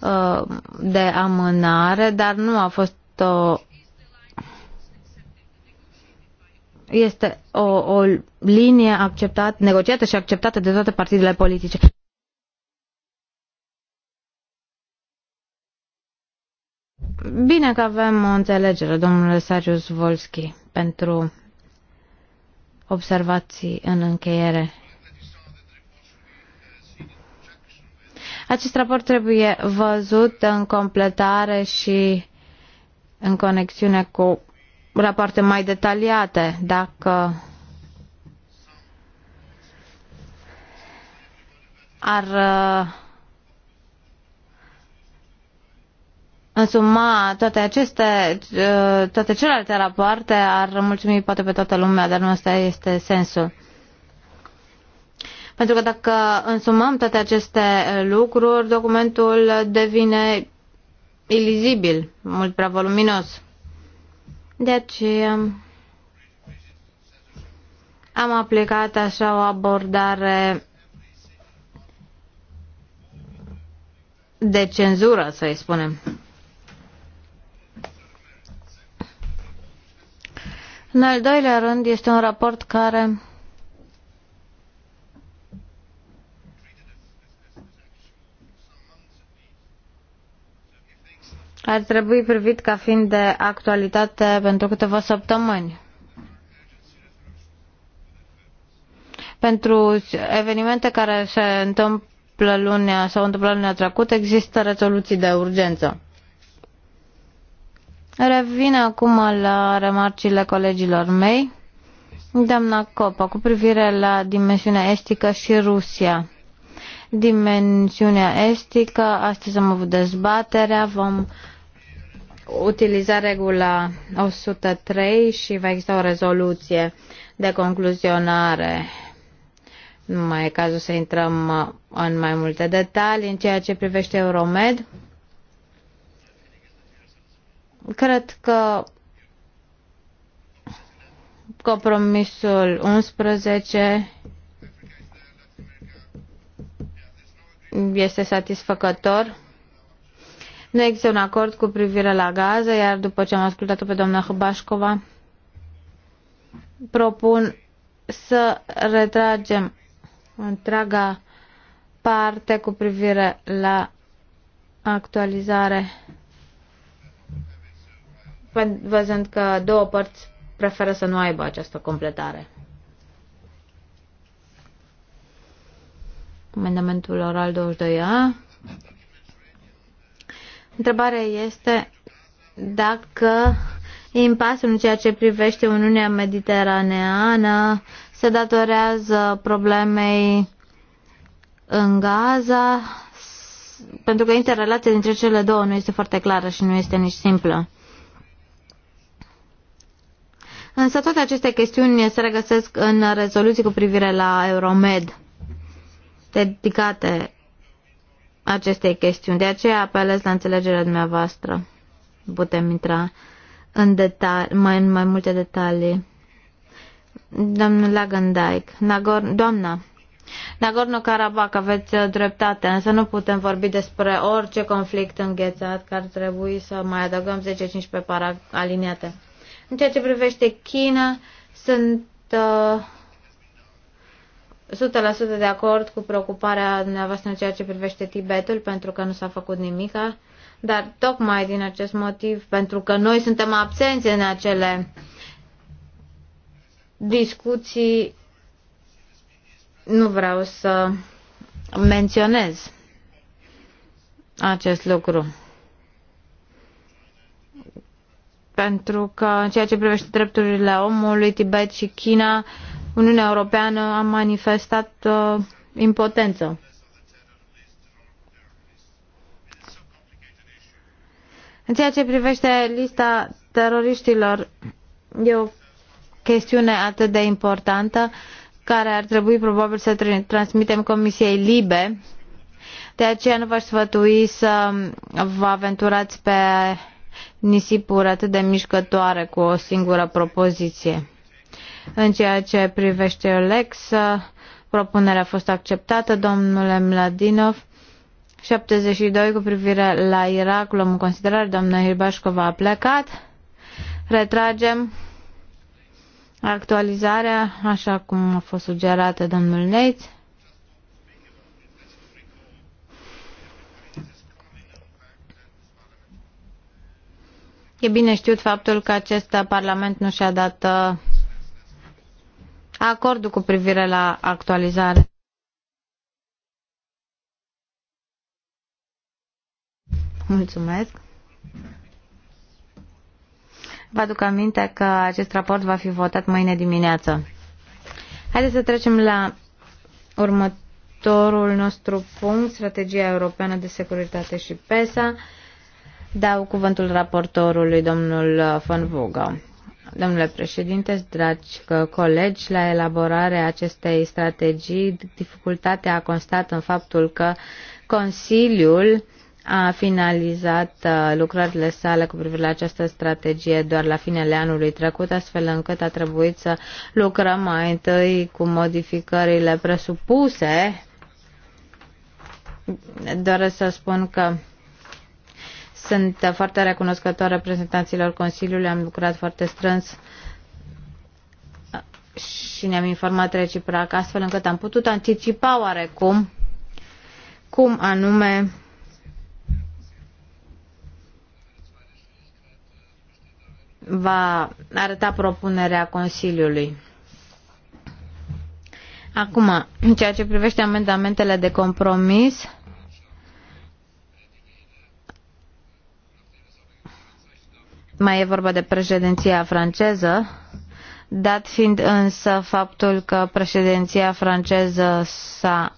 Uh, de amânare, dar nu a fost o este o, o linie acceptată, negociată și acceptată de toate partidele politice. Bine că avem o înțelegere, domnule Sarius Volski, pentru observații în încheiere. Acest raport trebuie văzut în completare și în conexiune cu rapoarte mai detaliate, dacă ar uh, însuma toate aceste, uh, toate celelalte rapoarte ar mulțumi poate pe toată lumea, dar nu asta este sensul. Pentru că dacă însumăm toate aceste lucruri, documentul devine ilizibil, mult prea voluminos. De aceea am aplicat așa o abordare de cenzură, să-i spunem. În al doilea rând, este un raport care ar trebui privit ca fiind de actualitate pentru câteva săptămâni. Pentru evenimente care se întâmplă lunea sau întâmplă lunea trecută există rezoluții de urgență. Revin acum la remarcile colegilor mei. Doamna Copa, cu privire la dimensiunea estică și Rusia. Dimensiunea estică, astăzi am avut dezbaterea, vom utiliza regula 103 și va exista o rezoluție de concluzionare. Nu mai e cazul să intrăm uh, în mai multe detalii în ceea ce privește Euromed. Cred că compromisul 11 este satisfăcător. Nu există un acord cu privire la gază, iar după ce am ascultat-o pe doamna Hubașcova, propun să retragem întreaga parte cu privire la actualizare, văzând că două părți preferă să nu aibă această completare. Amendamentul oral 22A Întrebarea este dacă impasul în ceea ce privește Uniunea Mediteraneană se datorează problemei în Gaza, pentru că interrelația dintre cele două nu este foarte clară și nu este nici simplă. Însă toate aceste chestiuni se regăsesc în rezoluții cu privire la Euromed dedicate acestei chestiuni. De aceea apelez la înțelegerea dumneavoastră. Putem intra în detali, mai, în mai multe detalii. Domnul Lagandaic, Nagor- doamna, Nagorno-Karabakh, aveți uh, dreptate, însă nu putem vorbi despre orice conflict înghețat, că ar trebui să mai adăugăm 10-15 para aliniate. În ceea ce privește China, sunt uh, 100% de acord cu preocuparea dumneavoastră în ceea ce privește Tibetul, pentru că nu s-a făcut nimic, dar tocmai din acest motiv, pentru că noi suntem absenți în acele discuții, nu vreau să menționez acest lucru. Pentru că în ceea ce privește drepturile omului, Tibet și China Uniunea Europeană a manifestat uh, impotență. În ceea ce privește lista teroriștilor, e o chestiune atât de importantă care ar trebui probabil să transmitem Comisiei Libe. De aceea nu v-aș sfătui să vă aventurați pe nisipuri atât de mișcătoare cu o singură propoziție. În ceea ce privește Lex, propunerea a fost acceptată, domnule Mladinov. 72 cu privire la Irak, luăm în considerare, doamna Hirbașcova a plecat. Retragem actualizarea, așa cum a fost sugerată domnul Neitz. E bine știut faptul că acest Parlament nu și-a dat acordul cu privire la actualizare. Mulțumesc. Vă aduc aminte că acest raport va fi votat mâine dimineață. Haideți să trecem la următorul nostru punct, strategia europeană de securitate și PESA. Dau cuvântul raportorului, domnul Van Vogel. Domnule președinte, dragi uh, colegi, la elaborarea acestei strategii, dificultatea a constat în faptul că Consiliul a finalizat uh, lucrările sale cu privire la această strategie doar la finele anului trecut, astfel încât a trebuit să lucrăm mai întâi cu modificările presupuse. Doresc să spun că sunt foarte recunoscătoare reprezentanților Consiliului, am lucrat foarte strâns și ne-am informat reciproc, astfel încât am putut anticipa oarecum cum anume va arăta propunerea Consiliului. Acum, în ceea ce privește amendamentele de compromis, mai e vorba de președinția franceză, dat fiind însă faptul că președinția franceză s-a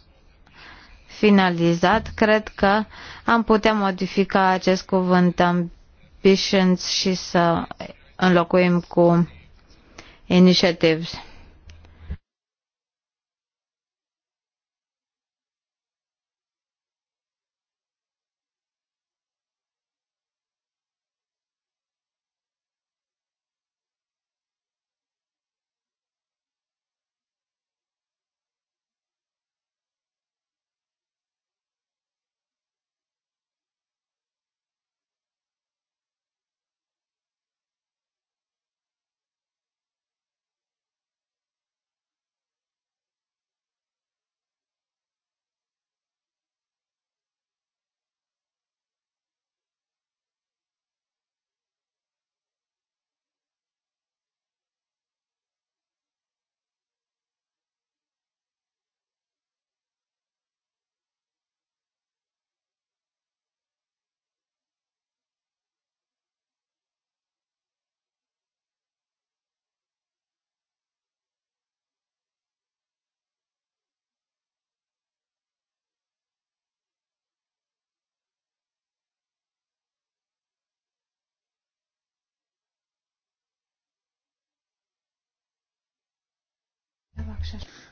finalizat, cred că am putea modifica acest cuvânt ambitions și să înlocuim cu initiatives.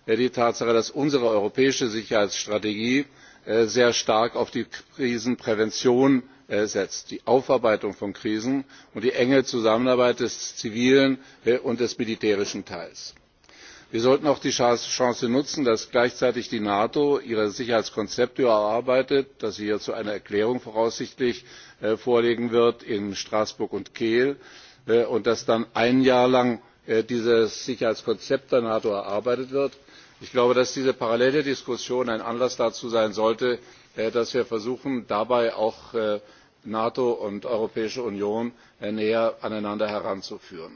die tatsache dass unsere europäische sicherheitsstrategie äh, sehr stark auf die krisenprävention äh, setzt die aufarbeitung von krisen und die enge zusammenarbeit des zivilen äh, und des militärischen teils. wir sollten auch die chance nutzen dass gleichzeitig die nato ihre sicherheitskonzepte erarbeitet dass sie hierzu eine erklärung voraussichtlich vorlegen wird in straßburg und kehl und dass dann ein jahr lang Äh, dieses sicherheitskonzept der nato erarbeitet wird. ich glaube dass diese parallele diskussion ein anlass dazu sein sollte äh, dass wir versuchen dabei auch äh, nato und europäische union näher aneinander heranzuführen.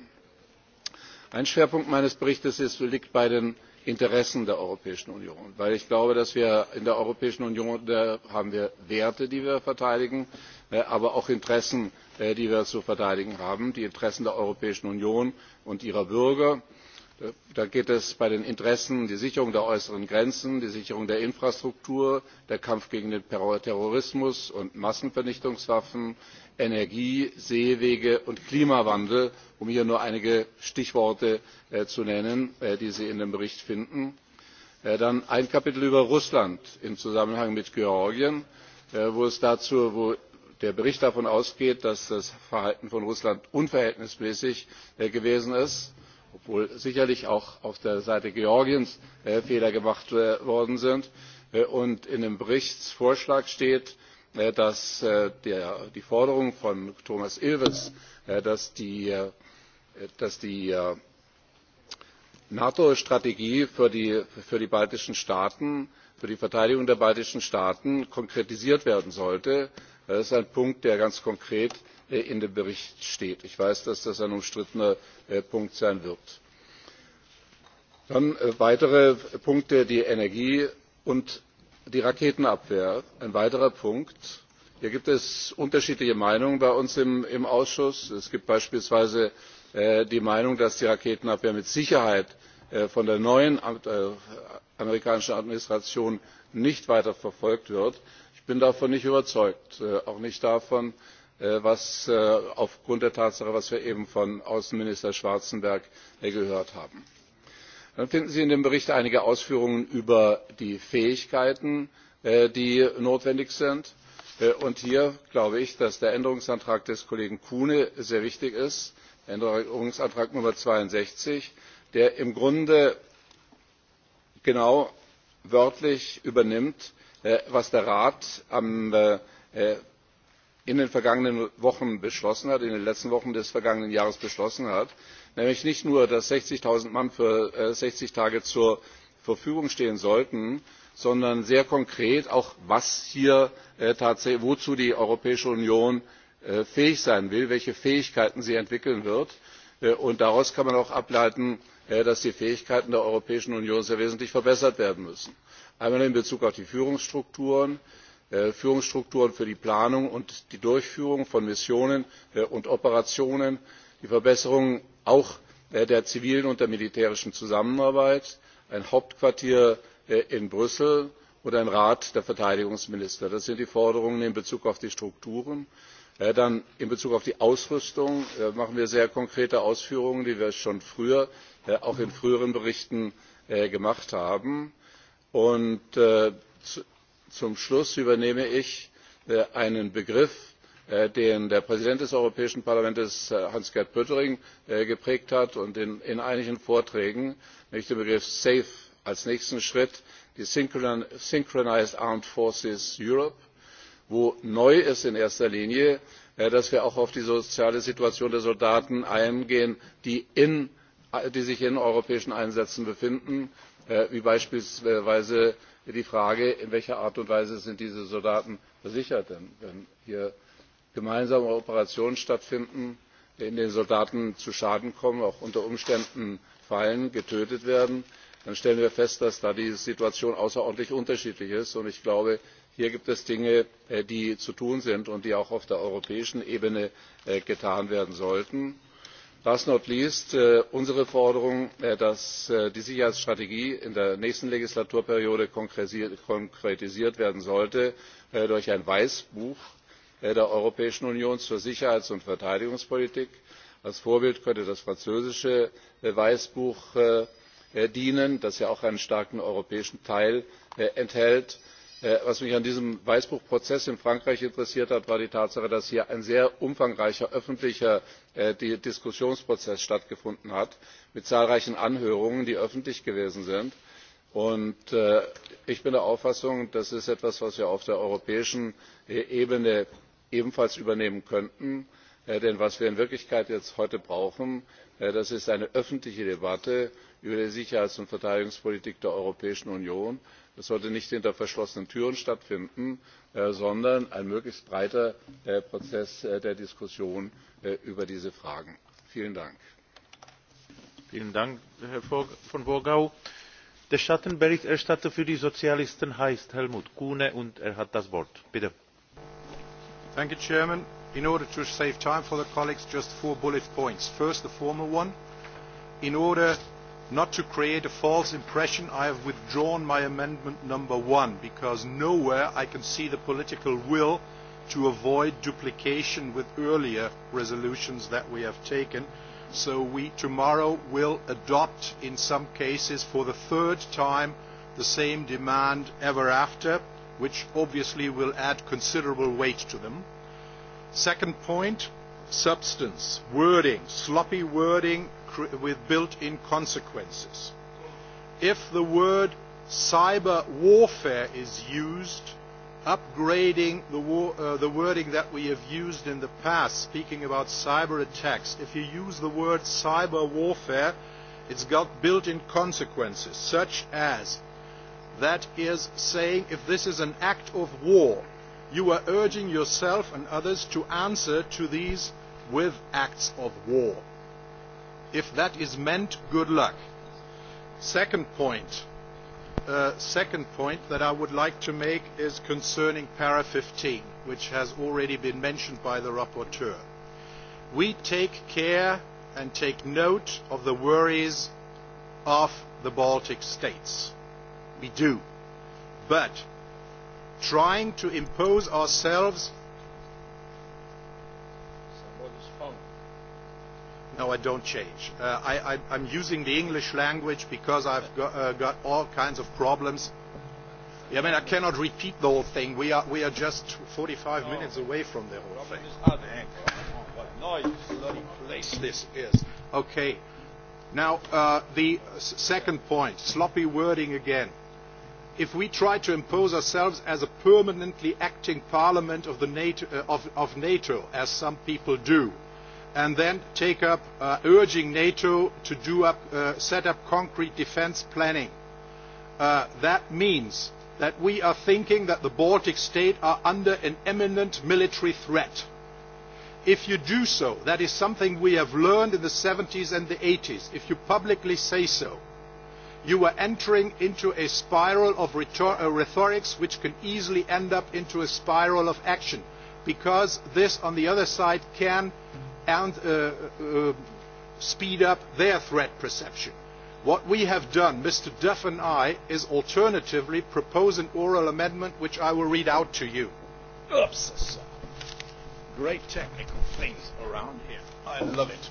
ein schwerpunkt meines berichts liegt bei den interessen der europäischen union weil ich glaube dass wir in der europäischen union da werte haben die wir verteidigen aber auch interessen die wir zu verteidigen haben die interessen der europäischen union und ihrer bürger. Äh, da geht es bei den interessen um die sicherung der äußeren grenzen die sicherung der infrastruktur den kampf gegen den terrorismus und massenvernichtungswaffen energie seewege und klimawandel um hier nur einige stichworte äh, zu nennen äh, die sie in dem bericht finden. dann ein kapitel über russland im zusammenhang mit georgien wo der bericht davon ausgeht dass das verhalten von russland unverhältnismäßig äh, gewesen ist obwohl sicherlich auch auf der seite georgiens äh, fehler gemacht äh, worden sind und in dem berichtsvorschlag steht dass die forderung von thomas ilves dass die nato strategie für die baltischen staaten für die verteidigung der baltischen staaten konkretisiert werden sollte das ist ein punkt der ganz konkret äh, in dem bericht steht. ich weiß dass das ein umstrittener äh, punkt sein wird. dann äh, weitere punkte die energie und die raketenabwehr ein weiterer punkt. hier gibt es unterschiedliche meinungen bei uns im ausschuss. es gibt beispielsweise die meinung dass die raketenabwehr mit sicherheit von der neuen amerikanischen administration nicht weiter verfolgt wird ich bin davon nicht überzeugt äh, auch nicht davon äh, äh, aufgrund der tatsache was wir eben von außenminister schwarzenberg gehört haben. dann finden sie in dem bericht einige ausführungen über die fähigkeiten die notwendig sind und hier glaube ich dass der änderungsantrag des kollegen kuhne sehr wichtig ist änderungsantrag nummer zweiundsechzig der im grunde genau wörtlich übernimmt Äh, was der rat äh, äh, in den vergangenen wochen beschlossen hat in den letzten wochen des vergangenen jahres beschlossen hat nämlich nicht nur dass sechzig null mann für sechzig tage zur verfügung stehen sollten sondern sehr konkret auch wozu die europäische union fähig sein will welche fähigkeiten sie entwickeln wird und daraus kann man auch ableiten dass die fähigkeiten der europäischen union sehr wesentlich verbessert werden müssen einmal in bezug auf die führungsstrukturen äh, führungsstrukturen für die planung und die durchführung von missionen äh, und operationen die verbesserung auch äh, der zivilen und der militärischen zusammenarbeit ein hauptquartier in brüssel und ein rat der verteidigungsminister. das sind die forderungen in bezug auf die strukturen. dann in bezug auf die ausrüstung machen wir sehr konkrete ausführungen die wir schon früher auch in früheren berichten gemacht haben und äh, zum schluss übernehme ich äh, einen begriff äh, den der präsident des europäischen parlaments hans gert pöttering geprägt hat und in einigen vorträgen nämlich den begriff safe als nächsten schritt die synchronised armed forces europe wo neu ist in erster linie dass wir auch auf die soziale situation der soldaten eingehen die sich in europäischen einsätzen befinden. Äh, wie beispielsweise die frage in welcher art und weise sind diese soldaten versichert denn wenn hier gemeinsame operationen stattfinden in denen soldaten zu schaden kommen auch unter umständen fallen getötet werden dann stellen wir fest dass da die situation außerordentlich unterschiedlich ist. ich glaube hier gibt es dinge äh, die zu tun sind und die auch auf der europäischen ebene äh, getan werden sollten last but not least äh, unsere forderung äh, dass äh, die sicherheitsstrategie in der nächsten legislaturperiode konkretisiert werden sollte durch ein weißbuch der europäischen union zur sicherheits und verteidigungspolitik. als vorbild könnte das französische weißbuch dienen das ja auch einen starken europäischen teil enthält. Äh, was mich an diesem weißbuch prozess in frankreich interessiert hat war die tatsache dass hier ein sehr umfangreicher öffentlicher äh, diskussionsprozess stattgefunden hat mit zahlreichen anhörungen die öffentlich gewesen sind. Äh, ich bin der auffassung das ist etwas was wir auf der europäischen ebene ebenfalls übernehmen könnten denn was wir in wirklichkeit jetzt heute brauchen das ist eine öffentliche debatte über die sicherheits und verteidigungspolitik der europäischen union das sollte nicht hinter verschlossenen türen stattfinden äh, sondern ein möglichst breiter äh, prozess äh, der diskussion über diese fragen. vielen dank! der schattenberichterstatter für die sozialisten heißt helmut kuhne und er hat das wort. bitte. in order to save time for the colleagues just four bullet points. first the formal one in order not to create a false impression, I have withdrawn my amendment number one because nowhere I can see the political will to avoid duplication with earlier resolutions that we have taken. So we tomorrow will adopt, in some cases, for the third time, the same demand ever after, which obviously will add considerable weight to them. Second point, substance, wording, sloppy wording with built-in consequences. If the word cyber warfare is used, upgrading the, war, uh, the wording that we have used in the past, speaking about cyber attacks, if you use the word cyber warfare, it's got built-in consequences, such as that is saying if this is an act of war, you are urging yourself and others to answer to these with acts of war. If that is meant, good luck. Second point, uh, second point that I would like to make is concerning para 15, which has already been mentioned by the rapporteur. We take care and take note of the worries of the Baltic states. We do. But trying to impose ourselves No, I don't change. Uh, I, I, I'm using the English language because I've got, uh, got all kinds of problems. I mean, I cannot repeat the whole thing. We are, we are just 45 no. minutes away from the whole thing. What noise, bloody place this is. Okay. Now, uh, the second point, sloppy wording again. If we try to impose ourselves as a permanently acting parliament of, the NATO, uh, of, of NATO, as some people do, uh, and then take up uh, urging NATO to do up, uh, set up concrete defence planning. Uh, that means that we are thinking that the Baltic states are under an imminent military threat. If you do so, that is something we have learned in the 70s and the 80s, if you publicly say so, you are entering into a spiral of uh, rhetoric which can easily end up into a spiral of action because this on the other side can and uh, uh, speed up their threat perception. What we have done, Mr. Duff and I, is alternatively propose an oral amendment which I will read out to you. Oops, great technical things around here. I love it.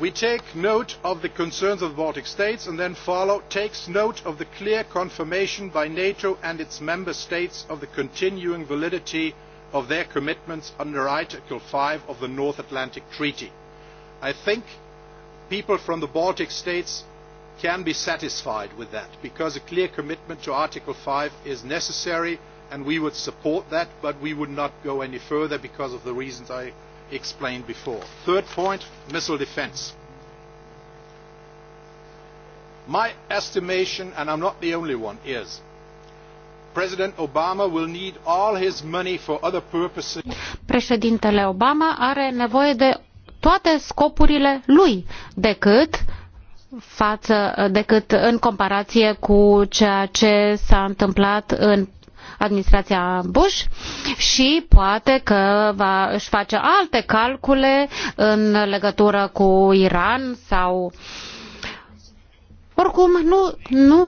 we take note of the concerns of the baltic states and then follow takes note of the clear confirmation by nato and its member states of the continuing validity of their commitments under article five of the north atlantic treaty'. i think people from the baltic states can be satisfied with that because a clear commitment to article five is necessary and we would support that but we would not go any further because of the reasons i explained before. Third point, missile defense. My estimation, and I'm not the only one, is President Obama will need all his money for other purposes. Președintele Obama are nevoie de toate scopurile lui decât față decât în comparație cu ceea ce s-a întâmplat în administrația Bush și poate că va, își face alte calcule în legătură cu Iran sau... Oricum, nu... nu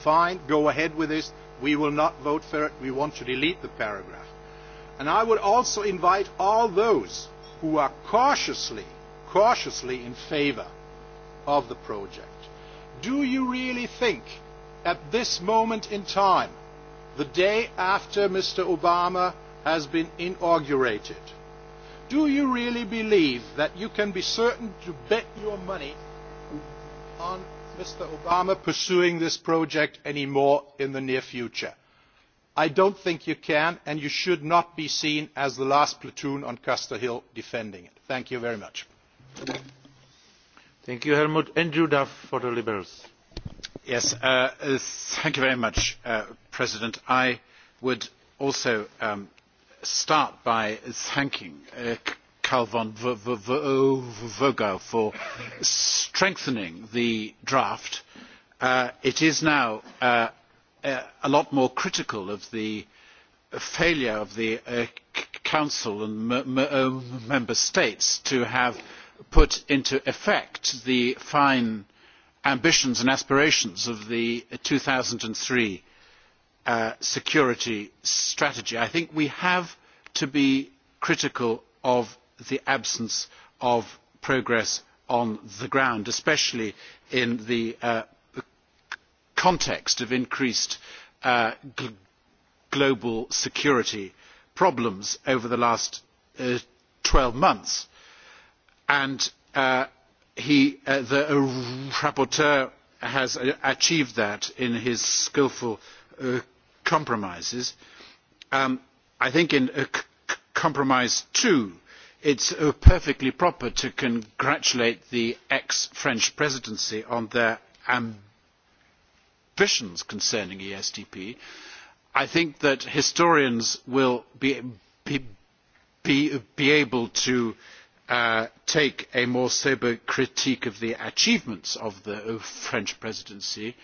fine, go ahead with this. We will not vote for it. We want to delete the paragraph. And I would also invite all those who are cautiously, cautiously in favor of the project do you really think at this moment in time, the day after Mr. Obama has been inaugurated, do you really believe that you can be certain to bet your money on Mr. Obama pursuing this project anymore in the near future? I don't think you can, and you should not be seen as the last platoon on Custer Hill defending it. Thank you very much. Thank you, Helmut. Andrew Duff for the Liberals. Yes, uh, uh, uh I would also um, start by thanking uh, von Vogel for strengthening the draft. Uh, it is now a lot more critical of the failure of the Council and member states to have put into effect the fine ambitions and aspirations of the two thousand and three uh, security strategy i think we have to be critical of the absence of progress on the ground especially in the uh, context of increased uh, gl global security problems over the last uh, twelve months and uh, uh, the uh, rapporteur has achieved that in his skilful compromises. Um, I think in compromise two, it's is perfectly proper to congratulate the ex-French presidency on their ambitions concerning ESDP. I think that historians will be, be able to Uh, take a more sober critique of the achievements of the uh, French presidency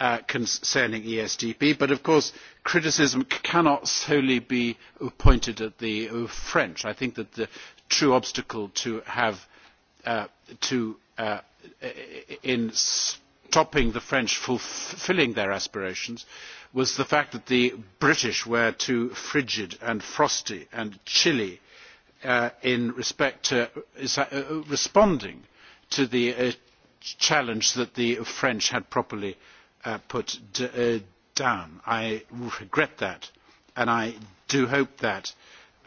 uh, concerning ESDP, but of course criticism cannot solely be pointed at the French. I think that the true obstacle to have in stopping the French fulfilling their aspirations was the fact that the British were too frigid and frosty and chilly Uh, in respect to uh, responding to the uh, challenge that the French had properly put down. I regret that, and I do hope that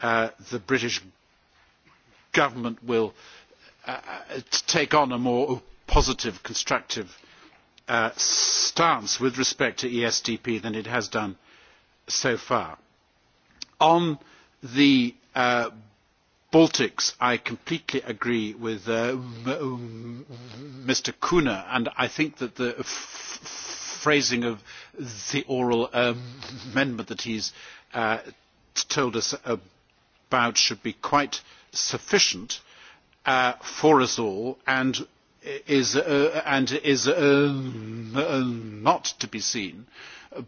the British government will take on a more positive, constructive stance with respect to ESDP than it has done so far. On the Baltics, I completely agree with uh, Mr. Kuna, and I think that the phrasing of the oral um, amendment that he's has uh, told us about should be quite sufficient uh, for us all and is, and is not to be seen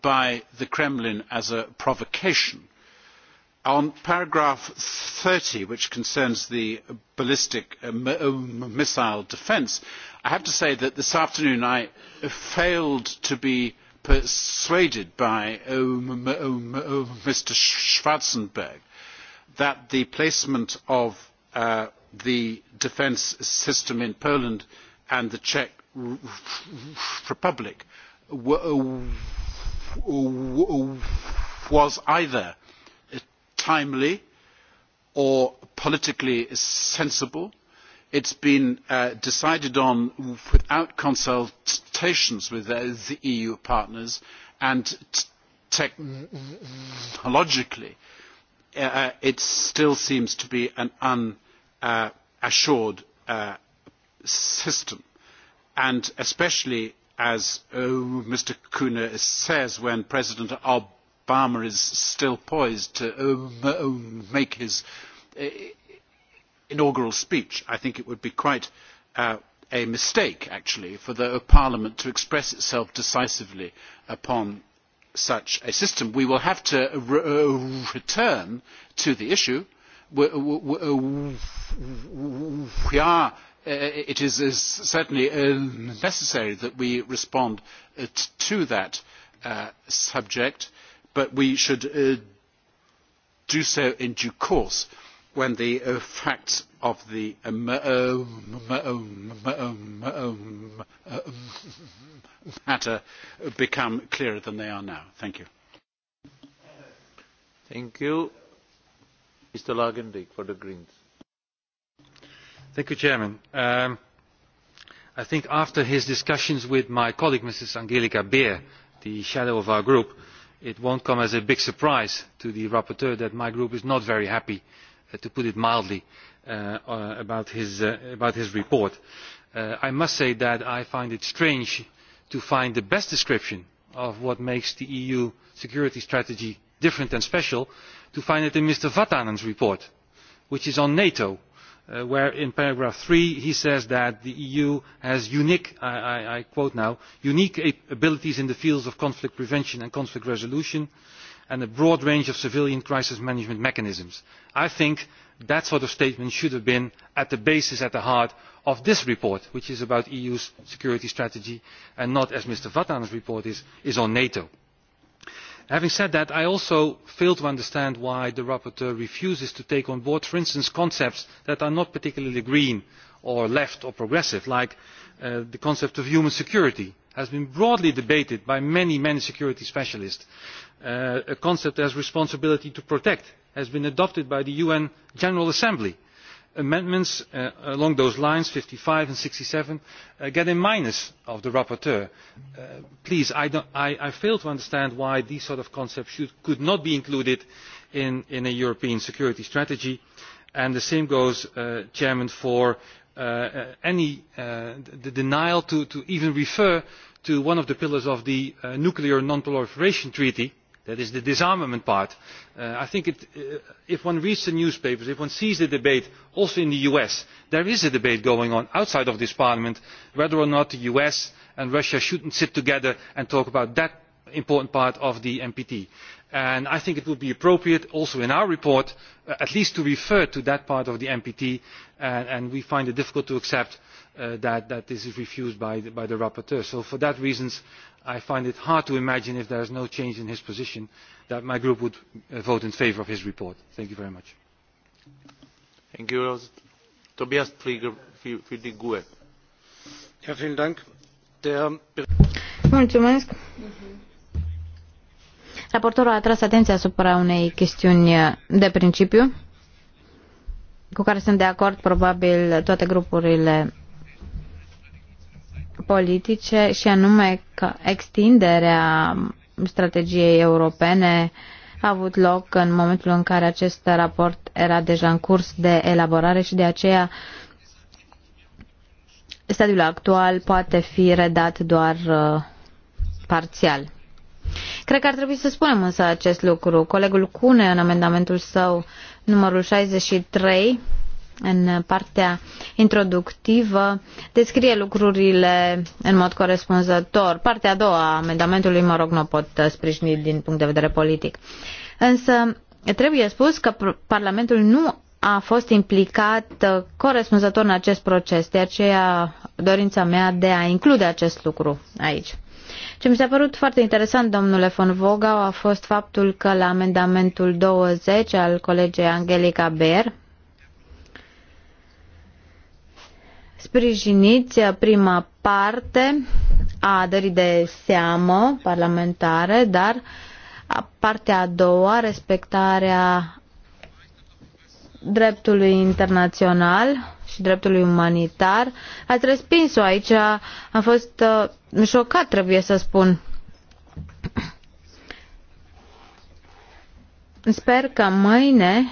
by the Kremlin as a provocation on paragraph thirty which concerns the ballistic uh, uh, missile defence i have to say that this afternoon i failed to be persuaded by uh, mr schwarzenberg that the placement of uh, the defence system in poland and the czech republic was either timely or politically sensible. it has been uh, decided on without consultations with uh, the eu partners and technologically uh, uh, it still seems to be an unassured uh, system and especially as uh, mr kuhne says when president Obama is still poised to um, um, make his uh, inaugural speech, I think it would be quite uh, a mistake, actually, for the uh, Parliament to express itself decisively upon such a system. We will have to uh, re uh, return to the issue. We, we we, uh, we are uh, it is, is certainly uh, necessary that we respond uh, to that uh, subject but we should uh, do so in due course when the uh, facts of the matter become clearer than they are now. Thank you. Thank you. Mr. Lagendijk for the Greens. Thank you, Chairman. Um, I think after his discussions with my colleague, Mrs. Angelika Beer, the shadow of our group, uh, it will not come as a big surprise to the rapporteur that my group is not very happy uh, to put it mildly uh, uh, about his, about his report. i must say that i find it strange to find the best description of what makes the eu security strategy different and special to find it in mr vatanen's report which is on nato. Uh, where in paragraph three he says that the eu has unique I, quote now unique abilities in the fields of conflict prevention and conflict resolution and a broad range of civilian crisis management mechanisms. i think that sort of statement should have been at the basis at the heart of this report which is about the eu's security strategy and not as mr vatanen's report is, is on nato having said that i also fail to understand why the rapporteur refuses to take on board for instance concepts that are not particularly green or left or progressive like uh, the concept of human security has been broadly debated by many many security specialists. Uh, a concept as responsibility to protect' has been adopted by the un general assembly amendments uh, along those lines fifty five and sixty seven uh, get a minus of the rapporteur. Uh, please I, fail to understand why these sort of concepts could not be included in, a european security strategy and the same goes Chairman, for any, the denial of to even refer to one of the pillars of the nuclear non proliferation treaty that is the disarmament part. Uh, i think it, uh, if one reads the newspapers if one sees the debate also in the us there is a debate going on outside of this parliament whether or not the us and russia should sit together and talk about that important part of the npt. i think it would be appropriate also in our report uh, at least to refer to that part of the npt and, and we find it difficult to accept Uh, that, this is refused by the, rapporteur. So for that reason, I find it hard to imagine if there is no change in his position that my group would uh, vote in favour of his report. Thank you very much. Ähm, Raportorul a atras atenția asupra unei chestiuni uh, de principiu cu care sunt de acord probabil toate grupurile politice și anume că extinderea strategiei europene a avut loc în momentul în care acest raport era deja în curs de elaborare și de aceea stadiul actual poate fi redat doar uh, parțial. Cred că ar trebui să spunem însă acest lucru. Colegul Cune, în amendamentul său numărul 63, în partea introductivă descrie lucrurile în mod corespunzător. Partea a doua a amendamentului, mă rog, nu pot sprijini din punct de vedere politic. Însă trebuie spus că Parlamentul nu a fost implicat corespunzător în acest proces, de aceea dorința mea de a include acest lucru aici. Ce mi s-a părut foarte interesant, domnule von Vogau, a fost faptul că la amendamentul 20 al colegei Angelica Ber, sprijiniți prima parte a dării de seamă parlamentare, dar partea a doua, respectarea dreptului internațional și dreptului umanitar. Ați respins-o aici, am fost uh, șocat, trebuie să spun. Sper că mâine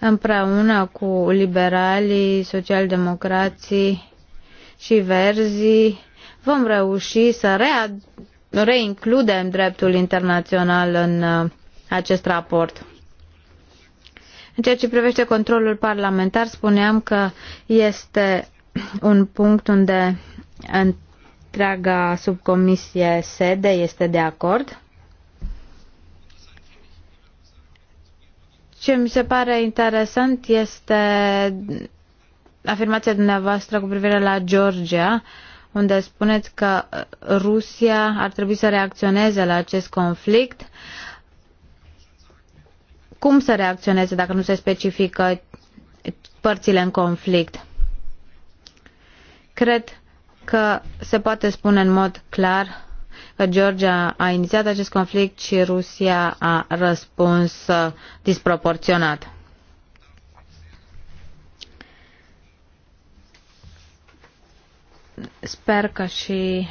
împreună cu liberalii, socialdemocrații și verzii, vom reuși să rea- reincludem dreptul internațional în uh, acest raport. În ceea ce privește controlul parlamentar, spuneam că este un punct unde întreaga subcomisie sede este de acord. Ce mi se pare interesant este afirmația dumneavoastră cu privire la Georgia, unde spuneți că Rusia ar trebui să reacționeze la acest conflict. Cum să reacționeze dacă nu se specifică părțile în conflict? Cred că se poate spune în mod clar Că Georgia a inițiat acest conflict și Rusia a răspuns uh, disproporționat. Sper că și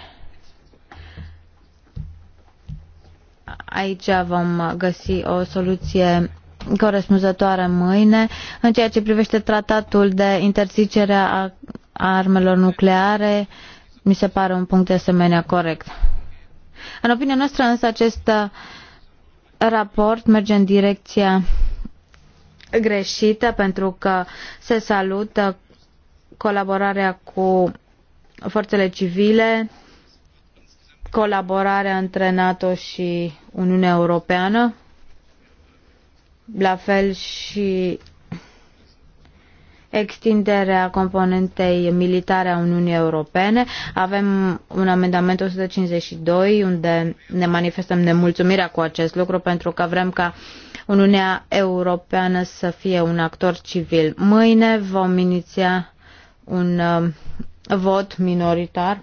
aici vom găsi o soluție corespunzătoare mâine. În ceea ce privește tratatul de interzicere a armelor nucleare, mi se pare un punct de asemenea corect. În opinia noastră însă acest uh, raport merge în direcția greșită pentru că se salută colaborarea cu forțele civile, colaborarea între NATO și Uniunea Europeană, la fel și extinderea componentei militare a Uniunii Europene. Avem un amendament 152 unde ne manifestăm nemulțumirea cu acest lucru pentru că vrem ca Uniunea Europeană să fie un actor civil. Mâine vom iniția un uh, vot minoritar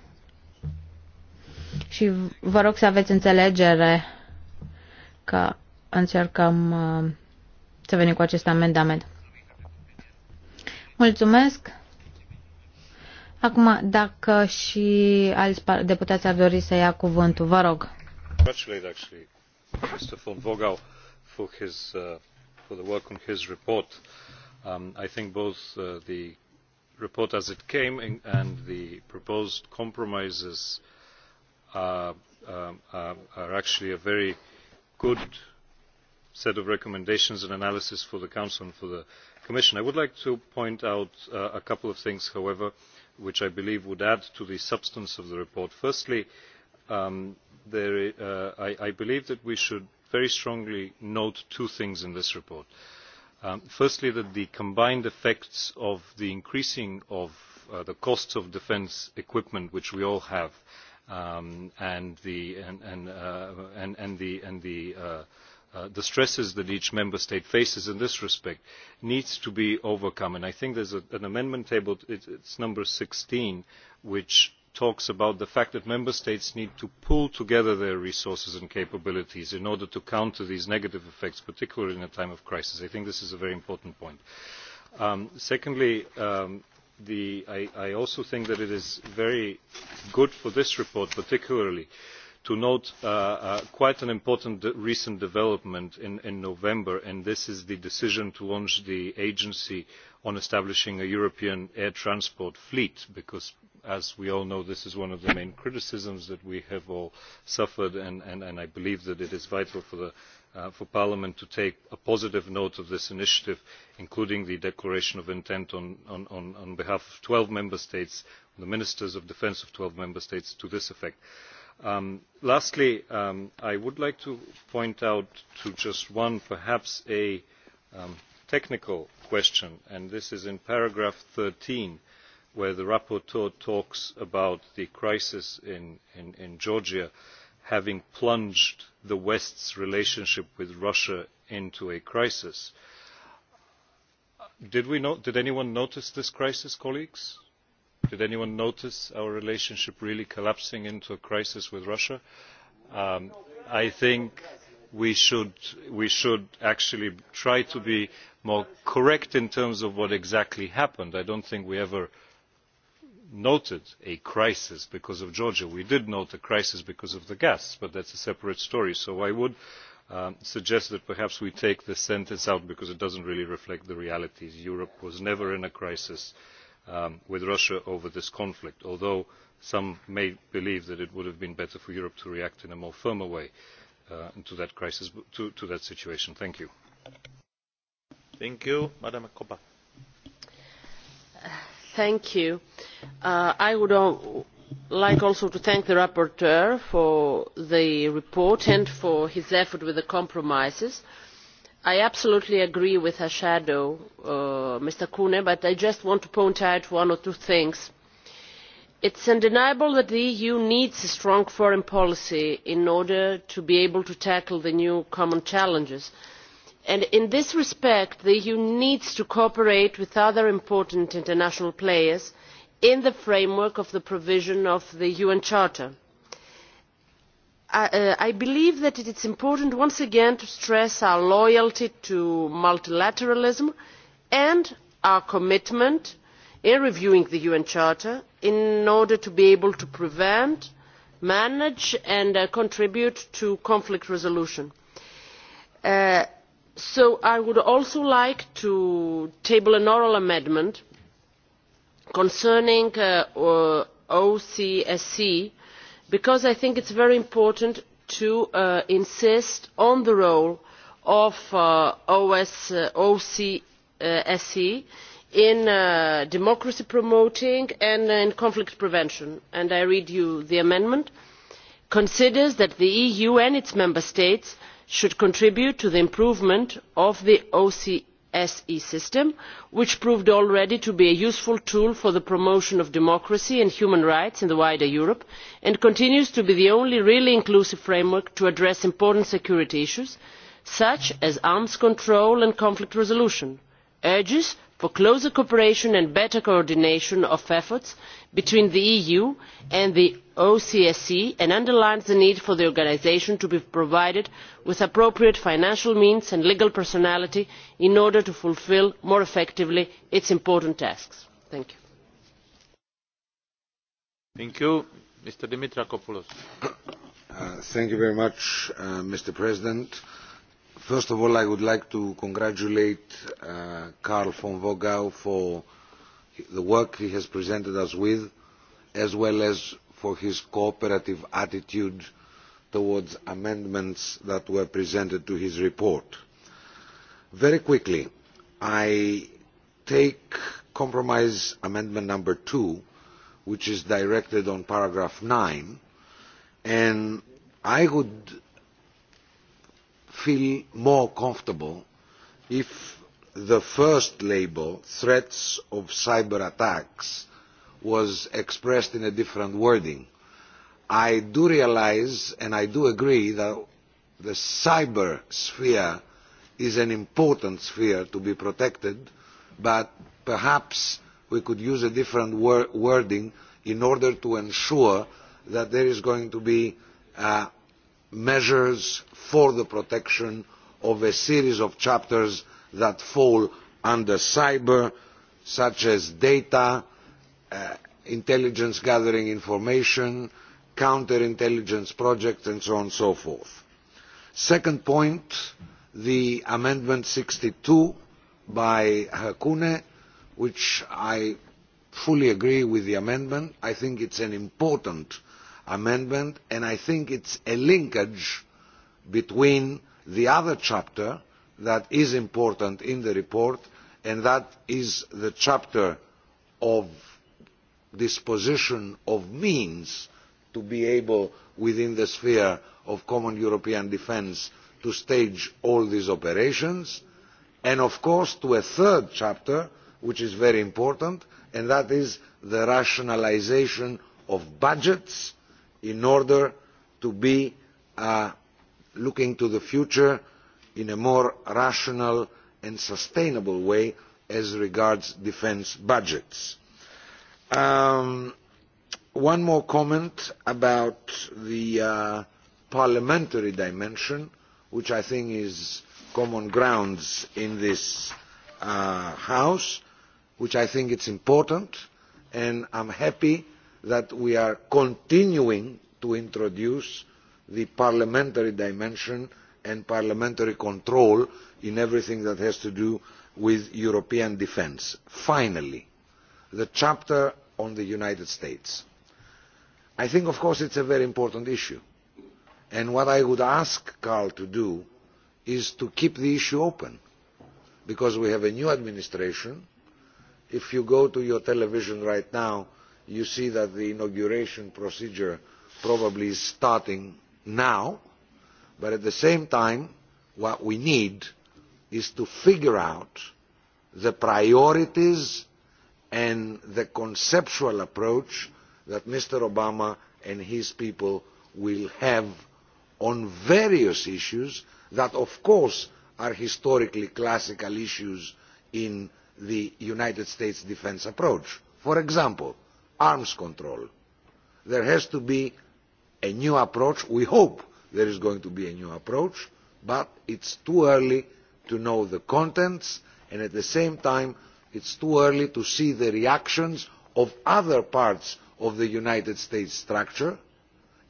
și vă rog să aveți înțelegere că încercăm uh, să venim cu acest amendament. Mulțumesc. Acum, dacă și alți deputați ar dori să ia cuvântul, vă rog. Uh, for the work on his report. Um, I think both uh, the report as it came in, and the proposed compromises are, um, are, are actually a very good set of recommendations and analysis for the Council and for the commission i would like to point out uh, a couple of things however which i believe would add to the substance of the report. firstly um, uh, i believe that we should very strongly note two things in this report. Um, firstly that the combined effects of the increasing of uh, the costs of defence equipment which we all have um, and the Uh, the stresses that each member state faces in this respect needs to be overcome. And I think there is an amendment tabled, it, it's number 16, which talks about the fact that member states need to pool together their resources and capabilities in order to counter these negative effects, particularly in a time of crisis. I think this is a very important point. Um, secondly, um, I, also think that it is very good for this report particularly to note uh, uh, quite an important recent development in, november and this is the decision to launch the agency on establishing a european air transport fleet because as we all know this is one of the main criticisms that we have all suffered and, i believe that it is vital uh, for, parliament to take a positive note of this initiative including the declaration of intent on, on behalf of twelve member states the ministers of defence of twelve member states to this effect Um, lastly um, i would like to point out to just one perhaps a um, technical question and this is in paragraph thirteen where the rapporteur talks about the crisis in, georgia having plunged the west's relationship with russia into a crisis. did anyone notice this crisis colleagues? did anyone notice our relationship really collapsing into a crisis with russia? Um, i think we should, actually try to be more correct in terms of what exactly happened. i do not think we ever noted a crisis because of georgia. we did note a crisis because of the gas but that is a separate story so i would um, suggest that perhaps we take this sentence out because it does not really reflect the realities. europe was never in a crisis. Um, with russia over this conflict although some may believe that it would have been better for europe to react in a more firm way uh, to that crisis to, that situation. thank you. Thank you, Madam Thank you. Uh, I would like also to thank the rapporteur for the report and for his effort with the compromises i absolutely agree with her shadow uh, mr kuhne but i just want to point out one or two things. it is undeniable that the eu needs a strong foreign policy in order to be able to tackle the new common challenges and in this respect the eu needs to cooperate with other important international players in the framework of the provision of the un charter. Uh, i believe that it is important once again to stress our loyalty to multilateralism and our commitment in reviewing the un charter in order to be able to prevent manage and uh, contribute to conflict resolution. Uh, so i would also like to table an oral amendment concerning ocsce because i think it is very important to uh, insist on the role of uh, OSCE uh, in democracy promoting and in conflict prevention. And I read you the amendment considers that the EU and its member states should contribute to the improvement of the OSCE se system which proved already to be a useful tool for the promotion of democracy and human rights in wider europe and continues to be the only really inclusive framework to address important security issues such as arms control and conflict resolution urges for closer cooperation and better coordination of efforts between the eu and the osce and underlines the need for the organisation to be provided with appropriate financial means and legal personality in order to fulfil more effectively its important tasks. Thank you. Thank you. Mr. Uh, thank you very much, uh, mr president first of all i would like to congratulate uh, karl von wogau for the work he has presented us with, as well as for his cooperative attitude towards amendments that were presented to his report. Very quickly, I take compromise amendment number two, which is directed on paragraph nine, and I would feel more comfortable if the first label, threats of cyber attacks, was expressed in a different wording. I do realise and I do agree that the cyber sphere is an important sphere to be protected, but perhaps we could use a different wor wording in order to ensure that there is going to be uh, measures for the protection of a series of chapters that fall under cyber such as data uh, intelligence gathering information counter intelligence projects and so on and so forth. second point the amendment sixty two by Hakune, which I fully agree with the amendment. I think it's an important amendment, and I think it's a linkage between the other chapter, that is important in the report and that is the chapter of disposition of means to be able within the sphere of common european defence to stage all these operations and of course to a third chapter which is very important and that is the rationalisation of budgets in order to be uh, looking to the future in a more rational and sustainable way as regards defence budgets. Um, one more comment about the uh, parliamentary dimension, which I think is common grounds in this uh, House, which I think is important, and I'm happy that we are continuing to introduce the parliamentary dimension and parliamentary control in everything that has to do with European defence. Finally, the chapter on the United States. I think, of course, it's a very important issue. And what I would ask Carl to do is to keep the issue open, because we have a new administration. If you go to your television right now, you see that the inauguration procedure probably is starting now But at the same time, what we need is to figure out the priorities and the conceptual approach that Mr. Obama and his people will have on various issues that, of course, are historically classical issues in the United States defence approach. For example, arms control. There has to be a new approach, we hope, there is going to be a new approach, but it's too early to know the contents, and at the same time, it's too early to see the reactions of other parts of the United States structure,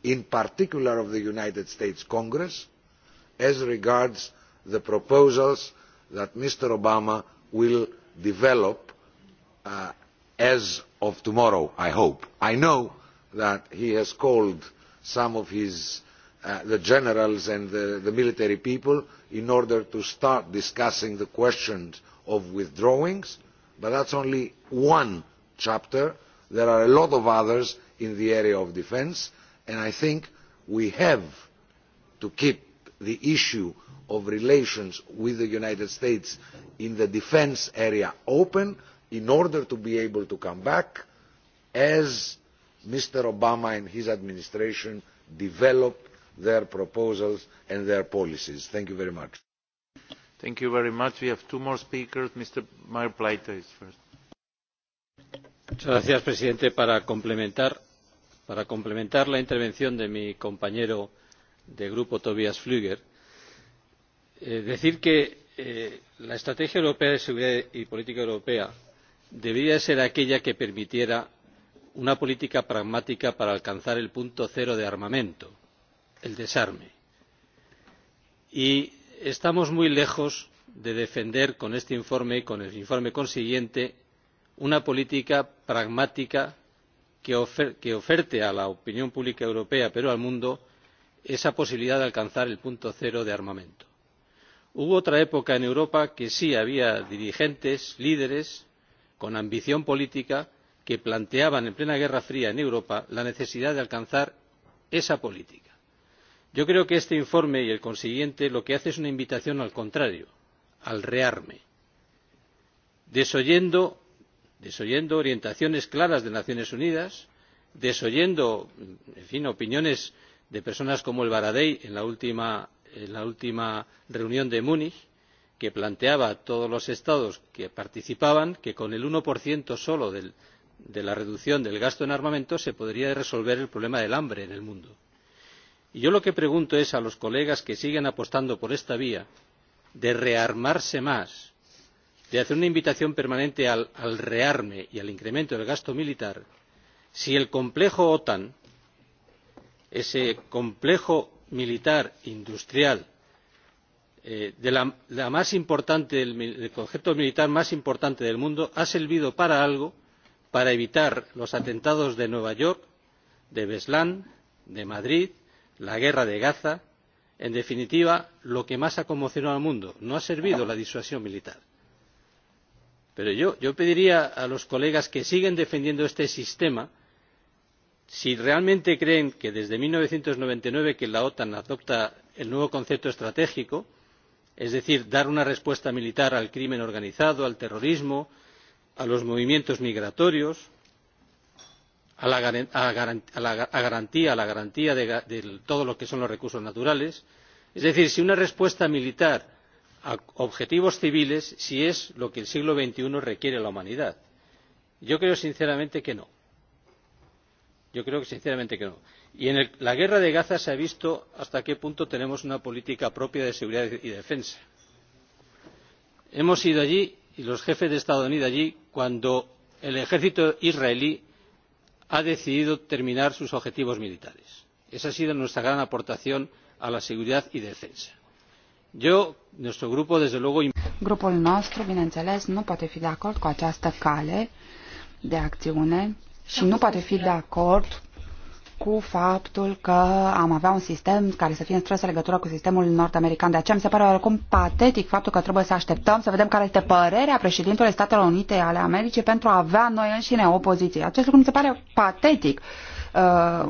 in particular of the United States Congress, as regards the proposals that Mr. Obama will develop uh, as of tomorrow, I hope. I know that he has called some of his Uh, the generals and the, the military people in order to start discussing the questions of withdrawing but that is only one chapter. there are a lot of others in the area of defence and i think we have to keep the issue of relations with the united states in the defence area open in order to be able to come back as mr obama and his administration develop their proposals and their policies. Thank you very much. Thank you very much. We have two more speakers. Mr. Mayor Pleite is first. Señor presidente, para complementar, para complementar la intervención de mi compañero de grupo Tobias Flüger, eh, decir que eh, la estrategia europea de seguridad y política europea debería ser aquella que permitiera una política pragmática para alcanzar el punto cero de armamento el desarme y estamos muy lejos de defender con este informe y con el informe consiguiente una política pragmática que, ofer que oferte a la opinión pública europea pero al mundo esa posibilidad de alcanzar el punto cero de armamento. hubo otra época en europa en que sí había dirigentes líderes con ambición política que planteaban en plena guerra fría en europa la necesidad de alcanzar esa política yo creo que este informe y el consiguiente lo que hacen es una invitación al contrario al rearme desoyendo, desoyendo orientaciones claras de las naciones unidas desoyendo en fin, opiniones de personas como el baradei en la última, en la última reunión de múnich que planteaba a todos los estados que participaban que con el uno solo del, de la reducción del gasto en armamento se podría resolver el problema del hambre en el mundo yo lo que pregunto es a los colegas que siguen apostando por esta vía de rearmarse más de hacer una invitación permanente al, rearme y al incremento del gasto militar si el complejo otan ese complejo militar industrial eh, el, concepto militar más importante del mundo ha servido para algo para evitar los atentados de nueva york de beslan de madrid la guerra de gaza en definitiva lo que más ha conmocionado al mundo. no ha servido la disuasión militar. pero yo, pediría a los colegas que siguen defendiendo este sistema si realmente creen que desde mil novecientos noventa y nueve que la otan adopta el nuevo concepto estratégico es decir dar una respuesta militar al crimen organizado al terrorismo a los movimientos migratorios a la, garantía, a la garantía de, todos los que son los recursos naturales es decir si una respuesta militar a objetivos civiles si es lo que el siglo xxi requiere la humanidad. yo creo sinceramente que no. yo creo sinceramente que no. y en la guerra de gaza se ha visto hasta qué punto tenemos una política propia de seguridad y defensa. hemos ido allí y los jefes de estado han ido allí cuando el ejército israelí ha decidido terminar sus objetivos militares. esa ha sido nuestra gran aportación a la seguridad y defensa. Eu, nuestro grupo, desde luego... Grupul nostru, bineînțeles, nu poate fi de acord cu această cale de acțiune și nu poate fi de acord cu faptul că am avea un sistem care să fie în strânsă legătură cu sistemul nord-american. De aceea mi se pare oricum patetic faptul că trebuie să așteptăm să vedem care este părerea președintelui Statelor Unite ale Americii pentru a avea noi înșine o poziție. Acest lucru mi se pare patetic. Uh,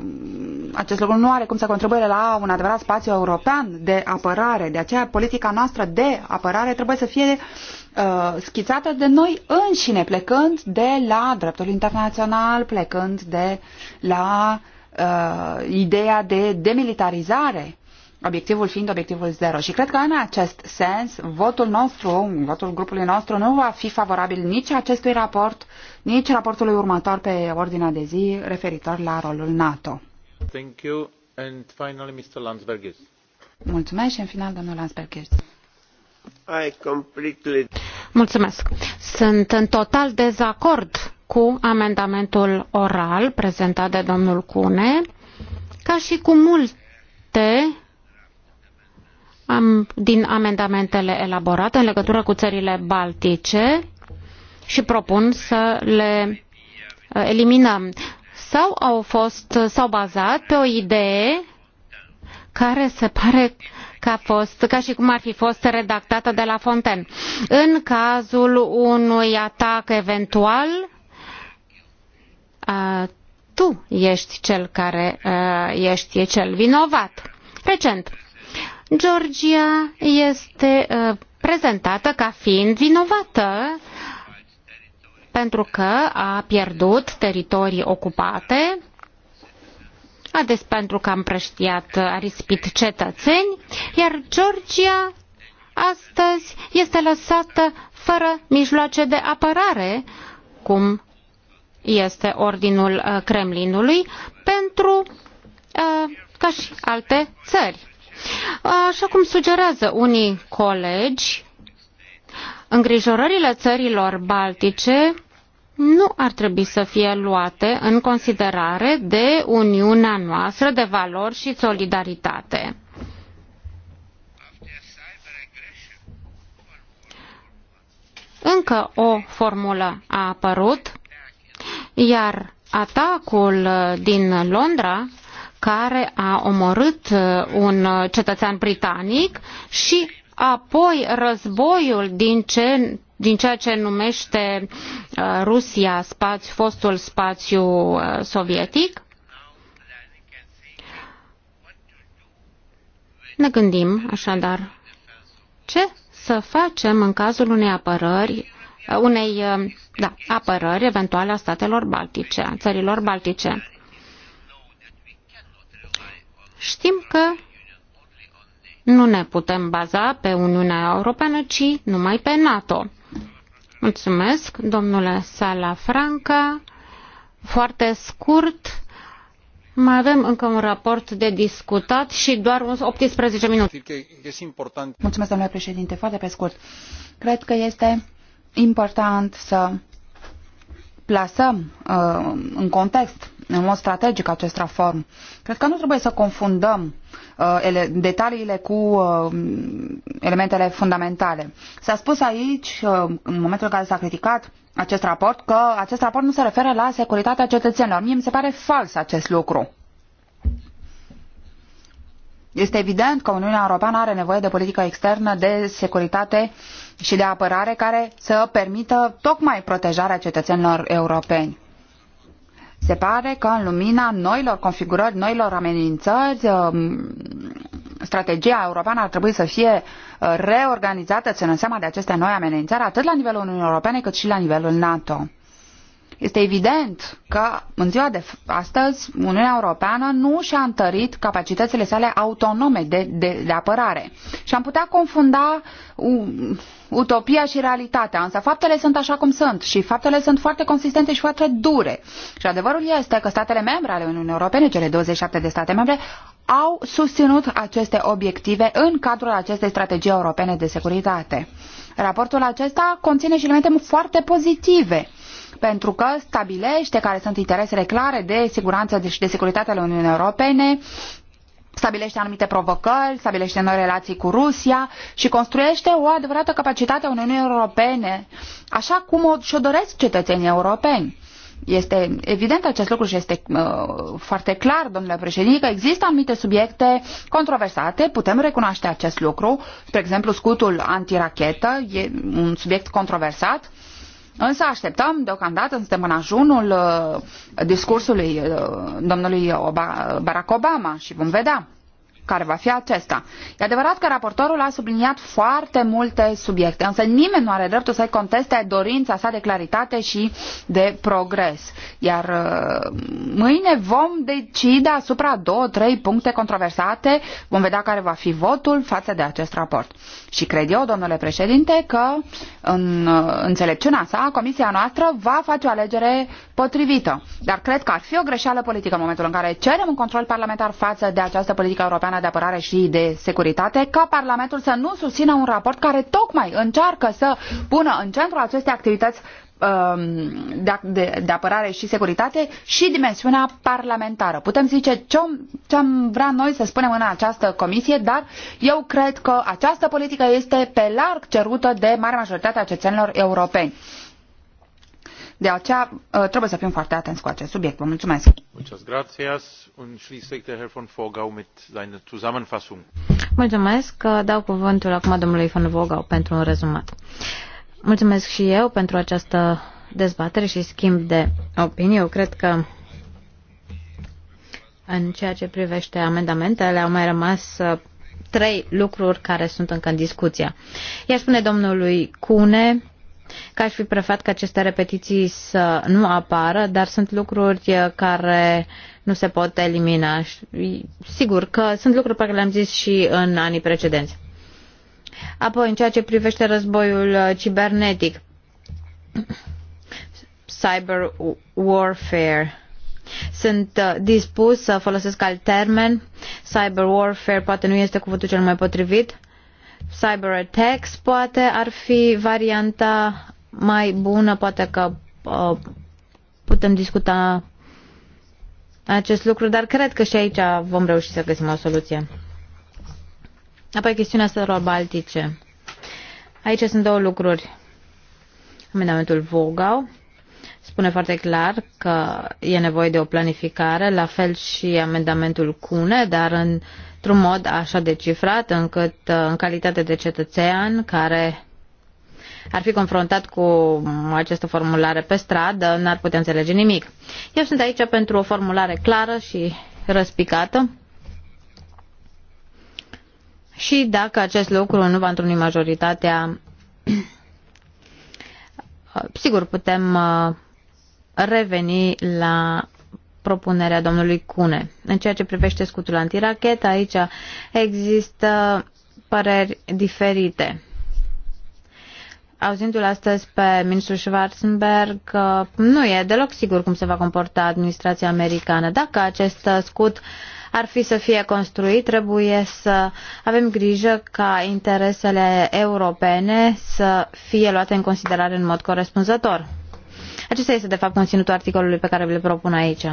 acest lucru nu are cum să contribuie la un adevărat spațiu european de apărare. De aceea politica noastră de apărare trebuie să fie uh, schițată de noi înșine, plecând de la dreptul internațional, plecând de la uh, uh, ideea de demilitarizare, obiectivul fiind obiectivul zero. Și cred că în acest sens, votul nostru, votul grupului nostru, nu va fi favorabil nici acestui raport, nici raportului următor pe ordinea de zi referitor la rolul NATO. Thank you. And finally, Mr. Landsbergis. Mulțumesc și în final, domnul Landsbergis. I completely... Mulțumesc. Sunt în total dezacord cu amendamentul oral prezentat de domnul Cune, ca și cu multe am, din amendamentele elaborate în legătură cu țările baltice și propun să le uh, eliminăm. Sau au fost, s-au bazat pe o idee care se pare că a fost, ca și cum ar fi fost redactată de la fonten. În cazul unui atac eventual, tu ești cel care ești cel vinovat. Recent, Georgia este prezentată ca fiind vinovată pentru că a pierdut teritorii ocupate, ades pentru că am împrăștiat, a rispit cetățeni, iar Georgia astăzi este lăsată fără mijloace de apărare, cum este ordinul uh, Kremlinului pentru uh, ca și alte țări. Uh, așa cum sugerează unii colegi, îngrijorările țărilor baltice nu ar trebui să fie luate în considerare de Uniunea noastră de valori și solidaritate. Încă o formulă a apărut iar atacul uh, din Londra, care a omorât uh, un uh, cetățean britanic și apoi războiul din, ce, din ceea ce numește Rusia spațiu, fostul spațiu sovietic, Ne gândim, așadar, ce să facem în cazul unei apărări Uh, unei uh, da, apărări eventuale a statelor baltice, a țărilor baltice. Știm că nu ne putem baza pe Uniunea Europeană, ci numai pe NATO. Mulțumesc, domnule Sala Franca. Foarte scurt, mai avem încă un raport de discutat și doar 18 minute. Mulțumesc, domnule președinte. Foarte pe scurt. Cred că este important să plasăm uh, în context, în mod strategic, acest reform. Cred că nu trebuie să confundăm uh, ele, detaliile cu uh, elementele fundamentale. S-a spus aici, uh, în momentul în care s-a criticat acest raport, că acest raport nu se referă la securitatea cetățenilor. Mie mi se pare fals acest lucru. Este evident că Uniunea Europeană are nevoie de politică externă de securitate uh, și de apărare care să permită tocmai protejarea cetățenilor europeni. Se pare că în lumina noilor configurări, noilor amenințări, um, strategia europeană ar trebui să fie uh, reorganizată ținând seama de aceste noi amenințări, atât la nivelul Uniunii Europene cât și la nivelul NATO. Este evident că în ziua de astăzi Uniunea Europeană nu și-a întărit capacitățile sale autonome de, de, de apărare și am putea confunda utopia și realitatea, însă faptele sunt așa cum sunt și faptele sunt foarte consistente și foarte dure. Și adevărul este că statele membre ale Uniunii Europene, cele 27 de state membre, au susținut aceste obiective în cadrul acestei strategii europene de securitate. Raportul acesta conține și elemente foarte pozitive pentru că stabilește care sunt interesele clare de siguranță și de securitate ale Uniunii Europene, stabilește anumite provocări, stabilește noi relații cu Rusia și construiește o adevărată capacitate a Uniunii Europene, așa cum și-o doresc cetățenii europeni. Este evident acest lucru și este uh, foarte clar, domnule președinte, că există anumite subiecte controversate, putem recunoaște acest lucru. Spre exemplu, scutul antirachetă e un subiect controversat, uh, Însă așteptăm deocamdată, suntem în ajunul uh, discursului uh, domnului Barack Obama și vom vedea care va fi acesta. E adevărat că raportorul a subliniat foarte multe subiecte, însă nimeni nu are dreptul să-i conteste dorința sa de claritate și de progres. Iar uh, mâine vom decide asupra două, trei puncte controversate, vom vedea care va fi votul față de acest raport. Și cred eu, domnule președinte, că în uh, înțelepciunea sa, comisia noastră va face o alegere potrivită. Dar cred că ar fi o greșeală politică în momentul în care cerem un control parlamentar față de această politică europeană Europeană de Apărare și de Securitate ca Parlamentul să nu susțină un raport care tocmai încearcă să pună în centrul acestei activități um, de, de, de apărare și securitate și dimensiunea parlamentară. Putem zice ce am vrea noi să spunem în această comisie, dar eu cred că această politică este pe larg cerută de mare majoritatea cetățenilor europeni. De aceea uh, trebuie să fim foarte atenți cu acest subiect. Vă mulțumesc. Mulțumesc. Uh, dau cuvântul acum domnului Van Vogau pentru un rezumat. Mulțumesc și eu pentru această dezbatere și schimb de opinie. Eu cred că în ceea ce privește amendamentele au mai rămas uh, trei lucruri care sunt încă în discuție. I-aș spune domnului Cune Că aș fi preferat că aceste repetiții să nu apară, dar sunt lucruri uh, care nu se pot elimina. Sigur că sunt lucruri pe care le-am zis și în anii precedenți. Apoi, în ceea ce privește războiul uh, cibernetic, cyber warfare, sunt uh, dispus să folosesc alt termen. Cyber warfare poate nu este cuvântul cel mai potrivit, cyber attacks poate ar fi varianta mai bună, poate că uh, putem discuta acest lucru, dar cred că și aici vom reuși să găsim o soluție. Apoi chestiunea statelor baltice. Aici sunt două lucruri. Amendamentul Vogau spune foarte clar că e nevoie de o planificare, la fel și amendamentul Cune, dar în într-un mod așa de cifrat încât uh, în calitate de cetățean care ar fi confruntat cu această formulare pe stradă, n-ar putea înțelege nimic. Eu sunt aici pentru o formulare clară și răspicată. Și dacă acest lucru nu va întruni majoritatea, uh, sigur putem uh, reveni la propunerea domnului Cune. În ceea ce privește scutul antirachet, aici există păreri diferite. Auzindu-l astăzi pe ministrul Schwarzenberg, nu e deloc sigur cum se va comporta administrația americană. Dacă acest scut ar fi să fie construit, trebuie să avem grijă ca interesele europene să fie luate în considerare în mod corespunzător. Acesta este, de fapt, conținutul articolului pe care vi-l propun aici.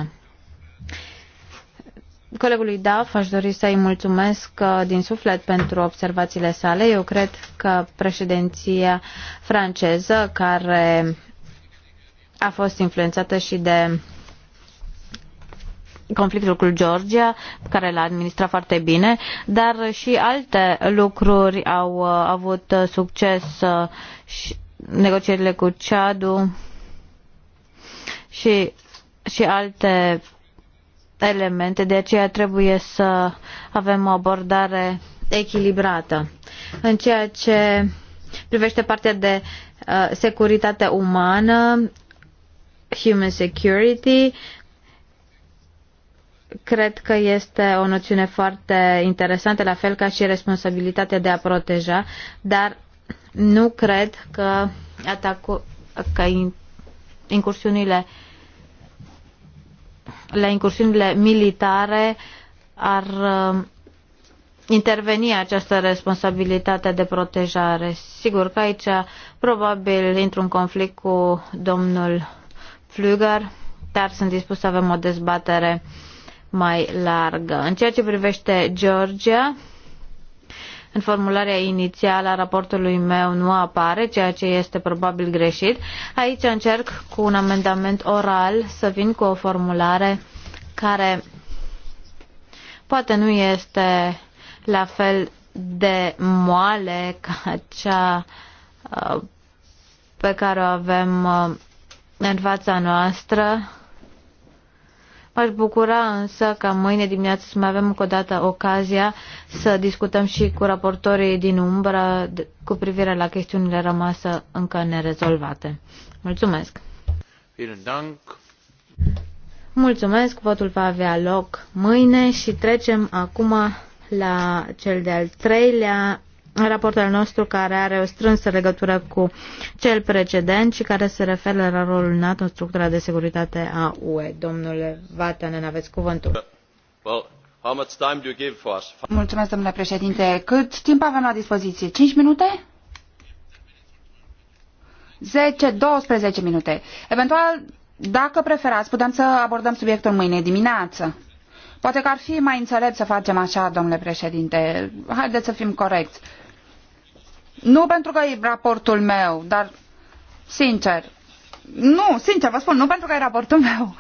Colegului Daf aș dori să-i mulțumesc uh, din suflet pentru observațiile sale. Eu cred că președinția franceză, care a fost influențată și de conflictul cu Georgia, care l-a administrat foarte bine, dar și alte lucruri au uh, avut uh, succes și negocierile cu Chadu și, și alte elemente, de aceea trebuie să avem o abordare echilibrată. În ceea ce privește partea de uh, securitate umană, human security, cred că este o noțiune foarte interesantă, la fel ca și responsabilitatea de a proteja, dar nu cred că atacul, că incursiunile uh, la incursiunile militare ar uh, interveni această responsabilitate de protejare. Sigur că aici probabil intru în conflict cu domnul Flüger, dar sunt dispus să avem o dezbatere mai largă. În ceea ce privește Georgia, în formularea inițială a raportului meu nu apare, ceea ce este probabil greșit. Aici încerc cu un amendament oral să vin cu o formulare care poate nu este la fel de moale ca cea uh, pe care o avem uh, în fața noastră, M-aș bucura însă ca mâine dimineață să mai avem încă o dată ocazia să discutăm și cu raportorii din umbră cu privire la chestiunile rămase încă nerezolvate. Mulțumesc! Mulțumesc, votul va avea loc mâine și trecem acum la cel de-al treilea Raportul nostru care are o strânsă legătură cu cel precedent și care se referă la rolul NATO în structura de securitate a UE. Domnule Vatanen, aveți cuvântul. Well, how much time do you give for us? Mulțumesc, domnule președinte. Cât timp avem la dispoziție? 5 minute? 10-12 minute. Eventual, dacă preferați, putem să abordăm subiectul mâine dimineață. Poate că ar fi mai înțelept să facem așa, domnule președinte. Haideți să fim corecți. Nu pentru că e raportul meu, dar sincer. Nu, sincer vă spun, nu pentru că e raportul meu,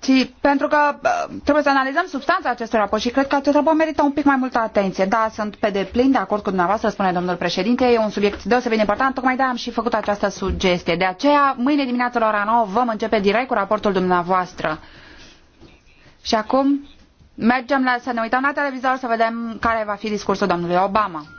ci pentru că trebuie să analizăm substanța acestui raport și cred că acest raport merită un pic mai multă atenție. Da, sunt pe deplin de acord cu dumneavoastră, spune domnul președinte, e un subiect deosebit de important, tocmai de am și făcut această sugestie. De aceea, mâine dimineața la ora 9 vom începe direct cu raportul dumneavoastră. Și acum mergem la, să ne uităm la televizor să vedem care va fi discursul domnului Obama.